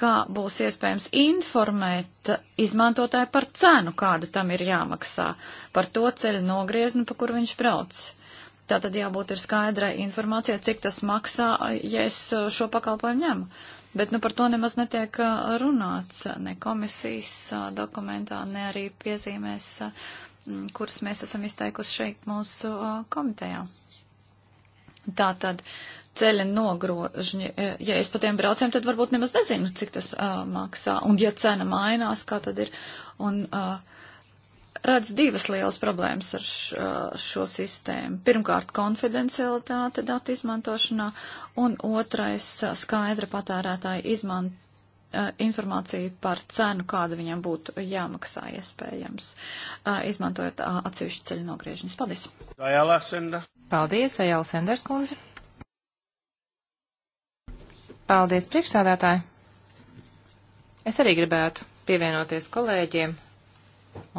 kā būs iespējams informēt izmantotāju par cenu, kāda tam ir jāmaksā, par to ceļu nogriezni, pa kur viņš brauc. Tātad jābūt ir skaidrai informācijai, cik tas maksā, ja es šo pakalpojumu ņemu. Bet nu, par to nemaz netiek uh, runāts ne komisijas uh, dokumentā, ne arī piezīmēs, uh, kuras mēs esam izteikusi šeit mūsu komitejā. Tātad ceļa nogrožņi. E, ja es pa tiem braucēm, tad varbūt nemaz nezinu, cik tas uh, maksā. Un ja cena mainās, kā tad ir. Un uh, redz divas lielas problēmas ar šo, šo sistēmu. Pirmkārt, konfidencialitāte datu izmantošanā, un otrais - skaidra patērētāja izman, uh, informācija par cenu, kāda viņam būtu jāmaksā iespējams, uh, izmantojot uh, atsevišķu ceļu nogriežņus. Paldies! Paldies, Ejāla Senders kundze! Paldies, priekšsādātāji! Es arī gribētu pievienoties kolēģiem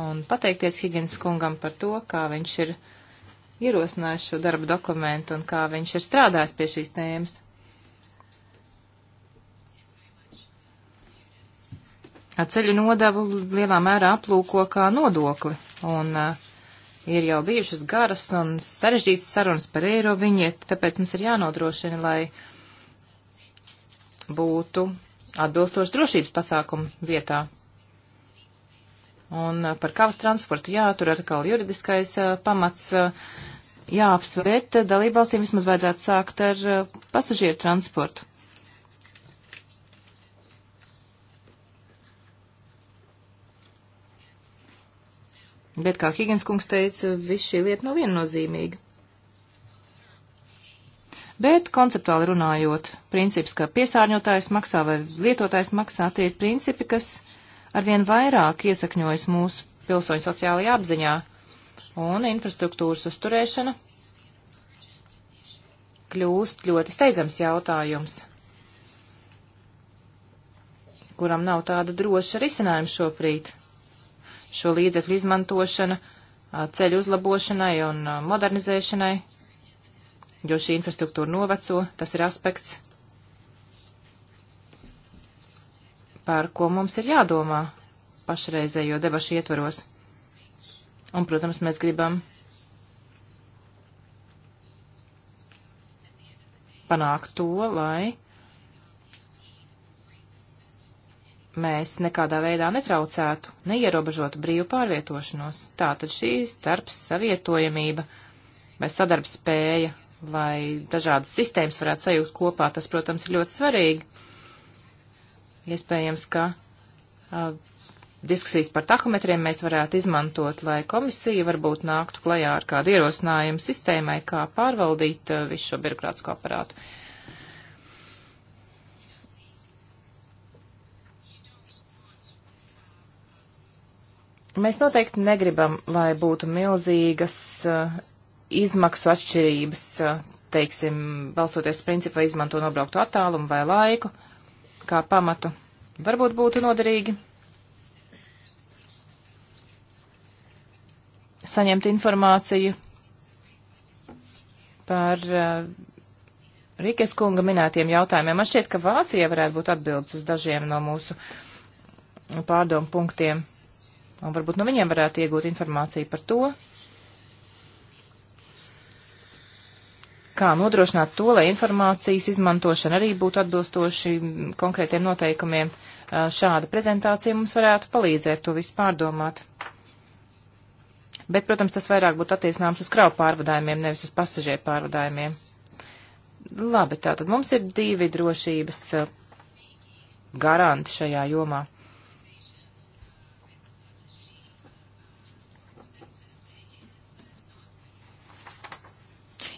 un pateikties Higgins kungam par to, kā viņš ir ierosinājis šo darbu dokumentu un kā viņš ir strādājis pie šīs tēmas. Ceļu nodevu lielā mērā aplūko kā nodokli, un uh, ir jau bijušas garas un sarežģītas sarunas par eiro viņiet, tāpēc mums ir jānodrošina, lai būtu atbilstoši drošības pasākumu vietā. Un eh, par kavas transportu, jā, tur atkal juridiskais eh, pamats eh, jāapsver, bet dalībvalstīm vismaz vajadzētu sākt ar pasažieru transportu. Bet, kā Higgins kungs teica, viss šī lieta nav viennozīmīga. Bet konceptuāli runājot, princips, ka piesārņotājs maksā vai lietotājs maksā, tie ir principi, kas arvien vairāk iesakņojas mūsu pilsoņu sociālajā apziņā. Un infrastruktūras uzturēšana kļūst ļoti steidzams jautājums, kuram nav tāda droša risinājuma šobrīd. Šo līdzekļu izmantošana ceļu uzlabošanai un modernizēšanai jo šī infrastruktūra noveco, tas ir aspekts, par ko mums ir jādomā pašreizējo debašu ietvaros. Un, protams, mēs gribam panākt to, lai mēs nekādā veidā netraucētu, neierobežotu brīvu pārvietošanos. Tātad šī starps savietojamība vai sadarbspēja lai dažādas sistēmas varētu sajūt kopā, tas, protams, ir ļoti svarīgi. Iespējams, ka uh, diskusijas par tahometriem mēs varētu izmantot, lai komisija varbūt nāktu klajā ar kādu ierosinājumu sistēmai, kā pārvaldīt uh, visu šo birokrātisko aparātu. Mēs noteikti negribam, lai būtu milzīgas uh, izmaksu atšķirības, eh, teiksim, balstoties principā izmanto nobrauktu attālumu vai laiku kā pamatu, varbūt būtu noderīgi saņemt informāciju par uh, Rīkes kunga minētiem jautājumiem. Man šķiet, ka Vācija varētu būt atbildes uz dažiem no mūsu pārdomu punktiem, un varbūt no viņiem varētu iegūt informāciju par to, kā nodrošināt to, lai informācijas izmantošana arī būtu atbilstoši konkrētiem noteikumiem. Šāda prezentācija mums varētu palīdzēt to visu pārdomāt. Bet, protams, tas vairāk būtu attiecināms uz kravu pārvadājumiem, nevis uz pasažieru pārvadājumiem. Labi, tātad mums ir divi drošības garanti šajā jomā.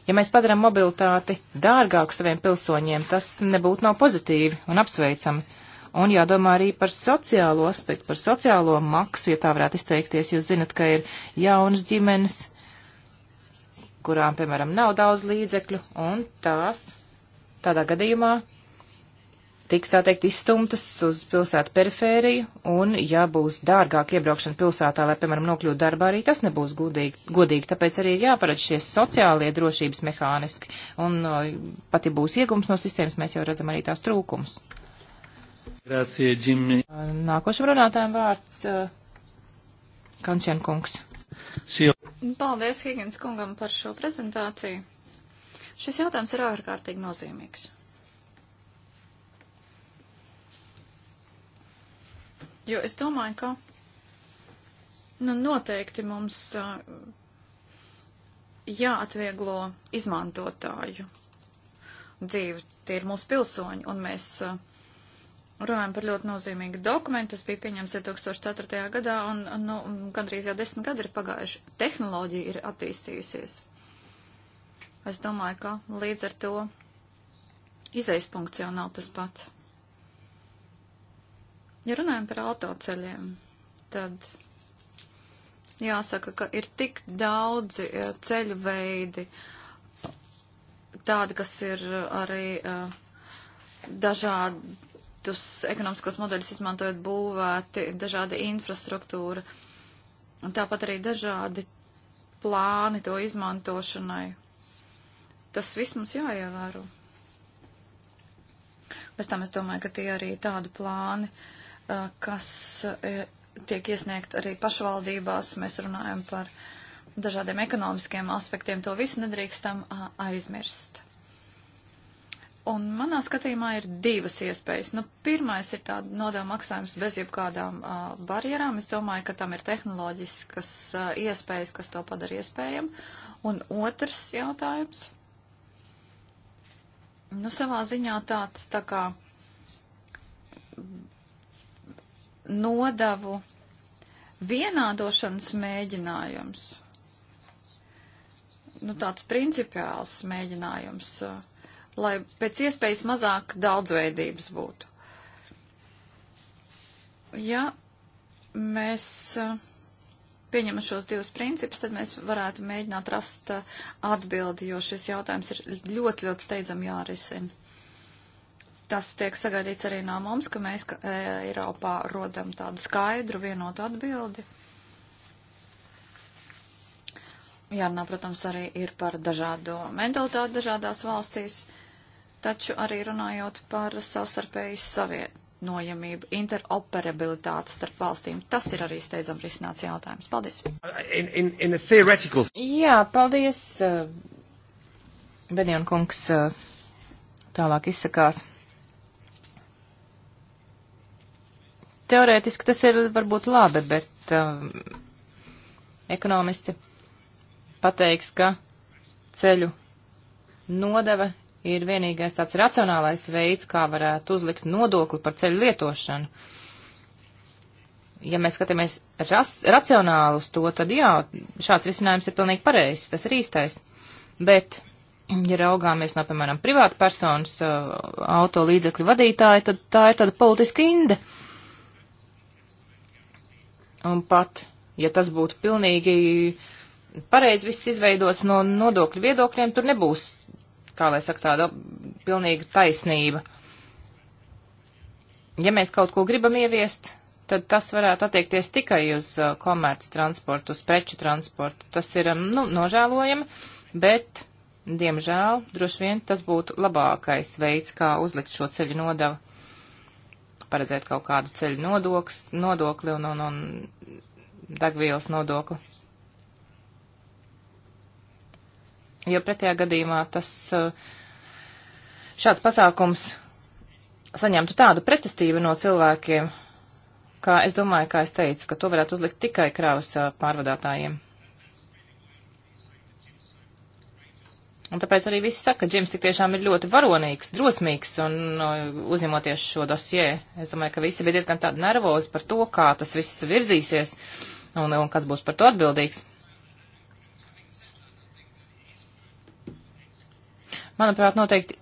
Ja mēs padaram mobilitāti dārgāku saviem pilsoņiem, tas nebūtu nav pozitīvi un apsveicami. Un jādomā arī par sociālo aspektu, par sociālo maksu, ja tā varētu izteikties. Jūs zinat, ka ir jaunas ģimenes, kurām, piemēram, nav daudz līdzekļu, un tās tādā gadījumā tiks, tā teikt, izstumtas uz pilsētu perifēriju, un ja būs dārgāk iebraukšana pilsētā, lai, piemēram, nokļūtu darbā, arī tas nebūs godīgi, godīgi tāpēc arī ir jāparedz šie sociālie drošības mehāniski, un uh, pat ja būs iegums no sistēmas, mēs jau redzam arī tās trūkums. Grācie, Džimmi. Uh, nākošam runātājiem vārds uh, Kančēn kungs. Paldies Higgins kungam par šo prezentāciju. Šis jautājums ir ārkārtīgi nozīmīgs. Jo es domāju, ka nu, noteikti mums uh, jāatvieglo izmantotāju dzīve. Tie ir mūsu pilsoņi, un mēs uh, runājam par ļoti nozīmīgu dokumentu. Tas bija pieņemts 2004. gadā, un nu, gandrīz jau desmit gadi ir pagājuši. Tehnoloģija ir attīstījusies. Es domāju, ka līdz ar to izaispunkts jau nav tas pats. Ja runājam par autoceļiem, tad jāsaka, ka ir tik daudzi e, ceļu veidi, tādi, kas ir e, arī uh, dažādus ekonomiskos modeļus izmantojot būvēti, dažādi infrastruktūra, un tāpat arī dažādi plāni to izmantošanai. Tas viss mums jāievēro. Pēc tam es domāju, ka tie arī tādi plāni. Uh, Eh, kas eh, tiek iesniegt arī pašvaldībās. Mēs runājam par dažādiem ekonomiskiem aspektiem. To visu nedrīkstam eh, aizmirst. Un manā skatījumā ir divas iespējas. Nu, pirmais ir tāda nodeva maksājums bez jebkādām uh, barjerām. Es domāju, ka tam ir tehnoloģiskas uh, iespējas, kas to padara iespējam. Un otrs jautājums. Nu, savā ziņā tāds tā kā nodavu vienādošanas mēģinājums, nu, tāds principiāls mēģinājums, uh, lai pēc iespējas mazāk daudzveidības būtu. Ja mēs uh, pieņemam šos divus principus, tad mēs varētu mēģināt rast uh, atbildi, jo šis jautājums ir ļoti, ļoti steidzam jārisina. Tas tiek sagaidīts arī no mums, ka mēs ka, e, Eiropā rodam tādu skaidru, vienotu atbildi. Jārunā, protams, arī ir par dažādo mentalitāti dažādās valstīs, taču arī runājot par savstarpēju savienojamību, interoperabilitāti starp valstīm. Tas ir arī steidzam risināts jautājums. Paldies! In, in, in theoretical... Jā, paldies, uh, Benjon kungs uh, tālāk izsakās. Teorētiski tas ir varbūt labi, bet um, ekonomisti pateiks, ka ceļu nodeva ir vienīgais tāds racionālais veids, kā varētu uzlikt nodokli par ceļu lietošanu. Ja mēs skatāmies ras, racionāli uz to, tad jā, šāds risinājums ir pilnīgi pareizs, tas ir īstais. Bet, ja raugāmies no, piemēram, privāta personas uh, auto līdzekļu vadītāja, tad tā ir tāda politiska inde. Uh, Un pat, ja tas būtu pilnīgi pareizi viss izveidots no nodokļu viedokļiem, tur nebūs, kā lai saka, tāda pilnīga taisnība. Ja mēs kaut ko gribam ieviest, tad tas varētu attiekties tikai uz uh, komerc transportu, uz preču transportu. Tas ir, um, nu, nožēlojami, bet, diemžēl, droši vien tas būtu labākais veids, kā uzlikt šo ceļu nodavu paredzēt kaut kādu ceļu nodoks, nodokli un, un, un dagvielas nodokli. Jo pretējā gadījumā tas eh, šāds pasākums saņemtu tādu pretestību no cilvēkiem, kā es domāju, kā es teicu, ka to varētu uzlikt tikai kravas eh, pārvadātājiem. Un tāpēc arī viss saka, ka Džims tik tiešām ir ļoti varonīgs, drosmīgs un uzņemoties šo dosie. Es domāju, ka visi bija diezgan tādi nervozi par to, kā tas viss virzīsies un, un kas būs par to atbildīgs. Manuprāt, noteikti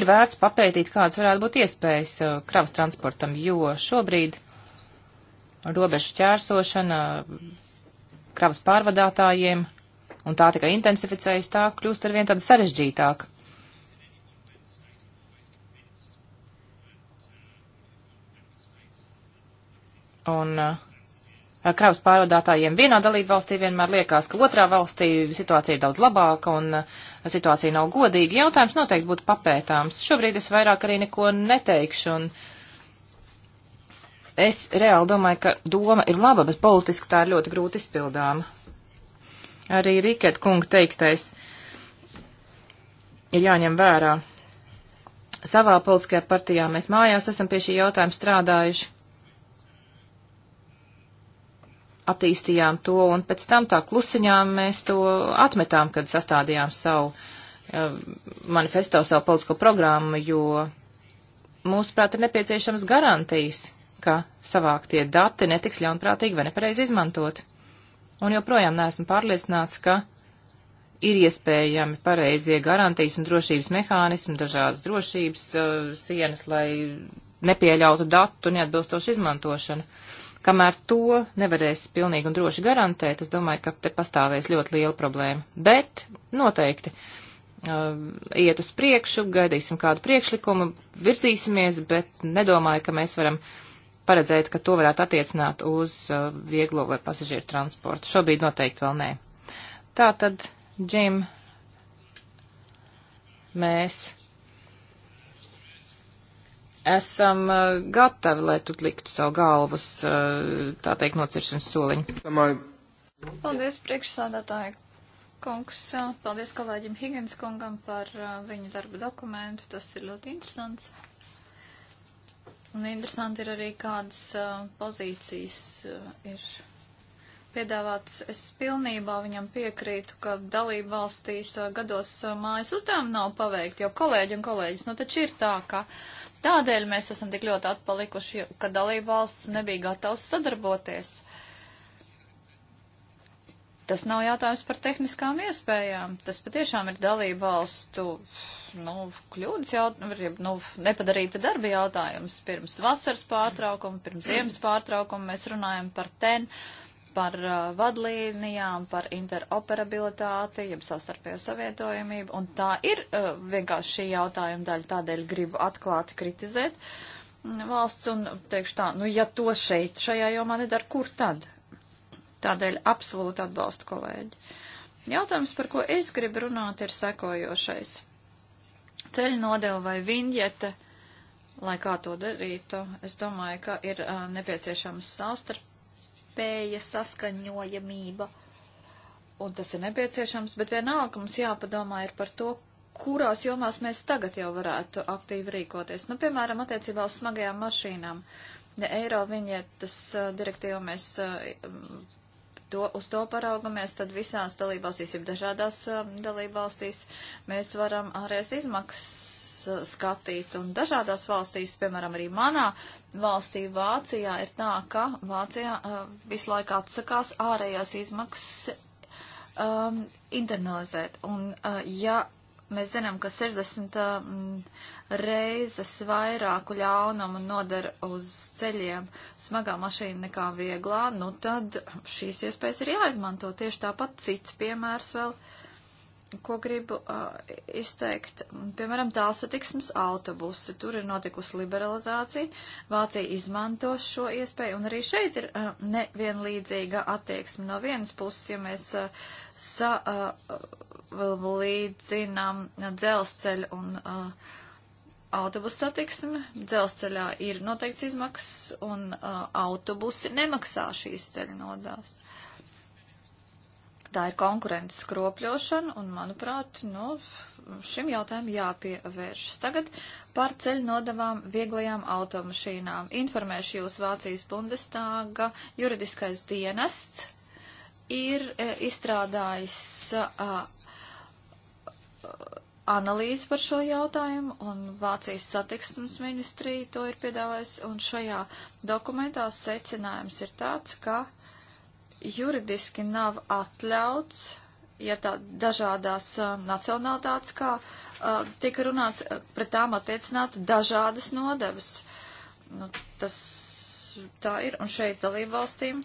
ir vērts papētīt, kādas varētu būt iespējas kravas transportam, jo šobrīd robežu šķērsošana kravas pārvadātājiem un tā tikai intensificējas, tā kļūst ar vien tāda sarežģītāka. Un uh, kravas pārvadātājiem vienā dalību valstī vienmēr liekas, ka otrā valstī situācija ir daudz labāka un eh, situācija nav godīga. Jautājums noteikti būtu papētāms. Šobrīd es vairāk arī neko neteikšu. Un es reāli domāju, ka doma ir laba, bet politiski tā ir ļoti grūti izpildāma arī Rīket kunga teiktais ir jāņem vērā. Savā politiskajā partijā mēs mājās esam pie šī jautājuma strādājuši, attīstījām to, un pēc tam tā klusiņām mēs to atmetām, kad sastādījām savu eh, manifesto, savu politisko programmu, jo mūsuprāt ir nepieciešams garantijas, ka savāktie dati netiks ļaunprātīgi vai nepareizi izmantoti un joprojām neesmu pārliecināts, ka ir iespējami pareizie garantijas un drošības mehānismi, dažādas drošības uh, sienas, lai nepieļautu datu neatbilstošu izmantošanu. Kamēr to nevarēs pilnīgi un droši garantēt, es domāju, ka te pastāvēs ļoti liela problēma. Bet noteikti uh, iet uz priekšu, gaidīsim kādu priekšlikumu, virzīsimies, bet nedomāju, ka mēs varam uh, paredzēt, ka to varētu attiecināt uz uh, vieglo vai pasažieru transportu. Šobrīd noteikti vēl nē. Tā tad, Džim, mēs esam uh, gatavi, lai tu liktu savu galvas, uh, tā teikt, nociršanas soliņu. Paldies, priekšsādātāji kungs. Paldies kolēģim Higgins kungam par viņu darba dokumentu. Tas ir ļoti interesants. Un interesanti ir arī, kādas uh, pozīcijas uh, ir piedāvāts. Es pilnībā viņam piekrītu, ka dalību valstīs uh, gados uh, mājas uzdevumi nav paveikti, jo kolēģi un kolēģis, nu taču ir tā, ka tādēļ mēs esam tik ļoti atpalikuši, ka dalību valsts nebija gatavs sadarboties. Tas nav jautājums par tehniskām iespējām. Tas patiešām ir dalību valstu. Uh, nu, kļūdas jautājums, nu, nepadarīta darba jautājums. Pirms vasaras pārtraukuma, pirms ziemas pārtraukuma mēs runājam par ten, par uh, vadlīnijām, par interoperabilitāti, jeb savstarpējo savietojamību, un tā ir uh, vienkārši šī jautājuma daļa, tādēļ gribu atklāti kritizēt mm, valsts, un teikšu tā, nu, ja to šeit, šajā jomā nedara, kur tad? Tādēļ absolūti atbalstu kolēģi. Jautājums, par ko es gribu runāt, ir sekojošais ceļnodeva vai viņģete, lai kā to darītu, es domāju, ka ir uh, nepieciešams savstarpēja saskaņojamība, un tas ir nepieciešams, bet vienalga mums jāpadomā ir par to, kurās jomās mēs tagad jau varētu aktīvi rīkoties. Nu, piemēram, attiecībā uz smagajām mašīnām. Ja eiro viņietas direktīvu mēs uh, to, uz to paraugamies, tad visās dalībvalstīs, ja dažādās um, dalībvalstīs, mēs varam ārēs izmaksas uh, skatīt. Un dažādās valstīs, piemēram, arī manā valstī Vācijā ir tā, ka Vācijā uh, visu laiku atsakās ārējās izmaksas um, internalizēt. Un uh, ja Mēs zinām, ka 60 mm, reizes vairāku ļaunumu nodara uz ceļiem smagā mašīna nekā vieglā, nu tad šīs iespējas ir jāizmanto. Tieši tāpat cits piemērs vēl. Uh, ko gribu uh, izteikt. Piemēram, tālsatiksmes autobusi. Tur ir notikusi liberalizācija. Vācija izmantos šo iespēju. Un arī šeit ir uh, nevienlīdzīga attieksme. No vienas puses, ja mēs uh, salīdzinām uh, dzelzceļu un uh, autobusu satiksmi, dzelzceļā ir noteikts izmaksas un uh, autobusi nemaksā šīs ceļu nodās. Tā ir konkurences skropļošana, un, manuprāt, nu, šim jautājumam jāpievēršas. Tagad par ceļu nodavām vieglajām automašīnām. Informēšu jūs Vācijas Bundestāga juridiskais dienests ir e, izstrādājis a, a, analīzi par šo jautājumu, un Vācijas satiksmes ministrija to ir piedāvājis, un šajā dokumentā secinājums ir tāds, ka juridiski nav atļauts, ja tā dažādās uh, nacionālitātes, kā uh, tika runāts, pret tām attiecināt dažādas nodevas. Nu, tas tā ir, un šeit dalībvalstīm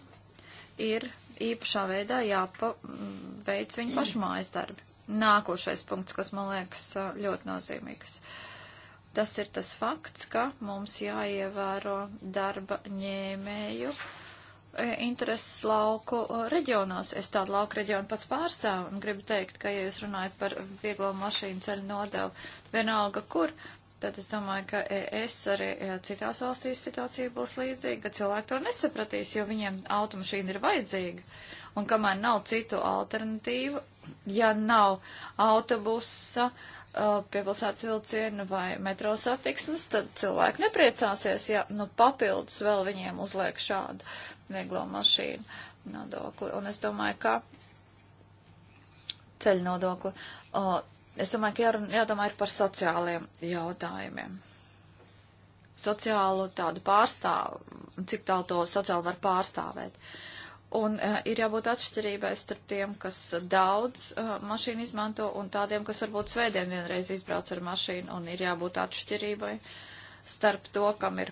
ir īpašā veidā jāpaveic viņu pašu mājas darbi. Nākošais punkts, kas man liekas ļoti nozīmīgs. Tas ir tas fakts, ka mums jāievēro darba ņēmēju uh, E, intereses lauku e, reģionos. Es tādu lauku reģionu pats pārstāvu un gribu teikt, ka, ja jūs runājat par vieglo mašīnu ceļu nodevu, vienalga kur, tad es domāju, ka es arī e, citās valstīs situācija būs līdzīga, ka cilvēki to nesapratīs, jo viņiem automašīna ir vajadzīga. Un kamēr nav citu alternatīvu, ja nav autobusa, uh, Uh, pie pilsētas vilciena vai metro satiksmes, tad cilvēki nepriecāsies, ja nu papildus vēl viņiem uzliek šādu vieglo mašīnu nodokli. Un es domāju, ka ceļu nodokli. Uh, es domāju, ka jārun, jādomā ir par sociāliem jautājumiem. Sociālu tādu pārstāvu, cik tālu to sociāli var pārstāvēt. Uh, Un uh, ir jābūt atšķirībai starp tiem, kas daudz uh, mašīnu izmanto un tādiem, kas varbūt svētdien vienreiz izbrauc ar mašīnu. Un ir jābūt atšķirībai starp to, kam ir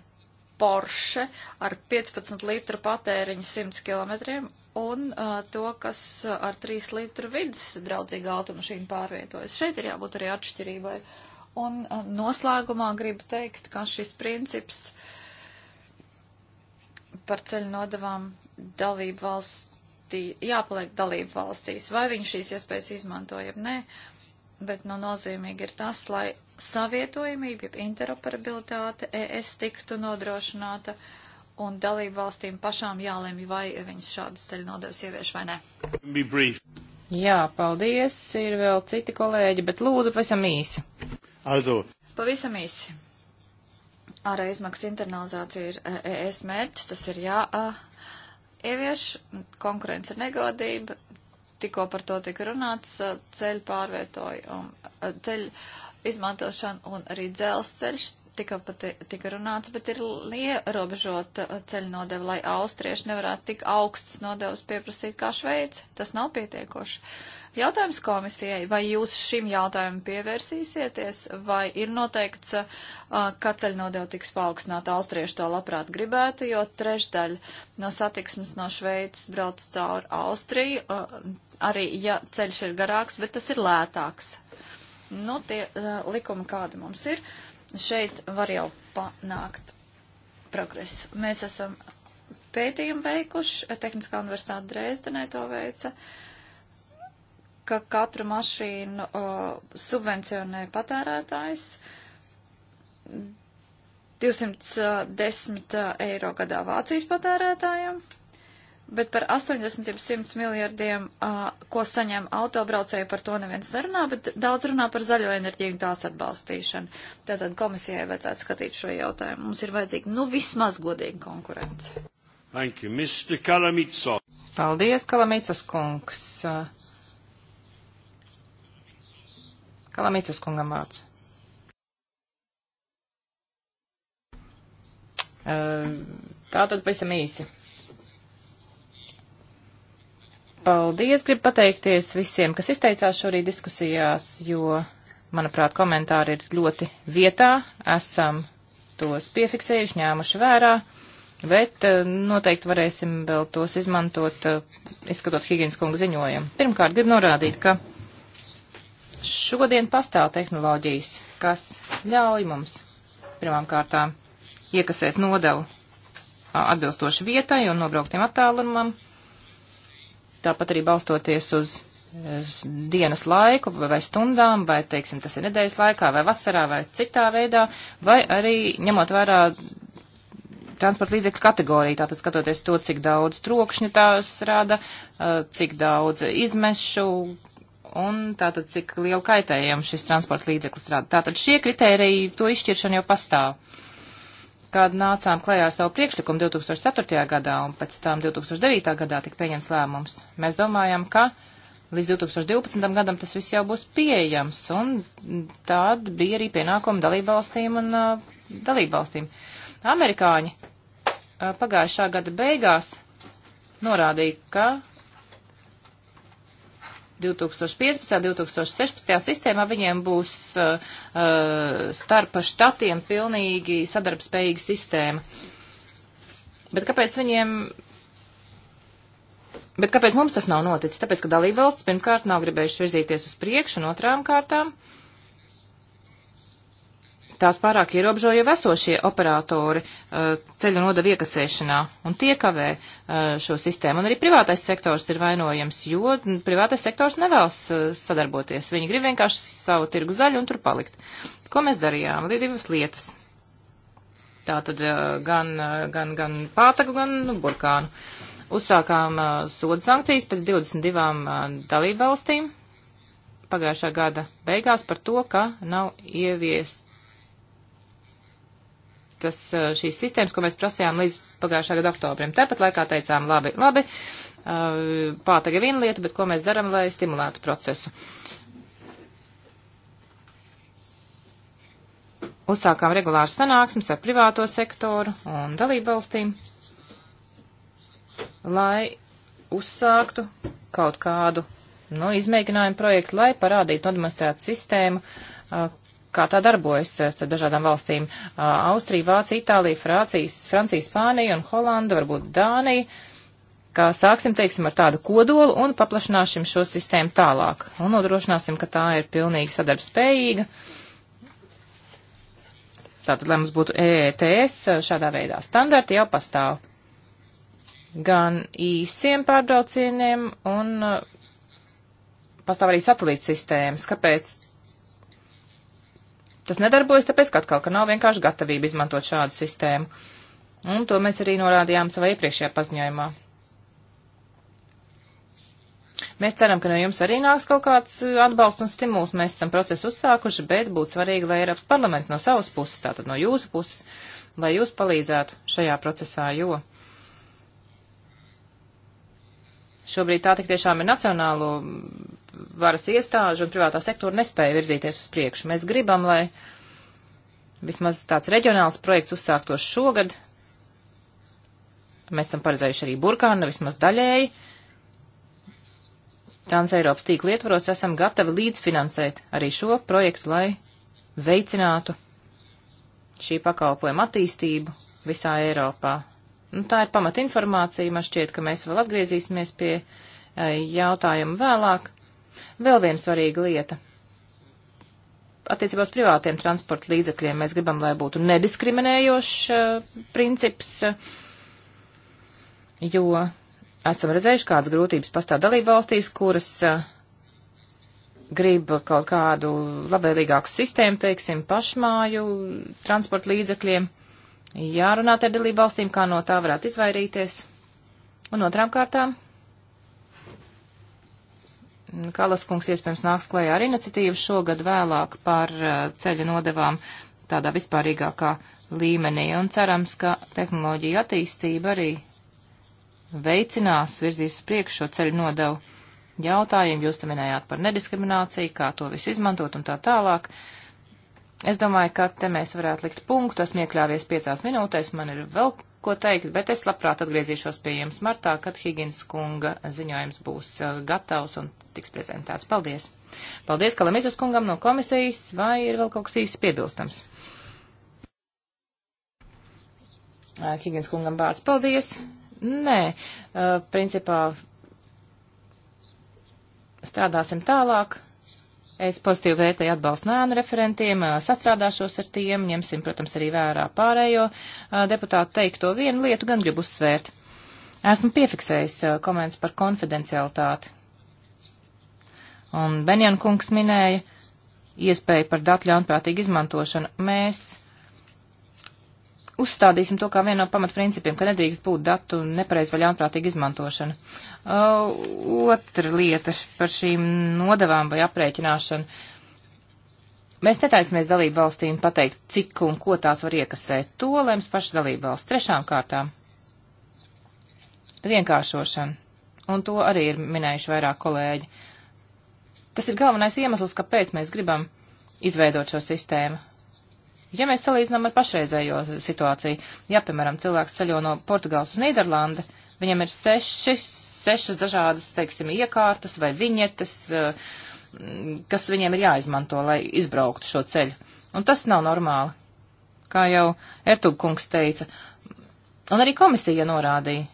Porsche ar 15 litru patēriņu 100 km un uh, to, kas ar 3 litru vidas draudzīgu automašīnu pārvietojas. Šeit ir jābūt arī atšķirībai. Un uh, noslēgumā gribu teikt, ka šis princips par ceļu nodavām dalību valstī, jāpaliek dalību valstīs, vai viņš šīs iespējas izmantoja, nē, bet nu nozīmīgi ir tas, lai savietojamība, jeb interoperabilitāte ES tiktu nodrošināta un dalību valstīm pašām jālemj, vai viņas šādas ceļu nodevs ievieš vai nē. Jā, paldies, ir vēl citi kolēģi, bet lūdzu pavisam īsi. Also. Pavisam īsi. Ārā izmaksas internalizācija ir ES e mērķis, tas ir jā, ievieš konkurence negodība, tikko par to tika runāts, ceļu pārvietoju, ceļu izmantošana un arī dzelzceļš tika, pat, tika runāts, bet ir ierobežota uh, ceļu nodeva, lai austrieši nevarētu tik augstas nodevas pieprasīt kā Šveici. Tas nav pietiekoši. Jautājums komisijai, vai jūs šim jautājumam pievērsīsieties, vai ir noteikts, uh, ka ceļu nodeva tiks paaugstināta, austrieši to labprāt gribētu, jo trešdaļa no satiksmes no Šveices brauc cauri Austriju, uh, arī ja ceļš ir garāks, bet tas ir lētāks. Nu, tie likumi, kādi mums ir. Uh, šeit var jau panākt progresu. Mēs esam pētījumu veikuši, Tehniskā universitāte Dresdenē to veica, ka katru mašīnu uh, subvencionē patērētājs 210 eiro gadā Vācijas patērētājiem bet par 80-100 miljardiem, uh, ko saņem autobraucēji, par to neviens nerunā, bet daudz runā par zaļo enerģiju un tās atbalstīšanu. Tātad komisijai vajadzētu skatīt šo jautājumu. Mums ir vajadzīga, nu, vismaz godīga konkurence. Thank you, Mr. Kalamitsov. Paldies, Kalamitsas kungs. Kalamitsas kungam vārds. Uh, tātad pavisam īsi. Paldies, gribu pateikties visiem, kas izteicās šorīt diskusijās, jo, manuprāt, komentāri ir ļoti vietā, esam tos piefiksējuši, ņēmuši vērā, bet eh, noteikti varēsim vēl tos izmantot, eh, izskatot Higgins kungu ziņojumu. Pirmkārt, gribu norādīt, ka šodien pastāv tehnoloģijas, kas ļauj mums pirmām kārtām iekasēt nodevu atbilstoši vietai un nobrauktiem attālumam Tāpat arī balstoties uz dienas laiku vai stundām, vai, teiksim, tas ir nedēļas laikā vai vasarā vai citā veidā, vai arī ņemot vērā transporta līdzekļu kategoriju, tātad skatoties to, cik daudz trokšņa tās rada, cik daudz izmešu un tātad cik lielu kaitējumu šis transporta līdzeklis rada. Tātad šie kriteriji, to izšķiršana jau pastāv kad nācām klajā ar savu priekšlikumu 2004. gadā un pēc tam 2009. gadā tika pieņems lēmums, mēs domājam, ka līdz 2012. gadam tas viss jau būs pieejams, un tad bija arī pienākumi dalībvalstīm un uh, dalībvalstīm. Amerikāņi uh, pagājušā gada beigās norādīja, ka 2015. un 2016. sistēmā viņiem būs uh, uh starp štatiem pilnīgi sadarbspējīga sistēma. Bet kāpēc viņiem. Bet kāpēc mums tas nav noticis? Tāpēc, ka dalībvalsts pirmkārt nav gribējuši virzīties uz priekšu un otrām kārtām. Uh, tās pārāk ierobežo jau esošie operatori eh, ceļu nodevu iekasēšanā un tie kavē eh, šo sistēmu. Un arī privātais sektors ir vainojams, jo privātais sektors nevēlas eh, sadarboties. Viņi grib vienkārši savu tirgus daļu un tur palikt. Ko mēs darījām? Bija divas lietas. Tā tad gan, gan, gan pātaku, gan nu, burkānu. Uzsākām sodu sankcijas pēc 22 dalību valstīm pagājušā gada beigās par to, ka nav ieviest tas, eh, šīs sistēmas, ko mēs prasījām līdz pagājušā gada oktobrim. Tāpat laikā teicām, labi, labi, eh, pātaga viena lieta, bet ko mēs daram, lai stimulētu procesu. Uzsākām regulāras sanāksmes ar privāto sektoru un dalību valstīm, lai uzsāktu kaut kādu nu, izmēģinājumu projektu, lai parādītu, nodemonstrētu sistēmu, eh, kā tā darbojas eh, starp dažādām valstīm. Eh, Austrija, Vācija, Itālija, Francijas, Francija, Spānija un Holanda, varbūt Dānija. Kā sāksim, teiksim, ar tādu kodolu un paplašināsim šo sistēmu tālāk un nodrošināsim, ka tā ir pilnīgi sadarbspējīga. Tātad, lai mums būtu EETS, eh, šādā veidā standarti jau pastāv. Gan īsiem pārbraucieniem un pastāv arī satelīta sistēmas. Kāpēc Tas nedarbojas, tāpēc, ka atkal, ka nav vienkārši gatavība izmantot šādu sistēmu. Un to mēs arī norādījām savā iepriekšējā paziņojumā. Mēs ceram, ka no jums arī nāks kaut kāds uh, atbalsts un stimuls. Mēs esam procesu uzsākuši, bet būtu svarīgi, lai Eiropas parlaments no savas puses, tātad no jūsu puses, lai jūs palīdzētu šajā procesā, jo šobrīd tā tik tiešām ir nacionālo varas iestāžu un privātā sektora nespēja virzīties uz priekšu. Mēs gribam, lai vismaz tāds reģionāls projekts uzsāktos šogad. Mēs esam paredzējuši arī burkānu, vismaz daļēji. Trans Eiropas tīkla ietvaros esam gatavi līdzfinansēt arī šo projektu, lai veicinātu šī pakalpojuma attīstību visā Eiropā. Nu, tā ir pamata informācija. Man šķiet, ka mēs vēl atgriezīsimies pie e, jautājuma vēlāk. Vēl viena svarīga lieta. Attiecībā uz privātiem transporta līdzekļiem mēs gribam, lai būtu nediskriminējošs uh, princips, jo esam redzējuši, kādas grūtības pastāv dalību valstīs, kuras uh, grib kaut kādu labvēlīgāku sistēmu, teiksim, pašmāju transporta līdzekļiem. Jārunā ar dalību valstīm, kā no tā varētu izvairīties. Un otrām kārtām Kalas kungs iespējams nāks klējā ar iniciatīvu šogad vēlāk par uh, ceļa nodevām tādā vispārīgākā līmenī, un cerams, ka tehnoloģija attīstība arī veicinās, virzīs priekš šo ceļu nodevu jautājumu. Jūs te minējāt par nediskrimināciju, kā to visu izmantot un tā tālāk. Es domāju, ka te mēs varētu likt punktu, esmu iekļāvies piecās minūtēs, man ir vēl ko teikt, bet es labprāt atgriezīšos pie jums martā, kad Higgins kunga ziņojums būs uh, gatavs un tiks prezentēts. Paldies! Paldies Kalamidus kungam no komisijas, vai ir vēl kaut kas īsti piebilstams? Uh, Higgins kungam vārds. Paldies! Nē, uh, principā strādāsim tālāk. Es pozitīvi vērtēju atbalstu nēnu referentiem, sastrādāšos ar tiem, ņemsim, protams, arī vērā pārējo deputātu teikto vienu lietu, gan gribu uzsvērt. Esmu piefiksējis komentus par konfidencialitāti. Un Benjana kungs minēja iespēju par datu ļaunprātīgu izmantošanu. Mēs uzstādīsim to kā vienu no pamatprincipiem, ka nedrīkst būt datu nepareiz vai ļaunprātīga izmantošana. Uh, otra lieta par šīm nodevām vai aprēķināšanu. Mēs netaismies dalību valstīm pateikt, cik un ko tās var iekasēt. To lems paši dalību valsts. Trešām kārtām - vienkāršošana. Un to arī ir minējuši vairāk kolēģi. Tas ir galvenais iemesls, kāpēc mēs gribam izveidot šo sistēmu Ja mēs salīdzinām ar pašreizējo situāciju, ja, piemēram, cilvēks ceļo no Portugāles uz Nīderlandi, viņam ir sešas, sešas dažādas, teiksim, iekārtas vai viņetes, eh, kas viņiem ir jāizmanto, lai izbrauktu šo ceļu. Un tas nav normāli, kā jau Ertug kungs teica. Un arī komisija norādīja.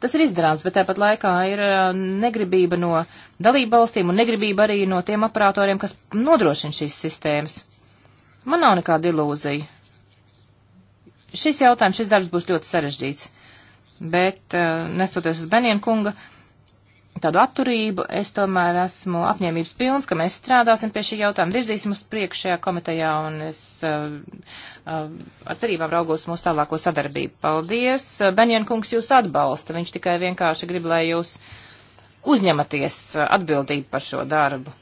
Tas ir izdarāms, bet tāpat laikā ir eh, negribība no dalību valstīm un negribība arī no tiem operatoriem, kas nodrošina šīs sistēmas. Man nav nekāda ilūzija. Šis jautājums, šis darbs būs ļoti sarežģīts, bet eh, nesoties uz Benien kunga tādu atturību, es tomēr esmu apņēmības pilns, ka mēs strādāsim pie šī jautājuma, virzīsim uz priekšējā komitejā un es eh, eh, ar cerībām raugos mūsu tālāko sadarbību. Paldies! Benien kungs jūs atbalsta, viņš tikai vienkārši grib, lai jūs. Uh, uzņematies uh, atbildību par šo darbu.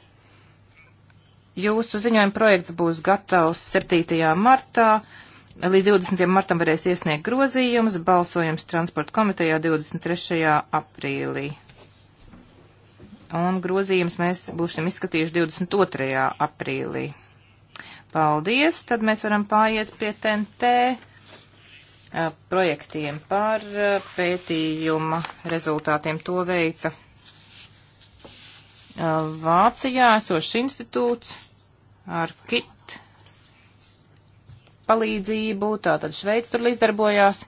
Jūsu ziņojuma projekts būs gatavs 7. martā. Līdz 20. martam varēs iesniegt grozījumus, balsojums transporta komitejā 23. aprīlī. Un grozījums mēs būsim izskatījuši 22. aprīlī. Paldies, tad mēs varam pāriet pie TNT uh, projektiem par uh, pētījuma rezultātiem. To veica Vācijā esošs institūts ar KIT palīdzību, tātad Šveic tur līdzdarbojās.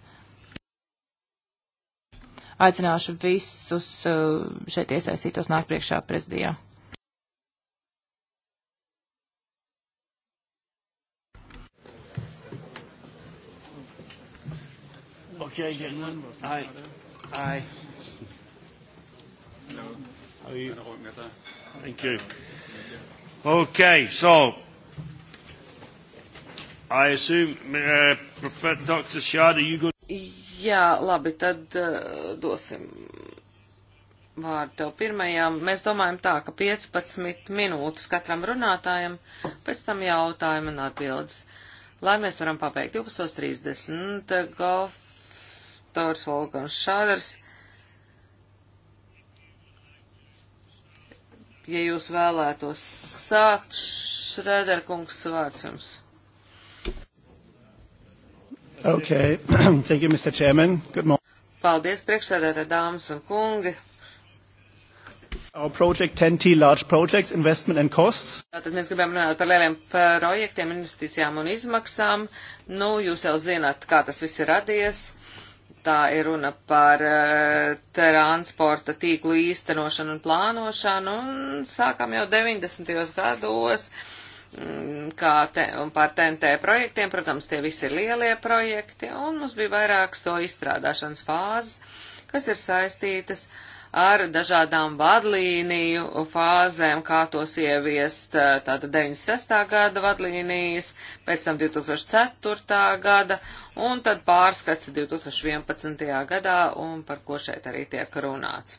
Aicināšu visus uh, šeit iesaistītos nāk priekšā prezidijā. Okay, I, I Are you? Thank you. Okay, so I assume, uh, Professor Dr. Shada, you go. Jā, labi, tad uh, dosim vārdu tev pirmajam. Mēs domājam tā, ka 15 minūtes katram runātājam, pēc tam jautājumi un atbildes. Lai mēs varam pabeigt 12.30, Goftors Volgans Šāders ja jūs vēlētos sākt, Šrēderkungs, vārds jums. Okay. [clears throat] Thank you, Mr. Chairman. Good morning. Paldies, priekšsēdētāji, dāmas un kungi. Our project 10T large projects, investment and costs. Tātad mēs gribam runāt par lieliem projektiem, investīcijām un izmaksām. Nu, jūs jau zināt, kā tas viss ir radies. Uh, Tā ir runa par uh, transporta tīklu īstenošanu un plānošanu, un sākam jau 90. gados mm, kā te, un par TNT projektiem. Protams, tie visi ir lielie projekti, un mums bija vairākas to izstrādāšanas fāzes, kas ir saistītas uh, ar dažādām vadlīniju fāzēm, kā tos ieviest, eh, tāda 96. gada vadlīnijas, pēc tam 2004. gada, un tad pārskats 2011. gadā, un par ko šeit arī tiek runāts.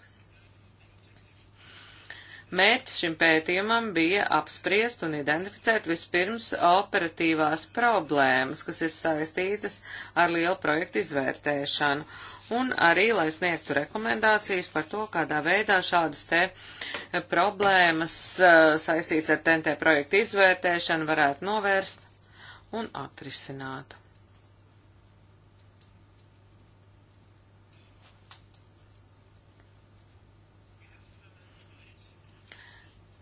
Mērķis šim pētījumam bija apspriest un identificēt vispirms operatīvās problēmas, kas ir saistītas ar lielu projektu izvērtēšanu un arī, lai sniegtu rekomendācijas par to, kādā veidā šādas te eh, problēmas eh, saistīts ar TNT projektu izvērtēšanu varētu novērst un atrisināt.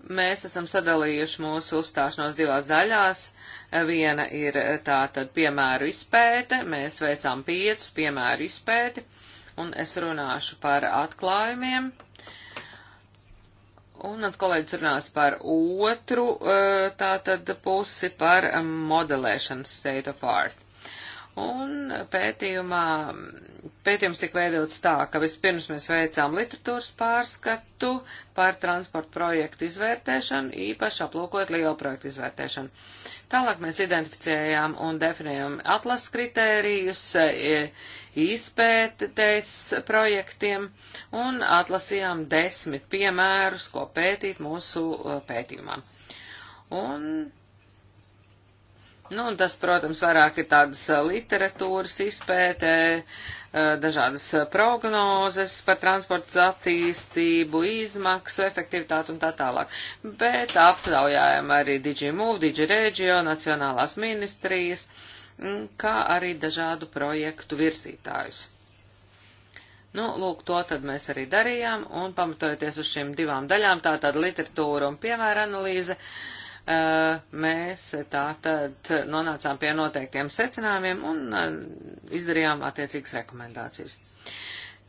Mēs esam sadalījuši mūsu uzstāšanos divās daļās. Viena ir eh, tā tad piemēru izpēte, mēs veicām piecus piemēru izpēti, un es runāšu par atklājumiem. Un mans kolēģis runās par otru eh, tā tad pusi par modelēšanas state of art. Un pētījumā, pētījums tika veidots tā, ka vispirms mēs veicām literatūras pārskatu par transporta projektu izvērtēšanu, īpaši aplūkot lielu projektu izvērtēšanu. Uh, Tālāk mēs identificējām un definējām atlases kritērijus e, izpētes projektiem un atlasījām desmit piemērus, ko pētīt mūsu e, pētījumā. Un Nu, un tas, protams, vairāk ir tādas literatūras izpētē, dažādas prognozes par transporta attīstību, izmaksu, efektivitāti un tā tālāk. Bet aptaujājam arī DigiMove, DigiRegio, Nacionālās ministrijas, kā arī dažādu projektu virsītājus. Nu, lūk, to tad mēs arī darījām, un pamatojoties uz šīm divām daļām, tā tad literatūra un piemēra analīze, uh, Eh, mēs tā tad nonācām pie noteiktiem secinājumiem un eh, izdarījām attiecīgas rekomendācijas.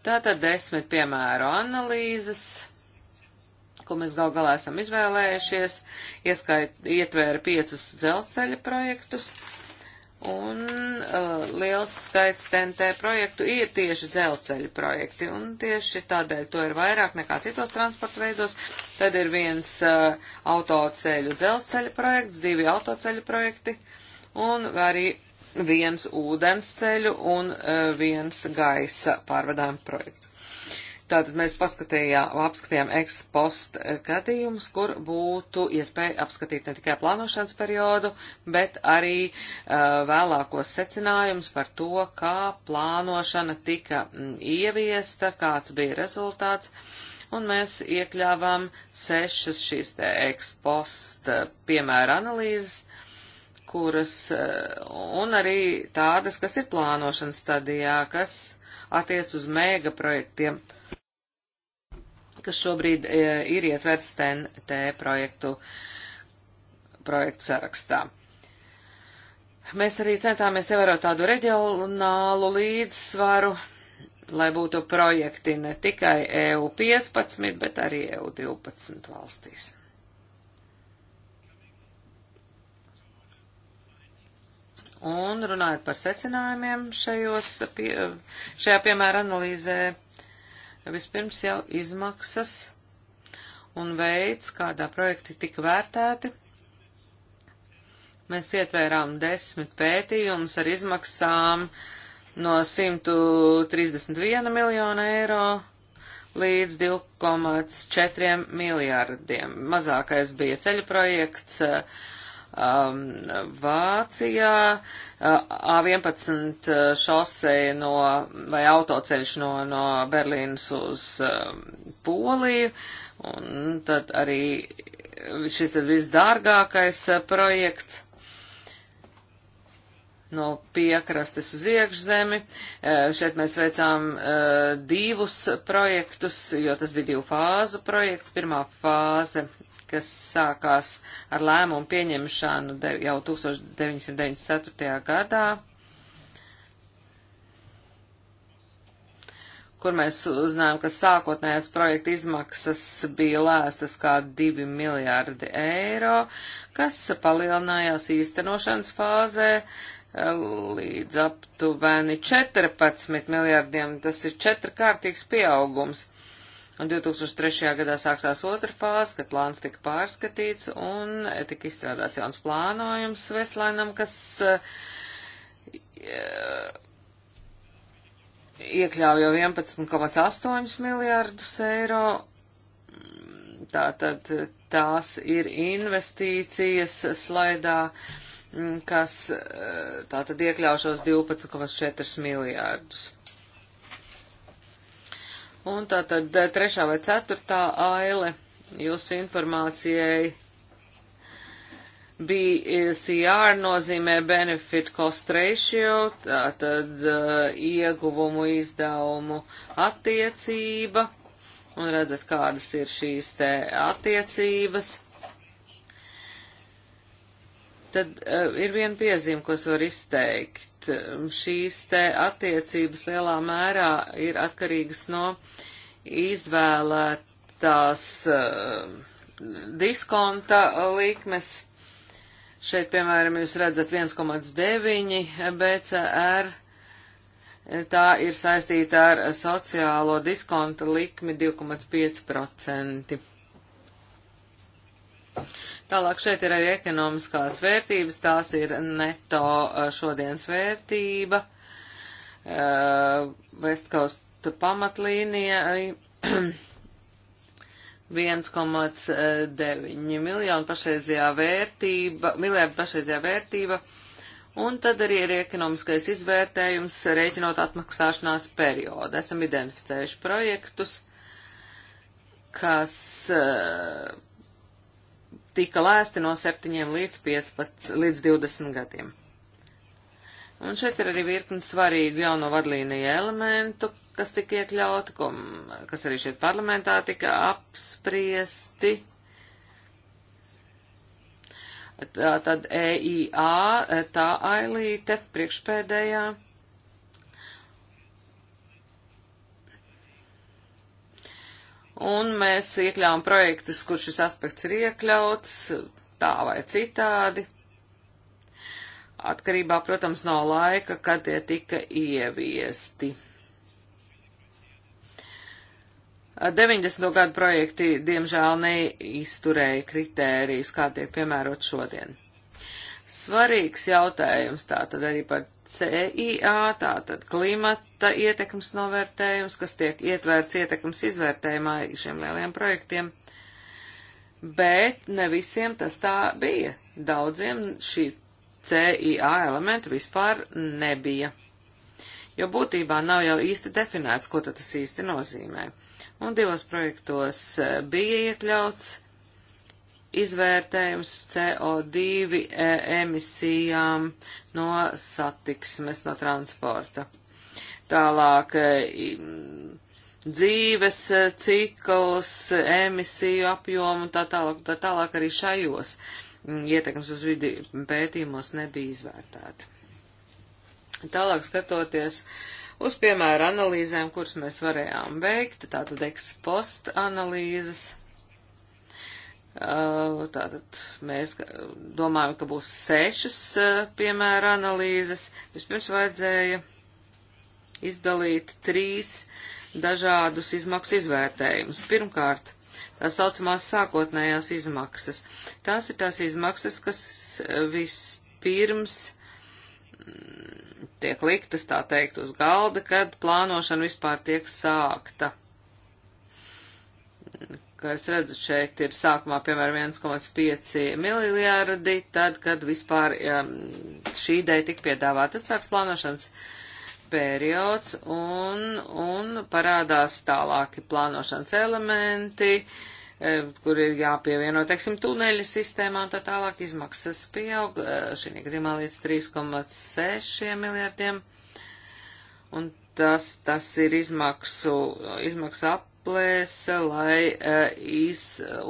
Tātad desmit piemēru analīzes, ko mēs gal galā esam izvēlējušies, ieskait, ietvēra piecus dzelzceļa projektus. Uh, Un uh, liels skaits TNT projektu ir tieši dzelzceļa projekti, un tieši tādēļ to ir vairāk nekā citos transporta veidos. Tad ir viens uh, autoceļu dzelzceļa projekts, divi autoceļu projekti, un arī viens ūdensceļu un uh, viens gaisa pārvadājuma projekts. Tātad mēs paskatījām, apskatījām ekspost gadījumus, kur būtu iespēja apskatīt ne tikai plānošanas periodu, bet arī uh, vēlākos secinājumus par to, kā plānošana tika ieviesta, kāds bija rezultāts. Un mēs iekļāvām sešas šīs te ekspost piemēra analīzes, kuras, un arī tādas, kas ir plānošanas stadijā, kas attiec uz mēga projektiem kas šobrīd e, ir ietverts TNT projektu, projektu sarakstā. Mēs arī centāmies ievērot tādu reģionālu līdzsvaru, lai būtu projekti ne tikai EU 15, bet arī EU 12 valstīs. Un runājot par secinājumiem šajos, šajā piemēra analīzē, Vispirms jau izmaksas un veids, kādā projekti tika vērtēti. Mēs ietvērām desmit pētījumus ar izmaksām no 131 miljonu eiro līdz 2,4 miljārdiem. Mazākais bija ceļu projekts, uh, um, Vācijā, uh, A11 šoseja no, vai autoceļš no, no Berlīnas uz um, Poliju, un tad arī šis tad visdārgākais uh, projekts no piekrastes uz iekšzemi. Uh, šeit mēs veicām uh, divus projektus, jo tas bija divu fāzu projekts. Pirmā fāze kas sākās ar lēmumu pieņemšanu jau 1994. gadā, kur mēs uzzinājām, ka sākotnējās projekta izmaksas bija lēstas kā 2 miljārdi eiro, kas palielinājās īstenošanas fāzē līdz aptuveni 14 miljārdiem. Tas ir četrkārtīgs pieaugums un 2003. gadā sāksās otra fāze, kad plāns tika pārskatīts un tika izstrādāts jauns plānojums Veslainam, kas eh, iekļauj jau 11,8 miljārdus eiro. Tātad tās ir investīcijas slaidā, mm, kas eh, tātad iekļaušos 12,4 miljārdus. Un tā tad eh, trešā vai ceturtā aile jūsu informācijai BCR nozīmē Benefit Cost Ratio, tā tad eh, ieguvumu izdevumu attiecība, un redzat, kādas ir šīs te attiecības. Tad uh, ir viena piezīme, ko es varu izteikt. Um, šīs te attiecības lielā mērā ir atkarīgas no izvēlētās um, diskonta likmes. Šeit, piemēram, jūs redzat 1,9 BCR. Tā ir saistīta ar sociālo diskonta likmi 2,5%. Tālāk šeit ir arī ekonomiskās vērtības, tās ir neto eh, šodienas vērtība, Vestkausta eh, pamatlīnija 1,9 [clears throat] eh, miljonu pašreizajā vērtība, miljardu pašreizajā vērtība, un tad arī ir ekonomiskais izvērtējums rēķinot atmaksāšanās periodu. Esam identificējuši projektus, kas uh, tika lēsti no 7 līdz, 15, līdz 20 gadiem. Un šeit ir arī virkni svarīgu jauno vadlīniju elementu, kas tika iekļauti, ko, kas arī šeit parlamentā tika apspriesti. Tā, tad EIA, tā ailīte, priekšpēdējā. un mēs iekļāvām projektus, kur šis aspekts ir iekļauts, tā vai citādi, atkarībā, protams, no laika, kad tie tika ieviesti. 90. gadu projekti, diemžēl, neizturēja kritērijus, kā tiek piemērot šodien svarīgs jautājums, tātad arī par CIA, tātad klimata ietekmes novērtējums, kas tiek ietverts ietekmes izvērtējumā šiem lieliem projektiem, bet ne visiem tas tā bija. Daudziem šī CIA elementa vispār nebija, jo būtībā nav jau īsti definēts, ko tas īsti nozīmē. Un divos projektos eh, bija iekļauts izvērtējums CO2 e, emisijām no satiksmes, no transporta. Tālāk e, dzīves e, cikls, emisiju apjomu un tā tālāk, tā tālāk arī šajos ietekmes uz vidi pētījumos nebija izvērtēta. Tālāk skatoties uz, piemēram, analīzēm, kuras mēs varējām veikt, tātad ekspost analīzes Uh, tātad mēs domājam, ka būs sešas uh, piemēra analīzes. Vispirms vajadzēja izdalīt trīs dažādus izmaksu izvērtējumus. Pirmkārt, tā saucamās sākotnējās izmaksas. Tās ir tās izmaksas, kas uh, vispirms mm, tiek liktas, tā teikt, uz galda, kad plānošana vispār tiek sākta kā es redzu, šeit ir sākumā, piemēram, 1,5 miljardi, tad, kad vispār um, šī ideja tika piedāvāta, tad sāks plānošanas periods un, un parādās tālāki plānošanas elementi, e, kur ir jāpievieno, teiksim, tuneļa sistēmā un tā tālāk izmaksas pieaug e, šī gadījumā līdz 3,6 miljardiem. Un tas, tas ir izmaksu, izmaksu ap asamblēs, lai eh, iz,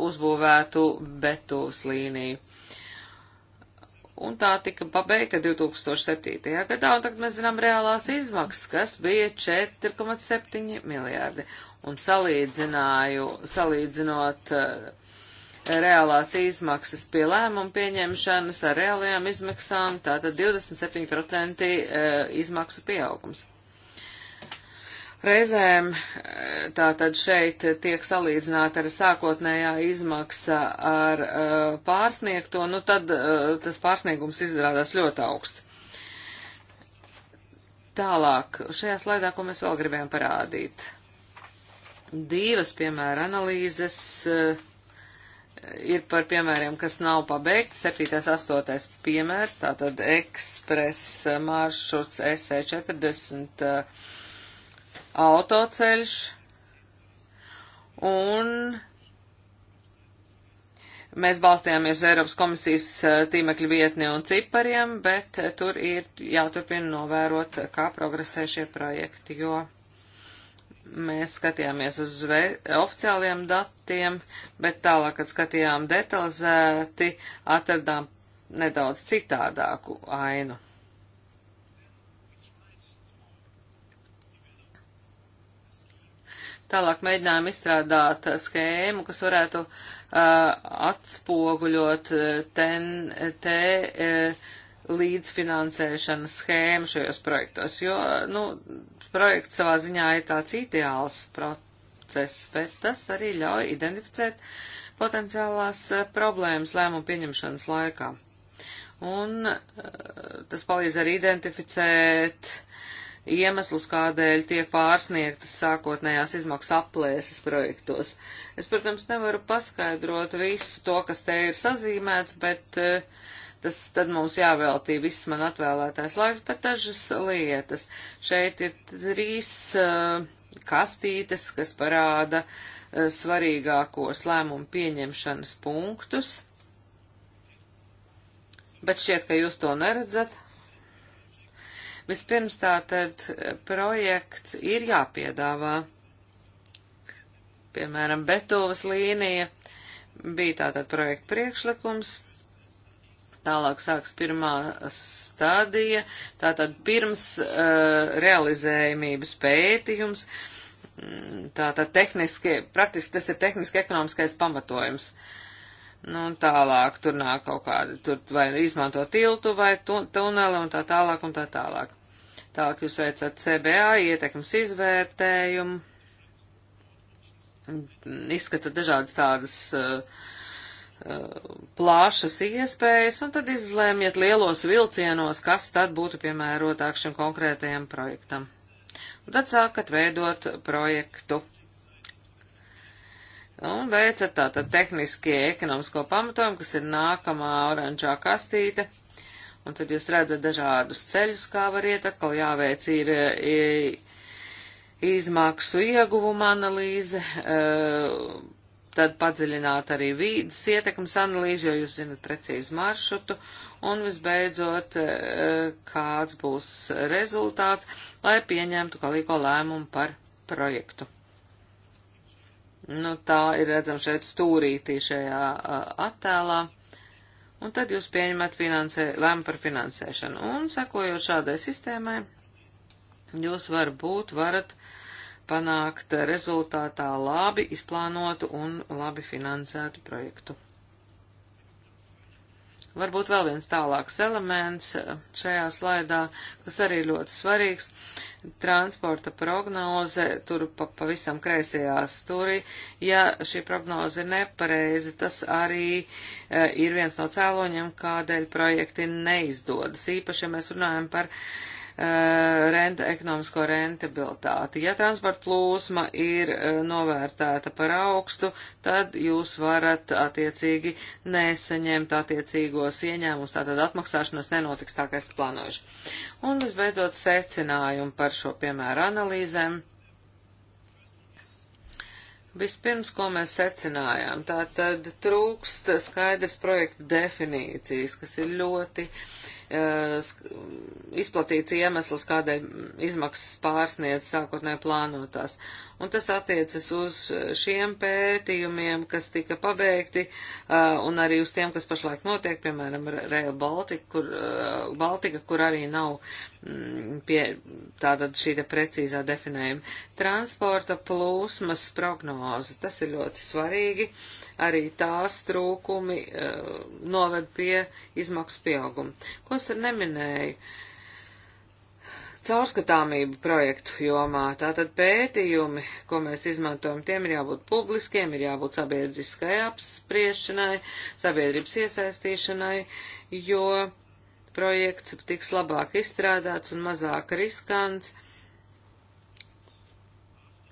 uzbūvētu Betūvas līniju. Un tā tika pabeigta 2007. gadā, un tagad mēs zinām reālās izmaksas, kas bija 4,7 miljārdi. Un salīdzināju, salīdzinot uh, reālās izmaksas pie lēmumu pieņemšanas ar reālajām izmaksām, tātad 27% eh, izmaksu pieaugums. Reizēm eh, tātad šeit tiek salīdzināta ar sākotnējā izmaksa ar uh, pārsniegto, nu tad uh, tas pārsniegums izrādās ļoti augsts. Tālāk, šajā slaidā, ko mēs vēl gribējām parādīt. Divas, piemēram, analīzes uh, ir par piemēriem, kas nav pabeigti. 7. 8. piemērs, tātad ekspres maršruts SE40 autoceļš un mēs balstījāmies uz Eiropas komisijas eh, tīmekļa vietni un cipariem, bet eh, tur ir jāturpina novērot, eh, kā progresē šie projekti, jo mēs skatījāmies uz zve, oficiāliem datiem, bet tālāk, kad skatījām detalizēti, atradām nedaudz citādāku ainu. Tālāk mēģinājām izstrādāt schēmu, kas varētu uh, atspoguļot TNT uh, līdzfinansēšanas schēmu šajos projektos, jo, nu, projekts savā ziņā ir tāds ideāls process, bet tas arī ļauj identificēt potenciālās problēmas lēmumu pieņemšanas laikā. Un uh, tas palīdz arī identificēt uh, iemeslus, kādēļ tiek pārsniegtas sākotnējās izmaksas aplēses projektos. Es, protams, nevaru paskaidrot visu to, kas te ir sazīmēts, bet eh, tas tad mums jāvēltī viss man atvēlētais laiks, bet dažas lietas. Šeit ir trīs uh, kastītes, kas parāda uh, svarīgākos lēmumu pieņemšanas punktus. Bet šķiet, ka jūs to neredzat. Vispirms tātad eh, projekts ir jāpiedāvā. Piemēram, Betuvas līnija bija tātad projekta priekšlikums. Tālāk sāks pirmā stadija, tātad pirms uh, eh, realizējumības pētījums, mm, tātad tehniski, praktiski tas ir tehniski ekonomiskais pamatojums. Uh, nu, tālāk tur nāk kaut kāda, tur vai izmanto tiltu vai tu, tuneli un tā tālāk un tā tālāk. Tālāk jūs veicat CBA ietekmes izvērtējumu, izskata dažādas tādas uh, uh, plašas iespējas, un tad izlēmiet lielos vilcienos, kas tad būtu piemērotāk šim konkrētajam projektam. Un tad sākat veidot projektu. Un veicat tātad tehniskie ekonomisko pamatojumu, kas ir nākamā oranžā kastīte. Un tad jūs redzat dažādus ceļus, kā var iet, atkal jāveic ir, ir izmaksu ieguvuma analīze, e, tad padziļināt arī vīdas ietekmes analīzi, jo jūs zinat precīzi maršrutu, un visbeidzot, e, kāds būs rezultāts, lai pieņemtu kalīko lēmumu par projektu. Nu, tā ir redzama šeit stūrītī šajā e, attēlā un tad jūs pieņemat finansē, lēmu par finansēšanu. Un, sekojot šādai sistēmai, jūs varbūt varat panākt rezultātā labi izplānotu un labi finansētu projektu. Varbūt vēl viens tālāks elements eh, šajā slaidā, kas arī ļoti svarīgs. Transporta prognoze, tur pa, pavisam kreisajā stūrī. Ja šī prognoze ir nepareiza, tas arī e, ir viens no cēloņiem, kādēļ projekti neizdodas. Īpaši, ja mēs runājam par Eh, renta, ekonomisko rentabilitāti. Ja transporta plūsma ir eh, novērtēta par augstu, tad jūs varat attiecīgi nesaņemt attiecīgos ieņēmumus, tātad atmaksāšanas nenotiks tā, kā esat plānojuši. Un visbeidzot secinājumi par šo piemēru analīzēm. Vispirms, ko mēs secinājām, tā tad trūkst skaidrs projekta definīcijas, kas ir ļoti uh, Eh, izplatīts iemesls, kādēļ izmaksas pārsniedz sākotnē plānotās. Un tas attiecas uz eh, šiem pētījumiem, kas tika pabeigti, eh, un arī uz tiem, kas pašlaik notiek, piemēram, Rail Baltica, kur, eh, Baltica, kur arī nav mm, pie tātad šī te precīzā definējuma. Transporta plūsmas prognoze, tas ir ļoti svarīgi, arī tās trūkumi noved pie izmaksu pieauguma. Ko es ar neminēju? caurskatāmību projektu jomā. Tātad pētījumi, ko mēs izmantojam, tiem ir jābūt publiskiem, ir jābūt sabiedriskai apspriešanai, sabiedrības iesaistīšanai, jo projekts tiks labāk izstrādāts un mazāk riskants.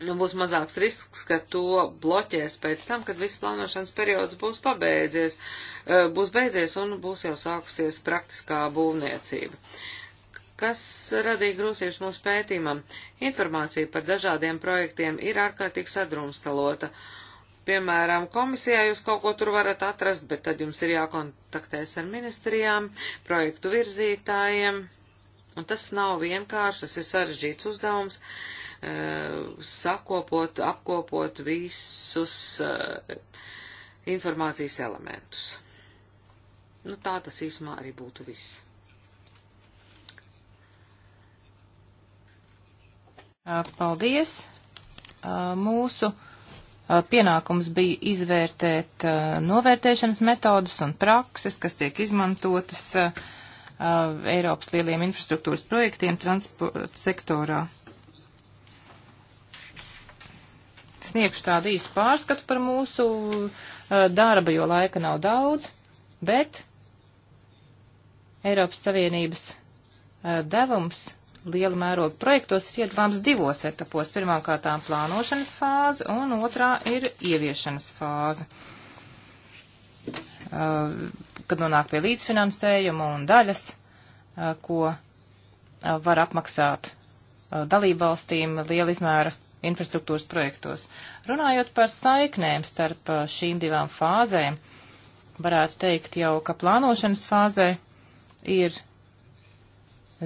Nu, būs mazāks risks, ka to bloķēs pēc tam, kad viss plānošanas periods būs pabeidzies, eh, būs beidzies un būs jau sākusies praktiskā būvniecība. Uh, kas radīja grūzības mūsu pētījumam. Informācija par dažādiem projektiem ir ārkārtīgi sadrumstalota. Piemēram, komisijā jūs kaut ko tur varat atrast, bet tad jums ir jākontaktēs ar ministrijām, projektu virzītājiem, un tas nav vienkārši, tas ir sarežģīts uzdevums eh, sakopot, apkopot visus eh, informācijas elementus. Nu, tā tas īsumā arī būtu viss. Uh, paldies. Uh, mūsu uh, pienākums bija izvērtēt novērtēšanas metodus un prakses, kas tiek izmantotas Eiropas lieliem infrastruktūras projektiem transporta sektorā. Sniegšu tādu īsu pārskatu par mūsu darba, jo laika nav daudz, bet Eiropas Savienības devums liela mēroga projektos ir iedalāms divos etapos. Pirmkārt, plānošanas fāze, un otrā ir ieviešanas fāze. Uh, kad nonāk pie līdzfinansējuma un daļas, uh, ko uh, var apmaksāt dalībvalstīm liela izmēra infrastruktūras projektos. Runājot par saiknēm starp šīm divām fāzēm, varētu teikt jau, ka plānošanas fāzē ir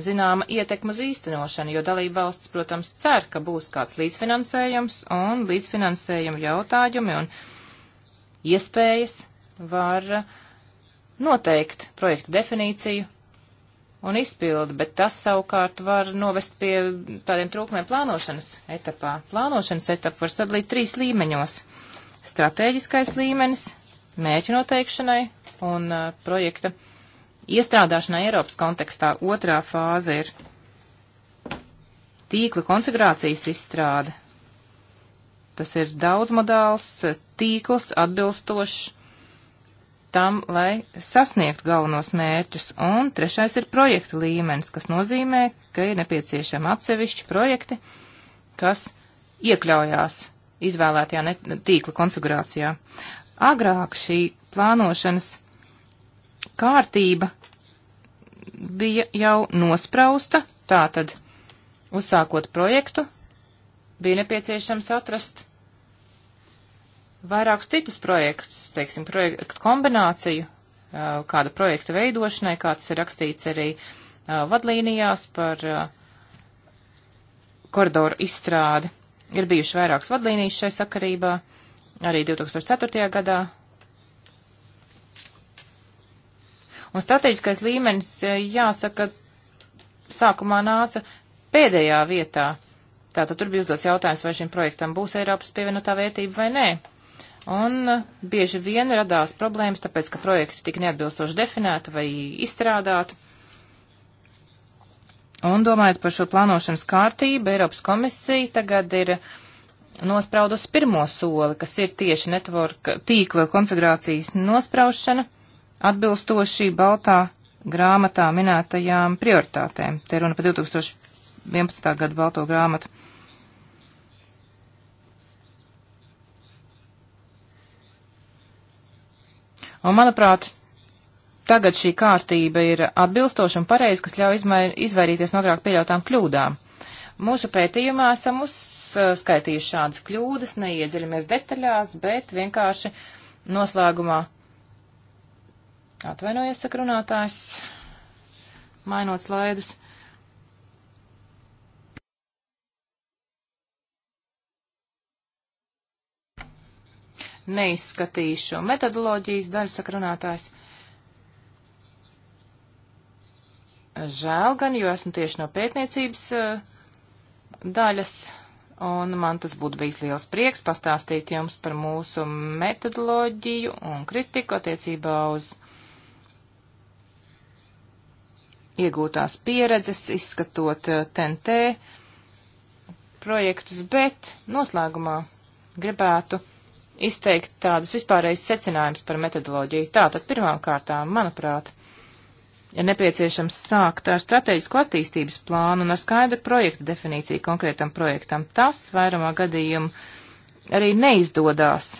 zināma ietekma uz īstenošanu, jo dalība valsts, protams, cer, ka būs kāds līdzfinansējums un līdzfinansējuma jautājumi un iespējas var noteikt projektu definīciju un izpildi, bet tas savukārt var novest pie tādiem trūkumiem plānošanas etapā. Plānošanas etapu var sadalīt trīs līmeņos. Stratēģiskais līmenis, mērķu noteikšanai un uh, projekta uh, Iestrādāšanā Eiropas kontekstā otrā fāze ir tīkla konfigurācijas izstrāde. Tas ir daudzmodāls tīkls atbilstošs tam, lai sasniegtu galvenos mērķus, un trešais ir projekta līmenis, kas nozīmē, ka ir nepieciešami atsevišķi projekti, kas iekļaujās izvēlētajā tīkla konfigurācijā. Agrāk šī plānošanas kārtība bija jau nosprausta, tātad uzsākot projektu, bija nepieciešams atrast vairākus citus projektus, teiksim, projektu kombināciju, kāda projekta veidošanai, kāds ir rakstīts arī vadlīnijās par koridoru izstrādi. Ir bijušas vairākas vadlīnijas šai sakarībā, arī 2004. gadā Un strateģiskais līmenis, eh, jāsaka, sākumā nāca pēdējā vietā. Tātad tur bija uzdots jautājums, vai šim projektam būs Eiropas pievienotā vērtība vai nē. Un eh, bieži vien radās problēmas, tāpēc, ka projekti tika neatbilstoši definēti vai izstrādāti. Un domājot par šo plānošanas kārtību, Eiropas komisija tagad ir nospraudusi pirmo soli, kas ir tieši network tīkla konfigurācijas nospraušana atbilstoši Baltā grāmatā minētajām prioritātēm. Te runa par 2011. gadu Balto grāmatu. Un, manuprāt, tagad šī kārtība ir atbilstoša un pareiza, kas ļauj izvairīties no agrāk pieļautām kļūdām. Mūsu pētījumā esam uzskaitījuši šādas kļūdas, neiedziļamies detaļās, bet vienkārši noslēgumā Atvainojies, saka runātājs, mainot slaidus. neizskatīšu metodoloģijas daļu, saka runātājs. Žēl gan, jo esmu tieši no pētniecības uh, daļas, un man tas būtu bijis liels prieks pastāstīt jums par mūsu metodoloģiju un kritiku attiecībā uz iegūtās pieredzes, izskatot TNT eh, projektus, bet noslēgumā gribētu izteikt tādus vispārējus secinājumus par metodoloģiju. Tātad pirmām kārtām, manuprāt, ir nepieciešams sākt ar strateģisku attīstības plānu un ar skaidru projektu definīciju konkrētam projektam. Tas vairumā gadījumu arī neizdodās,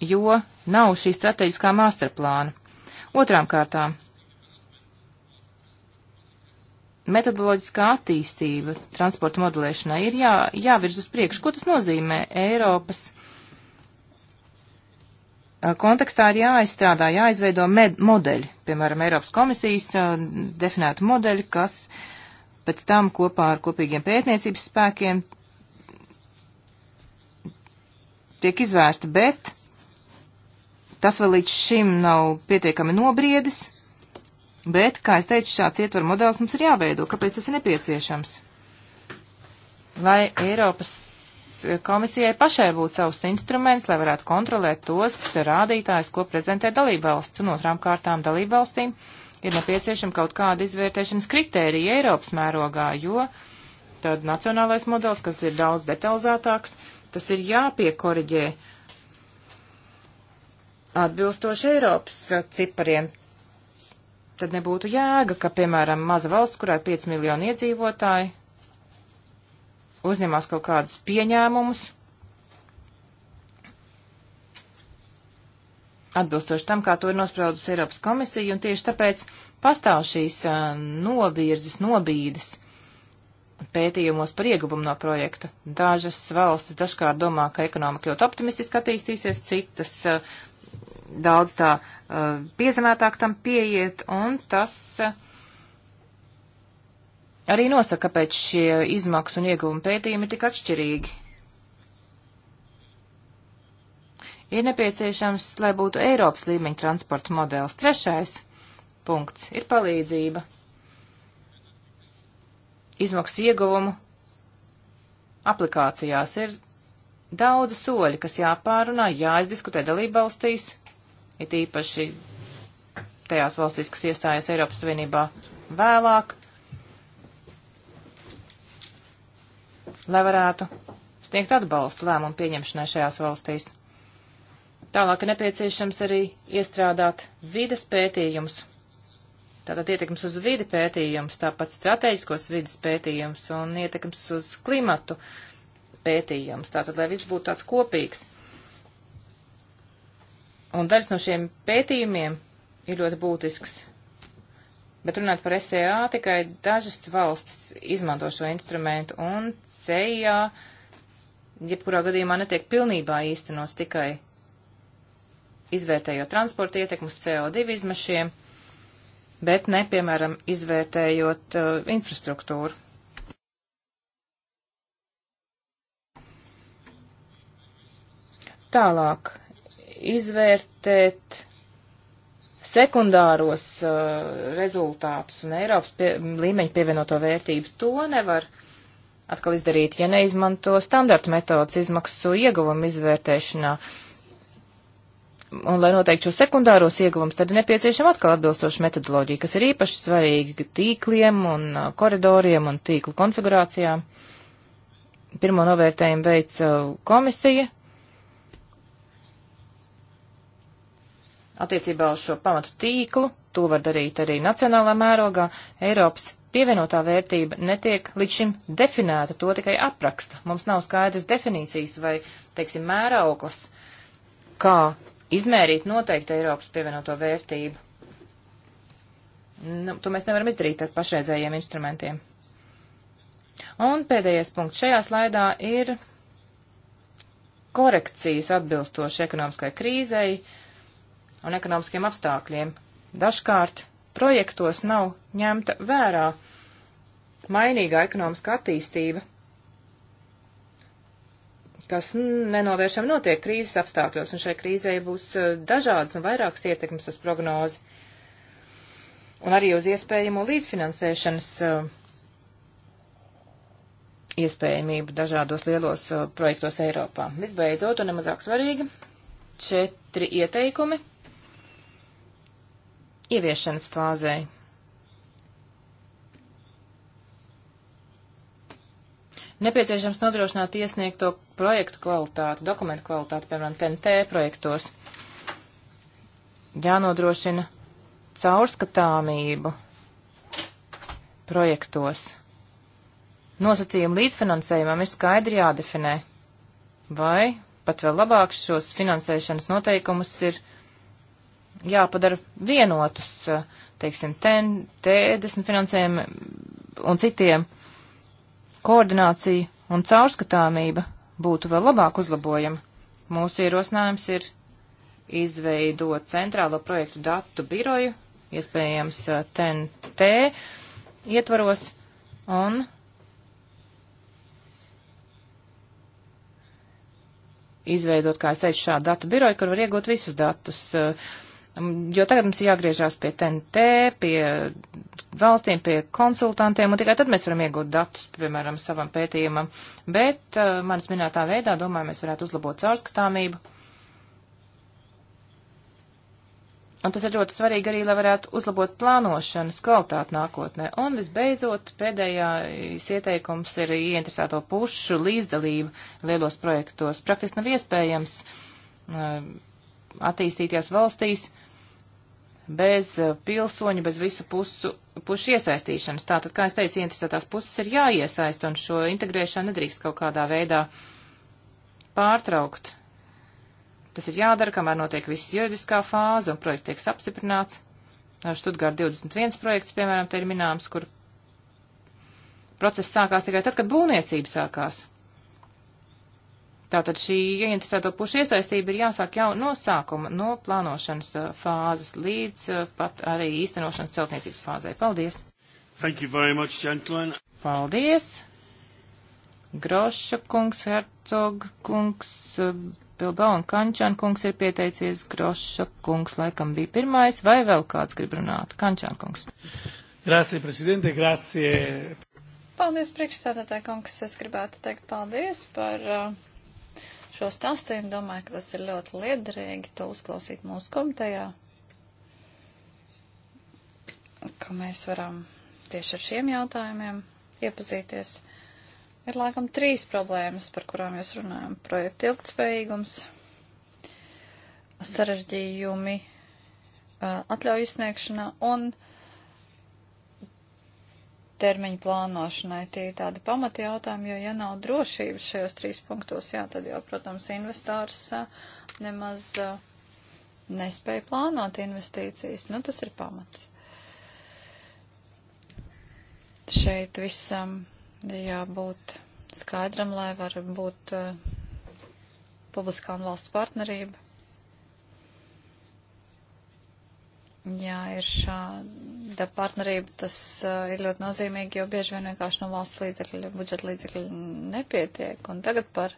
jo nav šī strateģiskā masterplāna. Otrām kārtām metodoloģiskā attīstība transporta modelēšanai ir jā, jāvirz uz priekšu. Ko tas nozīmē Eiropas kontekstā ir jāizstrādā, jāizveido med, modeļi, piemēram, Eiropas komisijas definētu modeļi, kas pēc tam kopā ar kopīgiem pētniecības spēkiem tiek izvērsta, bet tas vēl līdz šim nav pietiekami nobriedis Bet, kā es teicu, šāds ietvaru modelis mums ir jāveido. Kāpēc tas ir nepieciešams? Lai Eiropas komisijai pašai būtu savs instruments, lai varētu kontrolēt tos rādītājus, ko prezentē dalībvalsts. Un otrām kārtām dalībvalstīm ir nepieciešama kaut kāda izvērtēšanas kritērija Eiropas mērogā, jo tad nacionālais modelis, kas ir daudz detalizētāks, tas ir jāpiekoriģē atbilstoši Eiropas cipariem tad nebūtu jēga, ka, piemēram, maza valsts, kurā ir 5 miljoni iedzīvotāji, uzņemās kaut kādus pieņēmumus, atbilstoši tam, kā to ir nospraudusi Eiropas komisija, un tieši tāpēc pastāv šīs novirzes, nobīdes pētījumos par ieguvumu no projekta. Dažas valstis dažkārt domā, ka ekonomika ļoti optimistiski attīstīsies, citas daudz tā uh, Eh, piezemētāk tam pieiet, un tas eh, arī nosaka, kāpēc šie izmaksu un ieguvuma pētījumi ir tik atšķirīgi. ir nepieciešams, lai būtu Eiropas līmeņa transporta modelis. Trešais punkts ir palīdzība. Izmaksu ieguvumu aplikācijās ir daudzi soļi, kas jāpārunā, jāizdiskutē dalībvalstīs it īpaši tajās valstīs, kas iestājas Eiropas Savienībā vēlāk, lai varētu sniegt atbalstu lēmumu pieņemšanai šajās valstīs. Tālāk ir nepieciešams arī iestrādāt vides pētījums, tātad ietekmes uz vidi pētījums, tāpat strateģiskos vides pētījums un ietekmes uz klimatu pētījums, tātad lai viss būtu tāds kopīgs. Un dažs no šiem pētījumiem ir ļoti būtisks. Bet runāt par SEA tikai dažas valstis izmanto šo instrumentu, un CEA jebkurā gadījumā netiek pilnībā īstenos tikai izvērtējot transporta ietekmus CO2 izmešiem, bet ne, piemēram, izvērtējot uh, infrastruktūru. Tālāk izvērtēt sekundāros uh, rezultātus un Eiropas pie, līmeņa pievienoto vērtību. To nevar atkal izdarīt, ja neizmanto standarta metodas izmaksu ieguvumu izvērtēšanā. Un, lai noteiktu šo sekundāros ieguvumus, tad ir nepieciešama atkal atbilstoša metodoloģija, kas ir īpaši svarīga tīkliem un uh, koridoriem un tīklu konfigurācijām. Pirmo novērtējumu veica uh, komisija, attiecībā uz šo pamatu tīklu, to var darīt arī nacionālā mērogā, Eiropas pievienotā vērtība netiek līdz šim definēta, to tikai apraksta. Mums nav skaidras definīcijas vai, teiksim, mērauklas, kā izmērīt noteikti Eiropas pievienoto vērtību. Nu, to mēs nevaram izdarīt ar pašreizējiem instrumentiem. Un pēdējais punkts šajā slaidā ir korekcijas atbilstoši ekonomiskai krīzei. Uh, un ekonomiskiem apstākļiem. Dažkārt projektos nav ņemta vērā mainīgā ekonomiskā attīstība, kas nenovēršam notiek krīzes apstākļos, un šai krīzē būs eh, dažādas un vairākas ietekmes uz prognozi, un arī uz iespējamo līdzfinansēšanas eh, iespējamību dažādos lielos eh, projektos Eiropā. Visbeidzot, un nemazāk svarīgi, četri ieteikumi ieviešanas fāzē. Nepieciešams nodrošināt iesniegto projektu kvalitāti, dokumentu kvalitāti, piemēram, TNT projektos. Jānodrošina caurskatāmību projektos. Nosacījumi līdzfinansējumam ir skaidri jādefinē, vai pat vēl labāk šos finansēšanas noteikumus ir jāpadara vienotus, eh, teiksim, TEN, T10 e finansējumu un citiem koordinācija un caurskatāmība būtu vēl labāk uzlabojama. Mūsu ierosinājums ir izveidot centrālo projektu datu biroju, iespējams TNT eh, e ietvaros, un izveidot, kā es teicu, šādu datu biroju, kur var iegūt visus datus. Uh, Um, jo tagad mums jāgriežās pie TNT, pie valstīm, pie konsultantiem, un tikai tad mēs varam iegūt datus, piemēram, savam pētījumam. Bet uh, manas minētā veidā, domāju, mēs varētu uzlabot caurskatāmību. Un tas ir ļoti svarīgi arī, lai varētu uzlabot plānošanas kvalitāti nākotnē. Un visbeidzot, pēdējais ieteikums ir ieinteresēto pušu līdzdalība lielos projektos. Praktiski nav iespējams uh, attīstīties valstīs, uh, bez eh, pilsoņu, bez visu pusu, pušu iesaistīšanas. Tātad, kā es teicu, interesētās puses ir jāiesaist, un šo integrēšanu nedrīkst kaut kādā veidā pārtraukt. Tas ir jādara, kamēr notiek viss juridiskā fāze un projekts tiek apstiprināts. Študgārda 21 projekts, piemēram, te ir minēms, kur process sākās tikai tad, kad būvniecība sākās. Tātad šī ieinteresēto pušu iesaistība ir jāsāk jau no sākuma, no plānošanas uh, fāzes līdz uh, pat arī īstenošanas celtniecības fāzē. Paldies! Thank you very much, gentlemen. Paldies! Groša kungs, Hercog kungs, uh, Bilbao un Kančāna kungs ir pieteicies. Groša kungs laikam bija pirmais, vai vēl kāds grib runāt? Kančāna kungs. Grazie, prezidente, grazie. Paldies, priekšstādātāji kungs. Es gribētu teikt paldies par. Uh, šo stāstījumu. Domāju, ka tas ir ļoti liederīgi to uzklausīt mūsu komitejā, ka mēs varam tieši ar šiem jautājumiem iepazīties. Ir laikam trīs problēmas, par kurām jūs runājam. Projekta ilgtspējīgums, sarežģījumi, atļauju izsniegšanā un uh, termiņu plānošanai. Tie ir tādi pamati jautājumi, jo ja nav drošības šajos trīs punktos, jā, tad jau, protams, investors nemaz nespēja plānot investīcijas. Nu, tas ir pamats. Šeit visam jābūt skaidram, lai var būt uh, publiskā un valsts partnerība. Jā, ir šādi veida partnerība, tas uh, ir ļoti nozīmīgi, jo bieži vien vienkārši no valsts līdzekļa, budžeta līdzekļa nepietiek. Un tagad par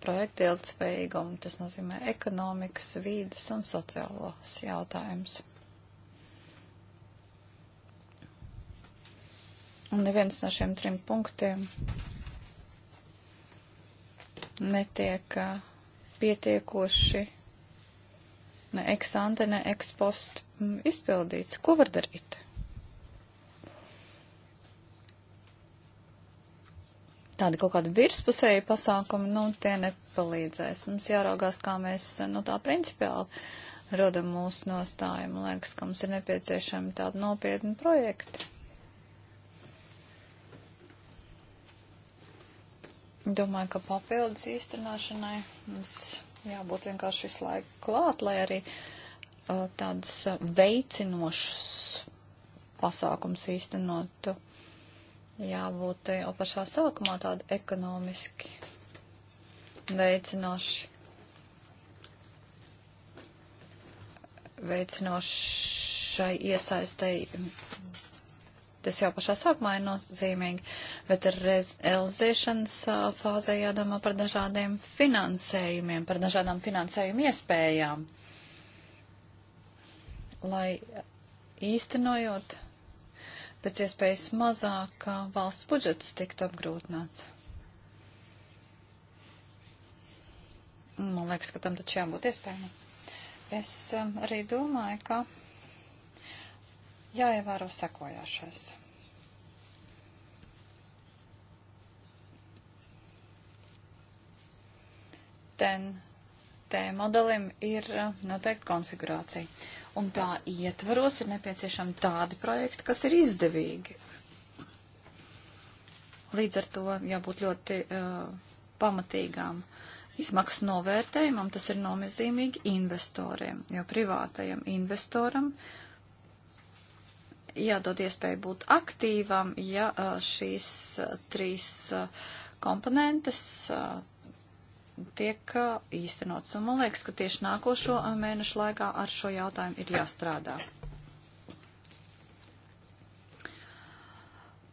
projektu ilgspējīgumu, tas nozīmē ekonomikas, vīdes un sociālos jautājumus. Un neviens no šiem trim punktiem netiek uh, pietiekoši ne eksante, ne ekspost Mm, izpildīts. Ko var darīt? Tādi kaut kādi virspusēji pasākumi, nu, tie nepalīdzēs. Mums jāraugās, kā mēs, nu, tā principiāli rodam mūsu nostājumu. Liekas, ka mums ir nepieciešami tādi nopietni projekti. Domāju, ka papildus īstenāšanai mums jābūt vienkārši visu laiku klāt, lai arī uh, tādus veicinošus pasākums īstenotu. Jābūt jau pašā sākumā tādu ekonomiski veicinoši. Veicinošai iesaistai tas jau pašā sākumā ir nozīmīgi, bet ar realizēšanas fāzē jādomā par dažādiem finansējumiem, par dažādām finansējuma iespējām lai īstenojot pēc iespējas mazāk valsts budžets tiktu apgrūtināts. Man liekas, ka tam taču jābūt iespējamam. Es um, arī domāju, ka jāievēro sekojošais. Ten T modelim ir uh, noteikti konfigurācija un tā ietvaros ir nepieciešami tādi projekti, kas ir izdevīgi. Līdz ar to jābūt ļoti uh, pamatīgām izmaksu novērtējumam, tas ir nozīmīgi investoriem, jo privātajam investoram jādod iespēju būt aktīvam, ja uh, šīs uh, trīs uh, komponentes. Uh, tiek uh, īstenots. Un man liekas, ka tieši nākošo uh, mēnešu laikā ar šo jautājumu ir jāstrādā.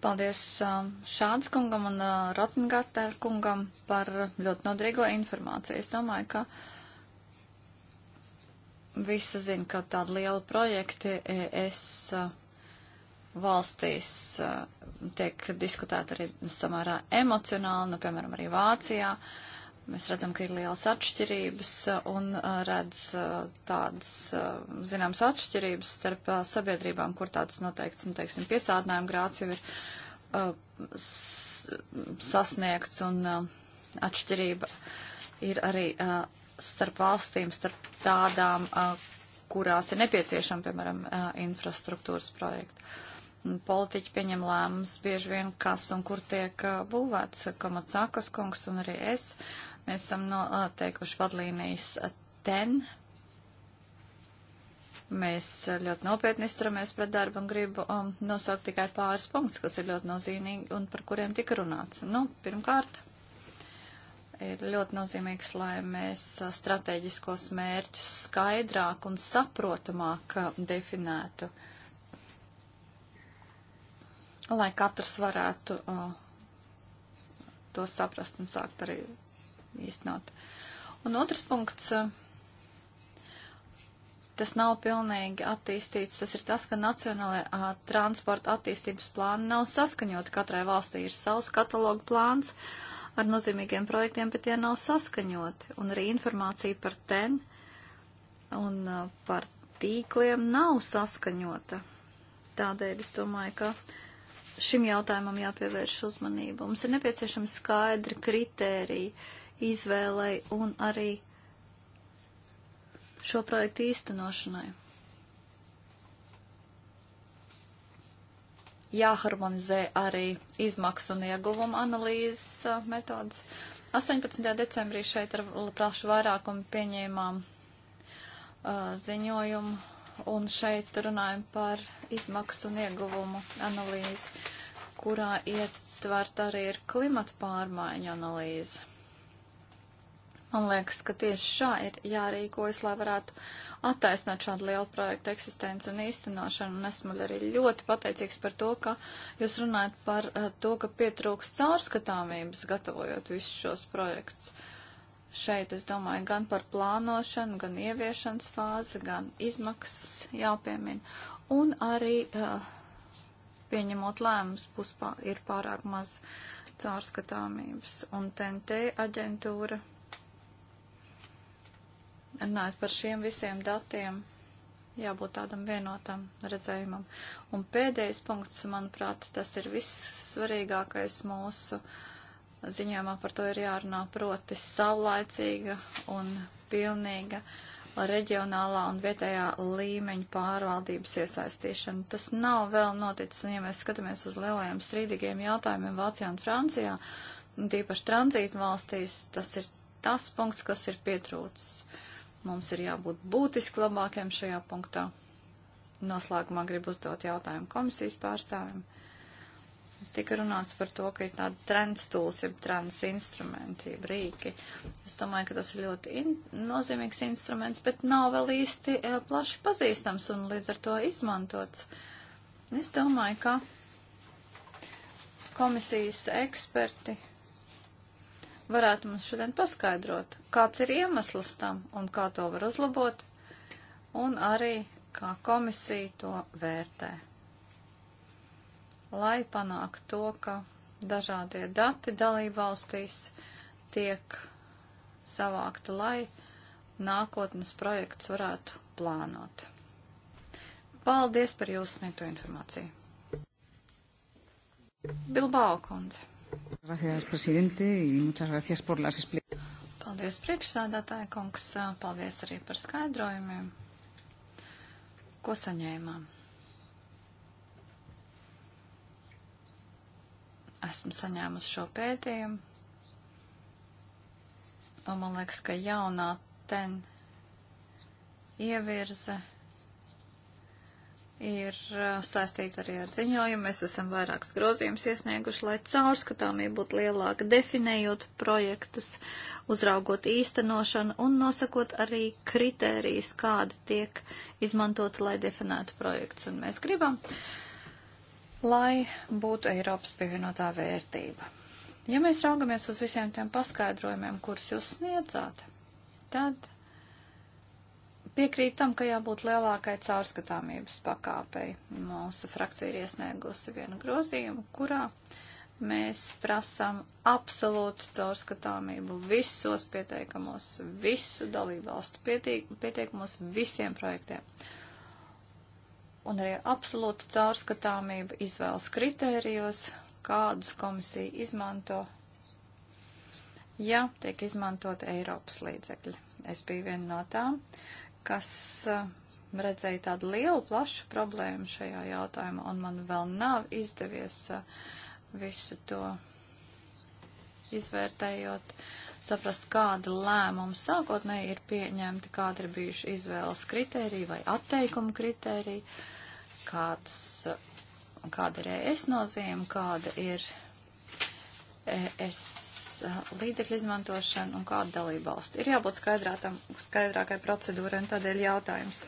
Paldies um, Šāds kungam un uh, Rotengārter kungam par ļoti nodrīgo informāciju. Es domāju, ka visi zina, ka tādi lieli projekti es valstīs tiek diskutēti arī samērā emocionāli, nu, piemēram, arī Vācijā. Uh, Mēs redzam, ka ir lielas atšķirības un redz tādas zināmas atšķirības starp sabiedrībām, kur tāds noteikts, nu, teiksim, piesādinājuma grāts jau ir sasniegts un atšķirība ir arī starp valstīm, starp tādām, kurās ir nepieciešama, piemēram, infrastruktūras projekta. Politiķi pieņem lēmumus bieži vien, kas un kur tiek būvēts. Komatsākas kungs un arī es Mēs esam noteikuši vadlīnijas ten. Mēs ļoti nopietni izturamies pret darbu un gribu um, nosaukt tikai pāris punktus, kas ir ļoti nozīmīgi un par kuriem tika runāts. Nu, pirmkārt, ir ļoti nozīmīgs, lai mēs strateģiskos mērķus skaidrāk un saprotamāk uh, definētu, lai katrs varētu uh, to saprast un sākt arī īstenot. Un otrs punkts, tas nav pilnīgi attīstīts, tas ir tas, ka nacionālajā transporta attīstības plāni nav saskaņoti. Katrai valstī ir savs katalogu plāns ar nozīmīgiem projektiem, bet tie nav saskaņoti. Un arī informācija par ten un par tīkliem nav saskaņota. Tādēļ es domāju, ka šim jautājumam jāpievērš uzmanība. Mums ir nepieciešami skaidri kritēriji, izvēlei un arī šo projektu īstenošanai. Jāharmonizē arī izmaksu un ieguvumu analīzes metodas. 18. decembrī šeit ar plašu vairākumu pieņēmām uh, ziņojumu un šeit runājam par izmaksu un ieguvumu analīzi, kurā ietvert arī ir klimata pārmaiņu analīze. Man liekas, ka tieši šā ir jārīkojas, lai varētu attaisnot šādu lielu projektu eksistenci un īstenošanu. Un esmu arī ļoti pateicīgs par to, ka jūs runājat par eh, to, ka pietrūks caurskatāmības gatavojot visus šos projektus. Šeit es domāju gan par plānošanu, gan ieviešanas fāzi, gan izmaksas jāpiemina. Un arī uh, pieņemot lēmumus, būs pār, ir pārāk maz caurskatāmības. Un TNT aģentūra runājot par šiem visiem datiem, jābūt tādam vienotam redzējumam. Un pēdējais punkts, manuprāt, tas ir vissvarīgākais mūsu ziņojumā, par to ir jārunā proti savlaicīga un pilnīga reģionālā un vietējā līmeņa pārvaldības iesaistīšana. Tas nav vēl noticis, un ja mēs skatāmies uz lielajiem strīdīgiem jautājumiem Vācijā un Francijā, un tīpaši tranzītu valstīs, tas ir tas punkts, kas ir pietrūcis. Uh, Mums ir jābūt būtiski labākiem šajā punktā. Noslēgumā gribu uzdot jautājumu komisijas pārstāvim. Tika runāts par to, ka ir tādi trends tools, jeb trends instrumenti, jeb rīki. Es domāju, ka tas ir ļoti in nozīmīgs instruments, bet nav vēl īsti e, plaši pazīstams un līdz ar to izmantots. Es domāju, ka komisijas eksperti varētu mums šodien paskaidrot, kāds ir iemesls tam un kā to var uzlabot, un arī kā komisija to vērtē. Lai panāktu to, ka dažādie dati dalībvalstīs tiek savākti, lai nākotnes projekts varētu plānot. Paldies par jūsu sniegto informāciju. Bilbao kundze. Gracias, presidente, y muchas gracias por las Paldies, priekšsādātāja kungs, paldies arī par skaidrojumiem, ko saņēmām. esmu saņēmusi šo pētījumu. Un man liekas, ka jaunā ten ievirze ir saistīta arī ar ziņojumu. Mēs esam vairākas grozījumus iesnieguši, lai caurskatāmība būtu lielāka, definējot projektus, uzraugot īstenošanu un nosakot arī kritērijas, kādi tiek izmantoti, lai definētu projektus. Un mēs gribam, lai būtu Eiropas pievienotā vērtība. Ja mēs raugamies uz visiem tiem paskaidrojumiem, kurus jūs sniedzāt, tad Piekrītam, ka jābūt lielākai caurskatāmības pakāpei. Mūsu frakcija ir iesniegusi vienu grozījumu, kurā mēs prasām absolūtu caurskatāmību visos pieteikumos, visu dalībvalstu pieteikumos, visiem projektiem. Un arī absolūta caurskatāmība izvēles kritērijos, kādus komisija izmanto, ja tiek izmantot Eiropas līdzekļi. Es biju viena no tām, kas eh, redzēja tādu lielu, plašu problēmu šajā jautājumā, un man vēl nav izdevies eh, visu to izvērtējot, saprast, kāda lēmuma sākotnēji ir pieņemti, kāda ir bijuši izvēles kritērija vai atteikuma kritērija, kādas, eh, kāda ir ES nozīme, kāda ir ES līdzekļu izmantošanu un kādu dalību valstu. Ir jābūt skaidrātam, skaidrākai procedūrai un tādēļ jautājums.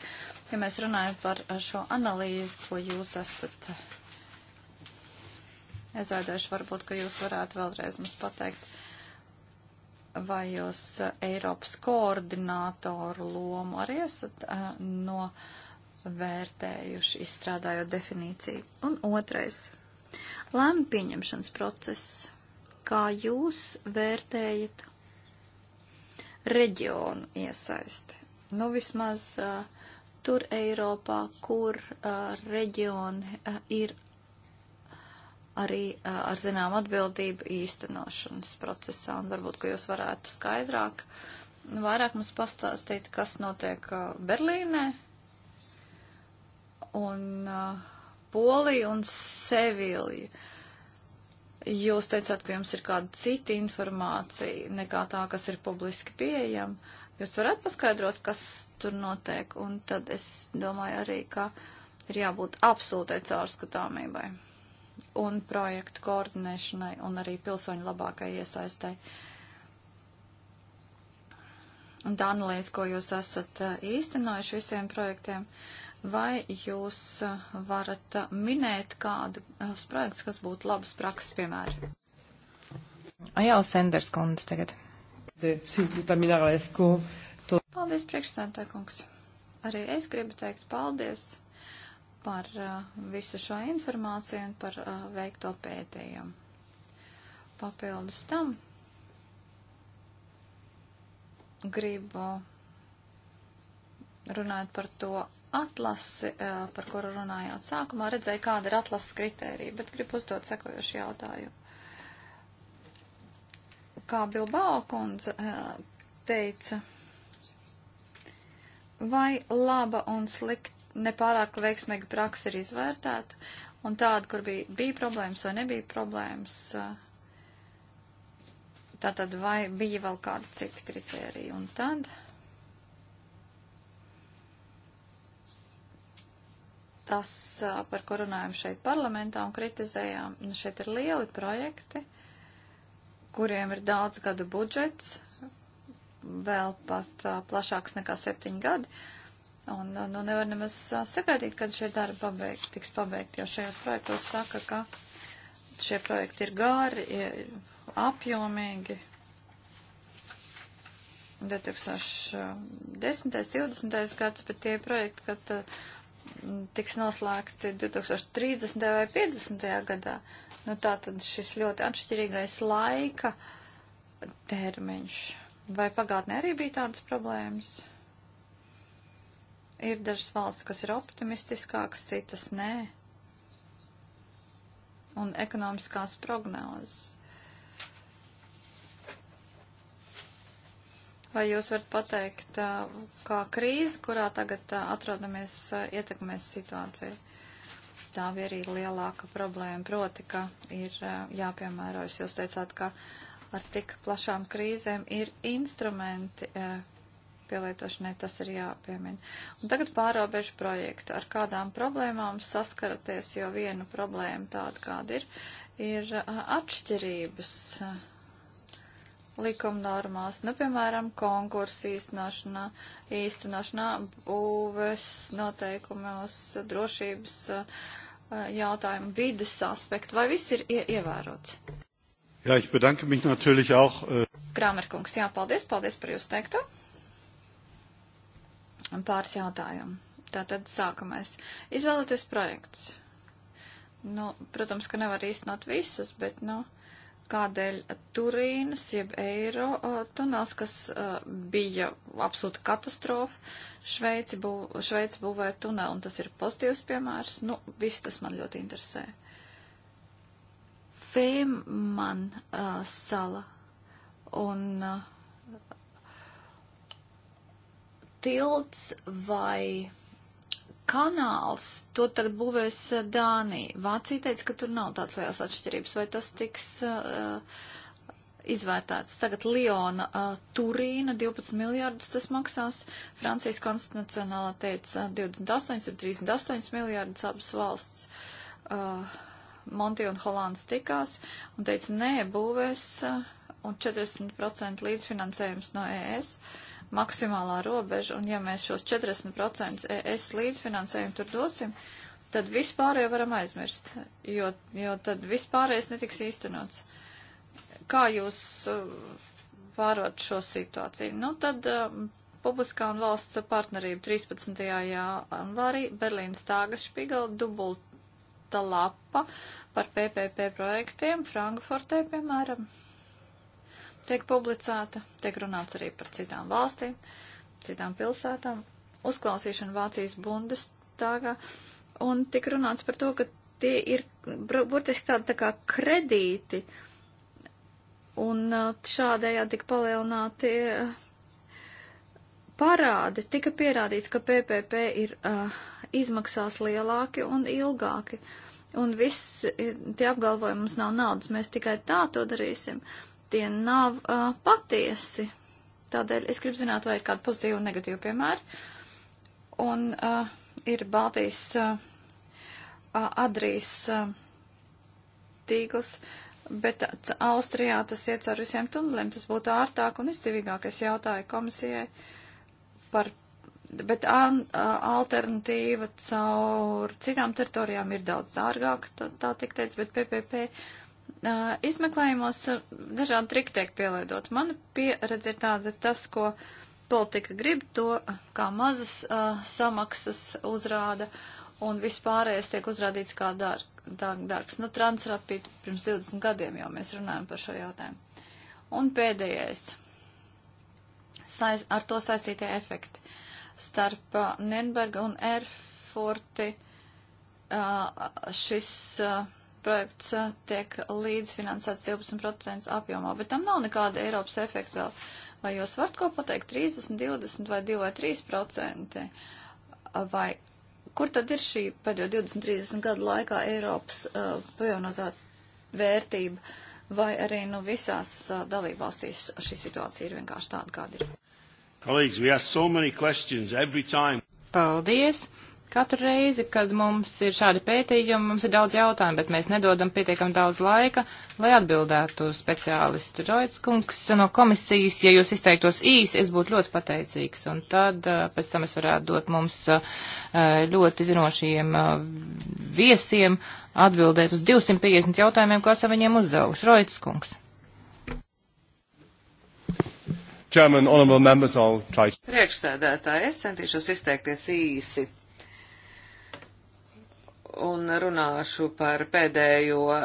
Ja mēs runājam par šo analīzi, ko jūs esat aizvēdējuši, varbūt, ka jūs varētu vēlreiz mums pateikt, vai jūs eh, Eiropas koordinātoru lomu arī esat eh, no vērtējuši, izstrādājot definīciju. Un otrais - lēmu pieņemšanas process kā jūs vērtējat reģionu iesaisti? Nu, vismaz uh, tur Eiropā, kur uh, reģioni uh, ir arī uh, ar zinām atbildību īstenošanas procesā, un varbūt, ka jūs varētu skaidrāk vairāk mums pastāstīt, kas notiek uh, Berlīnē un uh, Polija un Sevilija. Uh, Jūs teicāt, ka jums ir kāda cita informācija nekā tā, kas ir publiski pieejama. Jūs varat paskaidrot, kas tur notiek, un tad es domāju arī, ka ir jābūt absolūtai caurskatāmībai un projektu koordinēšanai un arī pilsoņu labākai iesaistai. Un tā analīze, ko jūs esat eh, īstenojuši visiem projektiem, uh, Vai jūs eh, varat eh, minēt kādu eh, projektu, kas būtu labas prakses piemēri? Ajāla Senders kundze tagad. Paldies, priekšsēdētāj kungs. Arī es gribu teikt paldies par visu šo informāciju un par veikto pētījumu. Papildus tam gribu runāt par to, atlasi, eh, par kuru runājāt sākumā, redzēju, kāda ir atlases kritērija, bet gribu uzdot sekojošu jautājumu. Kā Bilbao kundze eh, teica, vai laba un slikta, nepārāk veiksmīga praksa ir izvērtēta, un tāda, kur bija, bija problēmas vai nebija problēmas, eh, tātad vai bija vēl kādi citi kritēriji, un tad tas, par ko runājam šeit parlamentā un kritizējām. Nu, šeit ir lieli projekti, kuriem ir daudz gadu budžets, vēl pat plašāks nekā septiņi gadi. Un, nu, nevar nemaz sagaidīt, kad šie darbi pabeigt, tiks pabeigti, jo šajos projektos saka, ka šie projekti ir gāri, ir apjomīgi. 2010. 20. gads, bet tie projekti, kad uh, tiks noslēgti 2030. vai 50. gadā. Nu, tā tad šis ļoti atšķirīgais laika termiņš. Vai pagātnē arī bija tādas problēmas? Ir dažas valsts, kas ir optimistiskākas, citas nē. Un ekonomiskās prognozes Vai jūs varat pateikt, kā krīze, kurā tagad atrodamies, ietekmēs situāciju? Tā bija arī lielāka problēma, proti, ka ir jāpiemērojas. Jūs teicāt, ka ar tik plašām krīzēm ir instrumenti pielietošanai, tas ir jāpiemina. Un tagad pārobežu projektu. Ar kādām problēmām saskaraties, jo vienu problēmu tādu, kāda ir, ir atšķirības likumnormās, nu, piemēram, konkursu īstenošanā, īstenošanā būves noteikumos, drošības eh, jautājumu, vides aspektu, vai viss ir ie ievērots? Jā, ja, ich bedanke mich natürlich auch. Eh, Kramerkungs, jā, paldies, paldies par jūsu teikto. Un pāris jautājumu. Tātad sākamais. Izvēlieties projekts. Nu, protams, ka nevar īstenot visus, bet, nu. No kādēļ Turīnas, jeb Eiro uh, tunels, kas uh, bija absolūta katastrofa, Šveici, būv, Šveici būvēja tuneli, un tas ir pozitīvs piemērs, nu, viss tas man ļoti interesē. Fēman uh, sala un uh, tilts vai kanāls, to tagad būvēs eh, Dānija. Vācija teica, ka tur nav tāds liels atšķirības. Vai tas tiks uh, izvērtēts? Tagad Liona, uh, Turīna 12 miljārdus tas maksās. Francijas konstitucionālā teica 28, 38 miljārdus abas valsts. Uh, Monti un Holands tikās un teica, nē, būvēs uh, un 40% līdzfinansējums no ES. Uh, maksimālā robeža, un ja mēs šos 40% ES līdzfinansējumu tur dosim, tad vispārējo varam aizmirst, jo, jo tad vispārējais netiks īstenots. Kā jūs pārvarat uh, šo situāciju? Nu, tad uh, publiskā un valsts partnerība 13. janvārī Berlīnas tāgas špigala dubulta lapa par PPP projektiem Frankfurtē, piemēram tiek publicēta, tiek runāts arī par citām valstīm, citām pilsētām, uzklausīšana Vācijas bundestāgā, un tik runāts par to, ka tie ir burtiski tādi tā kā kredīti, un uh, šādējādi tik palielināti uh, parādi. Tika pierādīts, ka PPP ir uh, izmaksās lielāki un ilgāki. Un viss tie apgalvojumi mums nav naudas, mēs tikai tā to darīsim. Uh, tie nav uh, patiesi. Tādēļ es gribu zināt, vai ir kāda pozitīva un negatīva piemēra. Un uh, ir Baltijas uh, Adrijas uh, tīkls, bet uh, Austrijā tas iet caur visiem tuneliem. Tas būtu ārtāk un izdevīgāk. Es jautāju komisijai par. Bet an, uh, alternatīva caur citām teritorijām ir daudz dārgāka, tā, tā tik teica, bet PPP. Uh, izmeklējumos dažādi triki tiek pielietot. Mana pieredze ir tāda, tas, ko politika grib, to kā mazas uh, samaksas uzrāda, un vispārējais tiek uzrādīts kā dar, dar, dārgs. Nu, transrapīt pirms 20 gadiem jau mēs runājam par šo jautājumu. Un pēdējais. Saiz, ar to saistītie efekti. Starp uh, Nenberga un Erforti uh, šis. Uh, projekts eh, tiek līdzfinansēts 12% apjomā, bet tam nav nekāda Eiropas efekta vēl. Vai jūs varat ko pateikt 30, 20 vai 2 vai 3%? Eh, vai kur tad ir šī pēdējo 20, 30 gadu laikā Eiropas uh, pievienotā vērtība? Vai arī nu visās uh, dalībvalstīs šī situācija ir vienkārši tāda, kāda ir? Kolēģis, we ask so many questions every time. Paldies! Katru reizi, kad mums ir šādi pētījumi, mums ir daudz jautājumu, bet mēs nedodam pietiekam daudz laika, lai atbildētu uz speciālistu. Roits kungs no komisijas, ja jūs izteiktos īsi, es būtu ļoti pateicīgs, un tad uh, pēc tam es varētu dot mums uh, uh, ļoti zinošiem viesiem atbildēt uz 250 jautājumiem, ko esam viņiem uzdevuši. Roits kungs. Chairman, honorable members, I'll try. Priekšsēdētāji, es centīšos izteikties īsi un runāšu par pēdējo uh,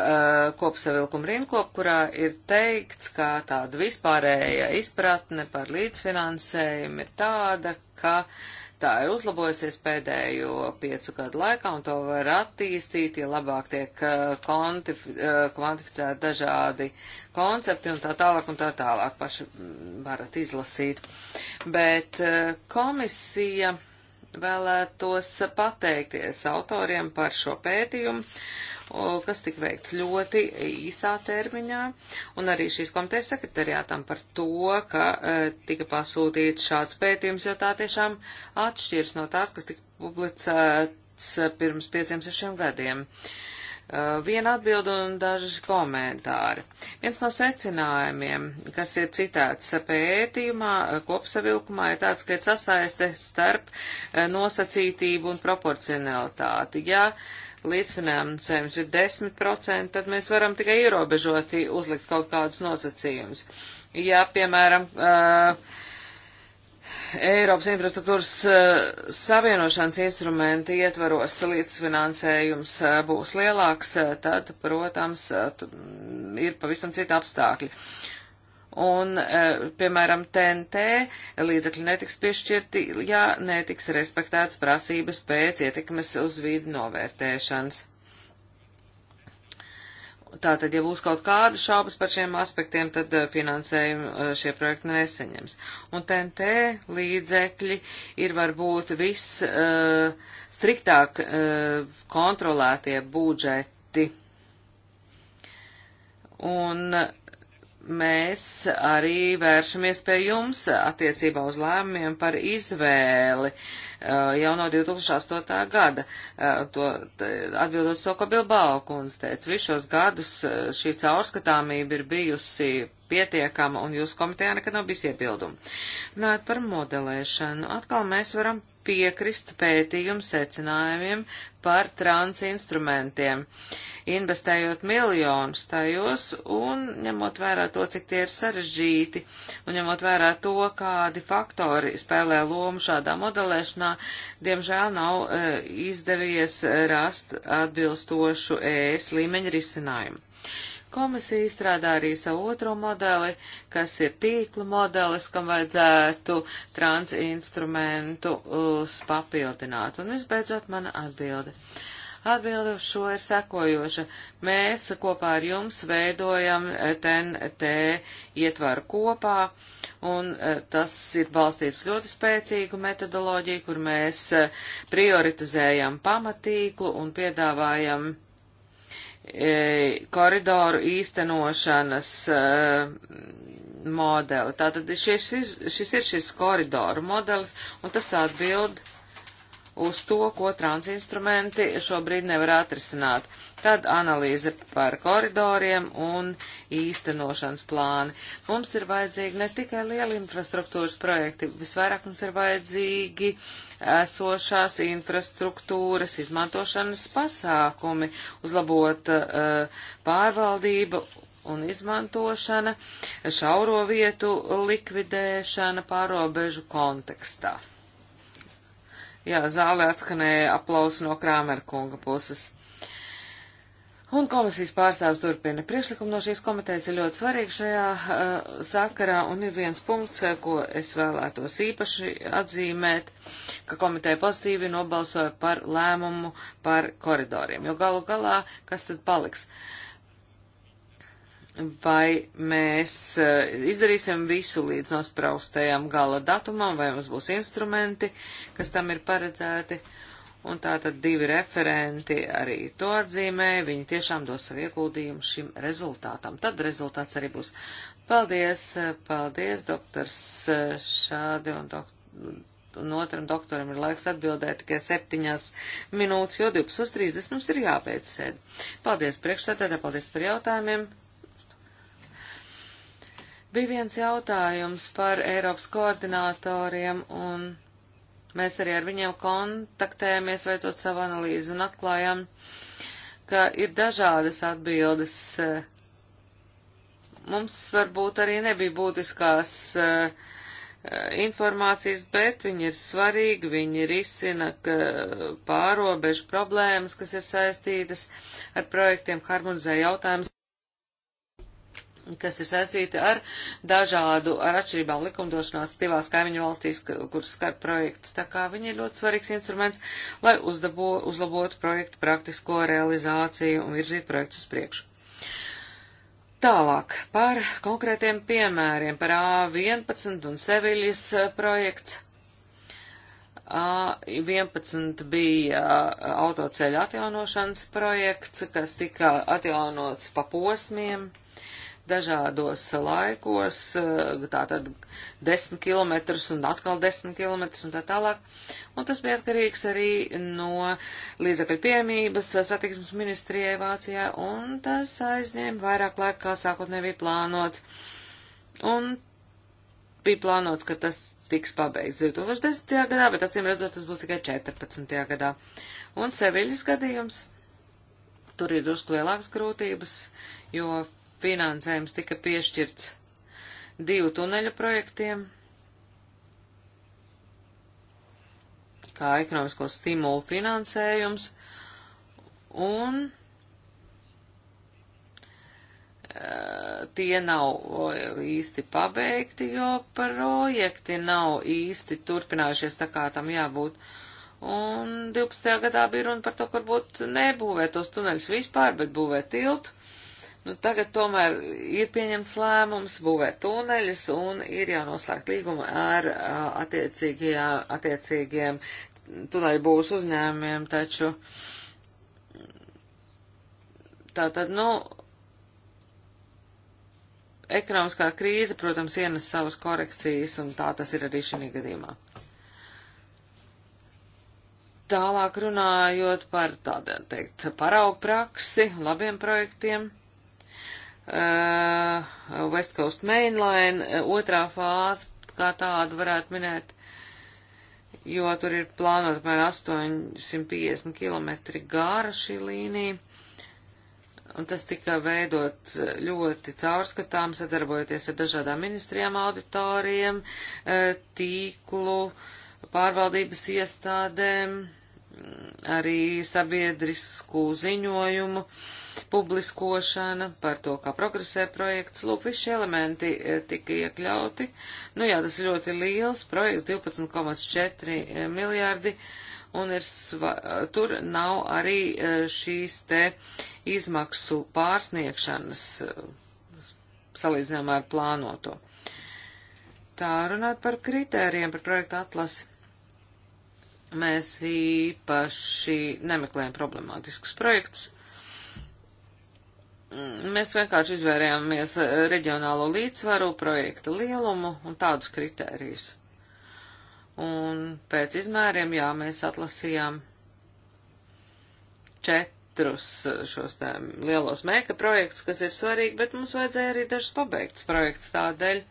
kopsavilkumu rinkopu, kurā ir teikts, ka tāda vispārēja izpratne par līdzfinansējumu ir tāda, ka tā ir uzlabojusies pēdējo piecu gadu laikā, un to var attīstīt, ja labāk tiek uh, eh, kvantifi, uh, eh, kvantificēti dažādi koncepti un tā tālāk un tā tālāk paši varat izlasīt. Bet uh, komisija. Uh, Vēlētos pateikties autoriem par šo pētījumu, kas tika veikts ļoti īsā termiņā, un arī šīs komitejas sekretariātam par to, ka e, tika pasūtīts šāds pētījums, jo tā tiešām atšķirs no tās, kas tika publicēts pirms pieciem, sešiem gadiem. Uh, Uh, viena atbilda un dažas komentāri. Viens no secinājumiem, kas ir citāts pētījumā, uh, kopsavilkumā, ir tāds, ka ir sasaiste starp uh, nosacītību un proporcionalitāti. Ja līdzfinansējums ir 10%, tad mēs varam tikai ierobežoti uzlikt kaut kādus nosacījumus. Ja, piemēram, uh, Eiropas infrastruktūras eh, savienošanas instrumenti ietvaros līdzfinansējums eh, būs lielāks, eh, tad, protams, mm, ir pavisam cita apstākļi. Un, piemēram, TNT līdzekļi netiks piešķirti, ja netiks respektēts prasības pēc ietekmes uz vīdu novērtēšanas. Tātad, ja būs kaut kāda šaubas par šiem aspektiem, tad eh, finansējumu eh, šie projekti neseņems. Un TNT līdzekļi ir varbūt viss uh, eh, striktāk uh, kontrolētie budžeti. Un uh, mēs arī vēršamies pie jums attiecībā uz lēmumiem par izvēli uh, jau no 2008. gada. Uh, to, atbildot to, ko Bilbao kundze teica, visu šos gadus uh, šī caurskatāmība ir bijusi pietiekama un jūsu komitejā nekad nav bijis iebildumi. Runājot par modelēšanu, atkal mēs varam piekrist pētījumu secinājumiem par transinstrumentiem, investējot miljonus tajos un ņemot vērā to, cik tie ir sarežģīti un ņemot vērā to, kādi faktori spēlē lomu šādā modelēšanā, diemžēl nav e, izdevies rast atbilstošu ES līmeņa risinājumu. Komisija izstrādā arī savu otro modeli, kas ir tīkla modelis, kam vajadzētu transinstrumentu papildināt. Un visbeidzot mana atbilde. Atbilde uz šo ir sekojoša. Mēs kopā ar jums veidojam TNT ietvaru kopā, un e, tas ir balstīts ļoti spēcīgu metodoloģiju, kur mēs e, prioritizējam pamatīklu un piedāvājam E, koridoru īstenošanas e, modeli. Tātad šis, šis ir šis koridoru modelis, un tas atbild uz to, ko transinstrumenti šobrīd nevar atrisināt. Tad analīze par koridoriem un īstenošanas plāni. Mums ir vajadzīgi ne tikai lieli infrastruktūras projekti, visvairāk mums ir vajadzīgi esošās infrastruktūras izmantošanas pasākumi, uzlabot uh, pārvaldību un izmantošana, šauro vietu likvidēšana pārobežu kontekstā. Jā, zālē atskanēja aplausi no Krāmerkunga puses. Un komisijas pārstāvs turpina. Priekšlikumi no šīs komitejas ir ļoti svarīgi šajā uh, sakarā, un ir viens punkts, uh, ko es vēlētos īpaši atzīmēt, ka komiteja pozitīvi nobalsoja par lēmumu par koridoriem. Jo galu galā, kas tad paliks? Vai mēs uh, izdarīsim visu līdz nospraustajam gala datumam, vai mums būs instrumenti, kas tam ir paredzēti? Uh, Un tātad divi referenti arī to atzīmē, viņi tiešām dos savu ieguldījumu šim rezultātam. Tad rezultāts arī būs. Paldies, paldies, doktors Šādi un, dok un otram doktoram ir laiks atbildēt tikai septiņās minūtes, jo 12.30 mums ir jāpēc sēdi. Paldies priekšsēdētā, paldies par jautājumiem. Bija viens jautājums par Eiropas koordinatoriem un Mēs arī ar viņiem kontaktējamies, veicot savu analīzi un atklājām, ka ir dažādas atbildes. Mums varbūt arī nebija būtiskās uh, informācijas, bet viņi ir svarīgi, viņi risina pārobežu problēmas, kas ir saistītas ar projektiem harmonizē jautājumus kas ir saistīti ar dažādu, ar atšķirībām likumdošanās divās kaimiņu valstīs, kuras skar projekts. Tā kā viņi ir ļoti svarīgs instruments, lai uzdabo, uzlabotu projektu praktisko realizāciju un virzītu projektu uz priekšu. Tālāk par konkrētiem piemēriem par A11 un Seviļas eh, projekts. A11 bija eh, autoceļa atjaunošanas projekts, kas tika atjaunots pa posmiem dažādos laikos, eh, tātad 10 km un atkal 10 km un tā tālāk. Un tas bija atkarīgs arī no līdzakļu piemības satiksmes ministrijai Vācijā, un tas aizņēma vairāk laika, kā sākotnēji bija plānots. Un bija plānots, ka tas tiks pabeigts 2010. gadā, bet acīm redzot, tas būs tikai 14. gadā. Un Seviļas gadījums, tur ir drusku lielākas grūtības, jo finansējums tika piešķirts divu tuneļu projektiem, kā ekonomisko stimulu finansējums, un eh, tie nav eh, īsti pabeigti, jo projekti nav īsti turpinājušies tā kā tam jābūt. Un 12. gadā bija runa par to, kur būtu nebūvēt tos tuneļus vispār, bet būvēt tiltu. Nu, tagad tomēr ir pieņemts lēmums būvēt tuneļus un ir jau noslēgt līgumu ar attiecīgiem tuneļu būs uzņēmumiem, taču tā tad, nu, ekonomiskā krīze, protams, ienes savas korekcijas un tā tas ir arī šī gadījumā. Tālāk runājot par tādiem, teikt, paraugu praksi, labiem projektiem uh, West Coast Mainline, uh, otrā fāze kā tādu varētu minēt, jo tur ir plānota apmēram 850 km gara šī līnija, un tas tika veidots ļoti caurskatām, sadarbojoties ar dažādām ministrijām, auditoriem, uh, tīklu, pārvaldības iestādēm, mm, arī sabiedrisku ziņojumu. Uh, publiskošana, par to, kā progresē projekts. Lūk, visi šie elementi e, tika iekļauti. Nu jā, tas ir ļoti liels projekts, 12,4 e, miljārdi, un ir sva, tur nav arī e, šīs te izmaksu pārsniegšanas salīdzinājumā ar plānoto. Tā runāt par kritērijiem, par projektu atlasi mēs īpaši nemeklējam problemātiskus projektus. Mēs vienkārši izvērējāmies eh, reģionālo līdzsvaru, projektu lielumu un tādus kritērijus. Un pēc izmēriem, jā, mēs atlasījām četrus eh, šos tā lielos mēka projektus, kas ir svarīgi, bet mums vajadzēja arī dažus pabeigts projekts tādēļ.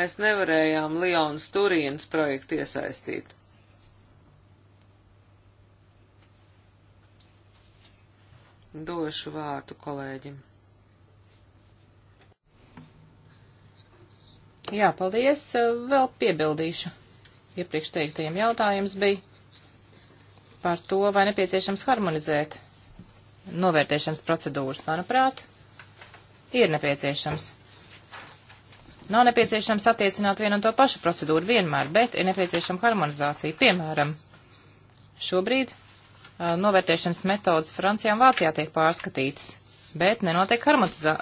Mēs nevarējām Lionas Turīnas projektu iesaistīt. Došu vārdu kolēģim. Jā, paldies. Vēl piebildīšu. Iepriekš teiktajiem jautājums bija par to, vai nepieciešams harmonizēt novērtēšanas procedūras. Manuprāt, ir nepieciešams. Nav nepieciešams attiecināt vienu un to pašu procedūru vienmēr, bet ir nepieciešama harmonizācija. Piemēram, šobrīd novērtēšanas metodas Francijā un Vācijā tiek pārskatītas, bet nenotiek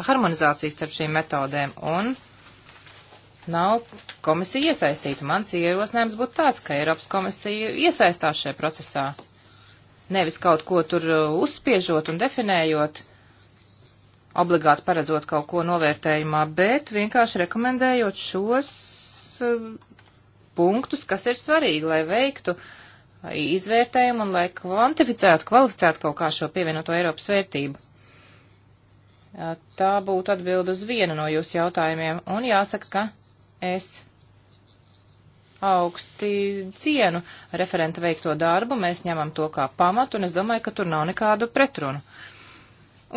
harmonizācijas starp šīm metodēm un nav komisija iesaistīta. Mans ierosinājums būtu tāds, ka Eiropas komisija iesaistās šajā procesā. Nevis kaut ko tur uzspiežot un definējot, obligāti paredzot kaut ko novērtējumā, bet vienkārši rekomendējot šos punktus, kas ir svarīgi, lai veiktu uh, izvērtējumu un lai kvantificētu, kvalificētu kaut kā šo pievienoto Eiropas vērtību. Tā būtu atbild uz vienu no jūsu jautājumiem, un jāsaka, ka es augsti cienu referenta veikto darbu, mēs ņemam to kā pamatu, un es domāju, ka tur nav nekādu pretrunu.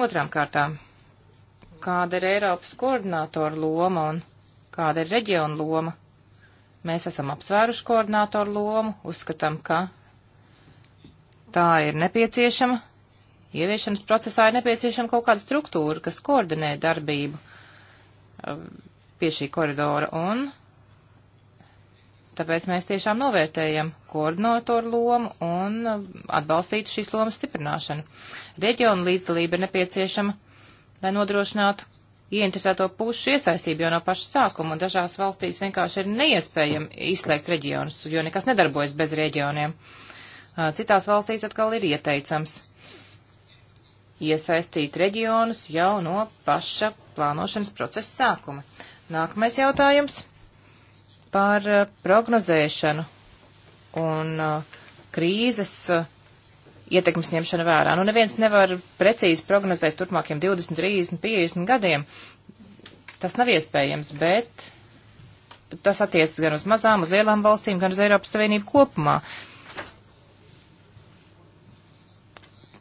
Otrām kārtām, kāda ir Eiropas koordinātora loma un kāda ir reģiona loma? Mēs esam apsvēruši koordinātoru lomu, uzskatām, ka tā ir nepieciešama. Ieviešanas procesā ir nepieciešama kaut kāda struktūra, kas koordinē darbību um, pie šī koridora, un tāpēc mēs tiešām novērtējam koordinātoru lomu un um, atbalstītu šīs lomas stiprināšanu. Reģionu līdzdalība ir nepieciešama, lai nodrošinātu ieinteresēto pušu iesaistību jau no paša sākuma, un dažās valstīs vienkārši ir neiespējami izslēgt reģionus, jo nekas nedarbojas bez reģioniem. Citās valstīs atkal ir ieteicams iesaistīt reģionus jau no paša plānošanas procesa sākuma. Nākamais jautājums par prognozēšanu un krīzes ietekmes ņemšana vērā. Nu, neviens nevar precīzi prognozēt turpmākiem 20, 30, 50 gadiem. Tas nav iespējams, bet tas attiecas gan uz mazām, uz lielām valstīm, gan uz Eiropas Savienību kopumā.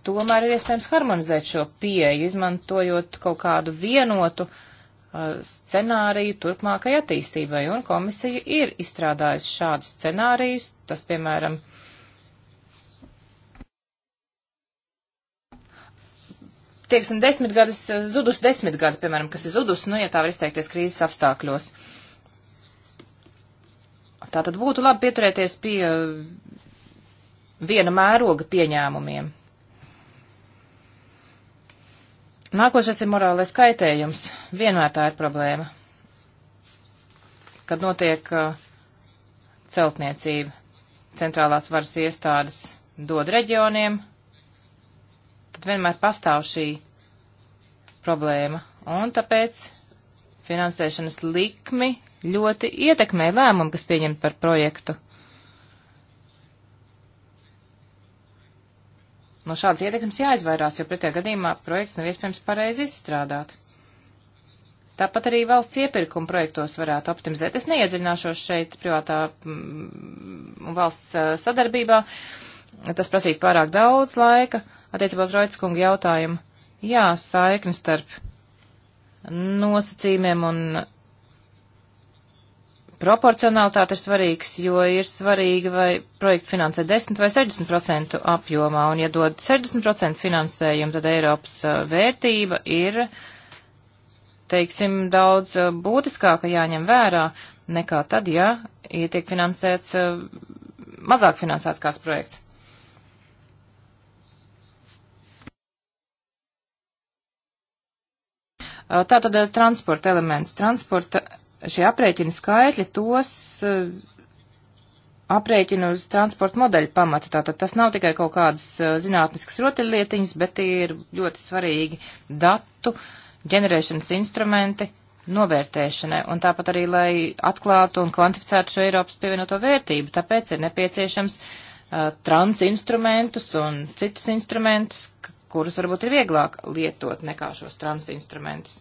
Tomēr ir iespējams harmonizēt šo pieeju, izmantojot kaut kādu vienotu uh, scenāriju turpmākai attīstībai, un komisija ir izstrādājusi šādus scenārijus, tas, piemēram, tieksim, desmitgades, zudus desmitgadi, piemēram, kas ir zudus, nu, ja tā var izteikties krīzes apstākļos. Tā tad būtu labi pieturēties pie uh, viena mēroga pieņēmumiem. Nākošais ir morālais kaitējums. Vienmēr tā ir problēma, kad notiek uh, celtniecība. Centrālās varas iestādes dod reģioniem tad vienmēr pastāv šī problēma, un tāpēc finansēšanas likmi ļoti ietekmē lēmumu, kas pieņem par projektu. No šādas ietekmes jāizvairās, jo pretējā gadījumā projekts nav iespējams pareizi izstrādāt. Tāpat arī valsts iepirkuma projektos varētu optimizēt. Es neiedziļināšos šeit privātā mm, un valsts sadarbībā. Uh, Tas prasīja pārāk daudz laika attiecībā uz Roitskunga jautājumu. Jā, saikni starp nosacījumiem un proporcionalitāte ir svarīgs, jo ir svarīgi, vai projektu finansē 10 vai 60% apjomā, un ja dod 60% finansējumu, tad Eiropas uh, vērtība ir, teiksim, daudz uh, būtiskāka jāņem vērā nekā tad, ja tiek finansēts, uh, mazāk finansēts kāds projekts. Uh, tātad uh, transporta elements, transporta šie aprēķina skaitļi, tos uh, aprēķina uz transporta modeļu pamata. Tātad tas nav tikai kaut kādas zinātniskas rotaļlietiņas, bet tie ir ļoti svarīgi datu ģenerēšanas instrumenti novērtēšanai un tāpat arī, lai atklātu un kvantificētu šo Eiropas pievienoto vērtību. Tāpēc ir nepieciešams uh, transinstrumentus un citus instrumentus, kurus varbūt ir vieglāk lietot nekā šos transa instrumentus.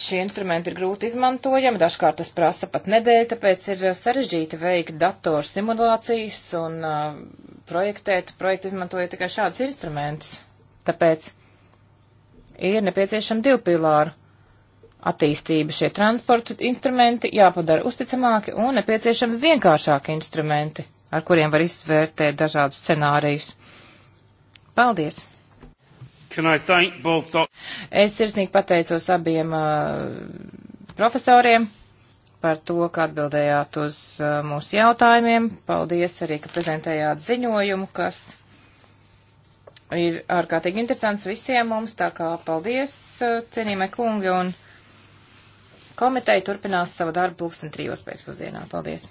Šie instrumenti ir grūti izmantojami, dažkārt tas prasa pat nedēļu, tāpēc ir eh, sarežģīti veikt datoru simulācijas un uh, projektēt, projektu izmantojot tikai šādus instrumentus. Tāpēc ir nepieciešama divu pilāru attīstība šie transporta instrumenti jāpadara uzticamāki un nepieciešami vienkāršāki instrumenti, ar kuriem var izvērtēt dažādus scenārijus. Paldies! Es sirsnīgi pateicos abiem uh, profesoriem par to, ka atbildējāt uz uh, mūsu jautājumiem. Paldies arī, ka prezentējāt ziņojumu, kas ir ārkārtīgi interesants visiem mums. Tā kā paldies, uh, cienījamie kungi, un komiteja turpinās savu darbu pulksten trijos pēcpusdienā. Paldies!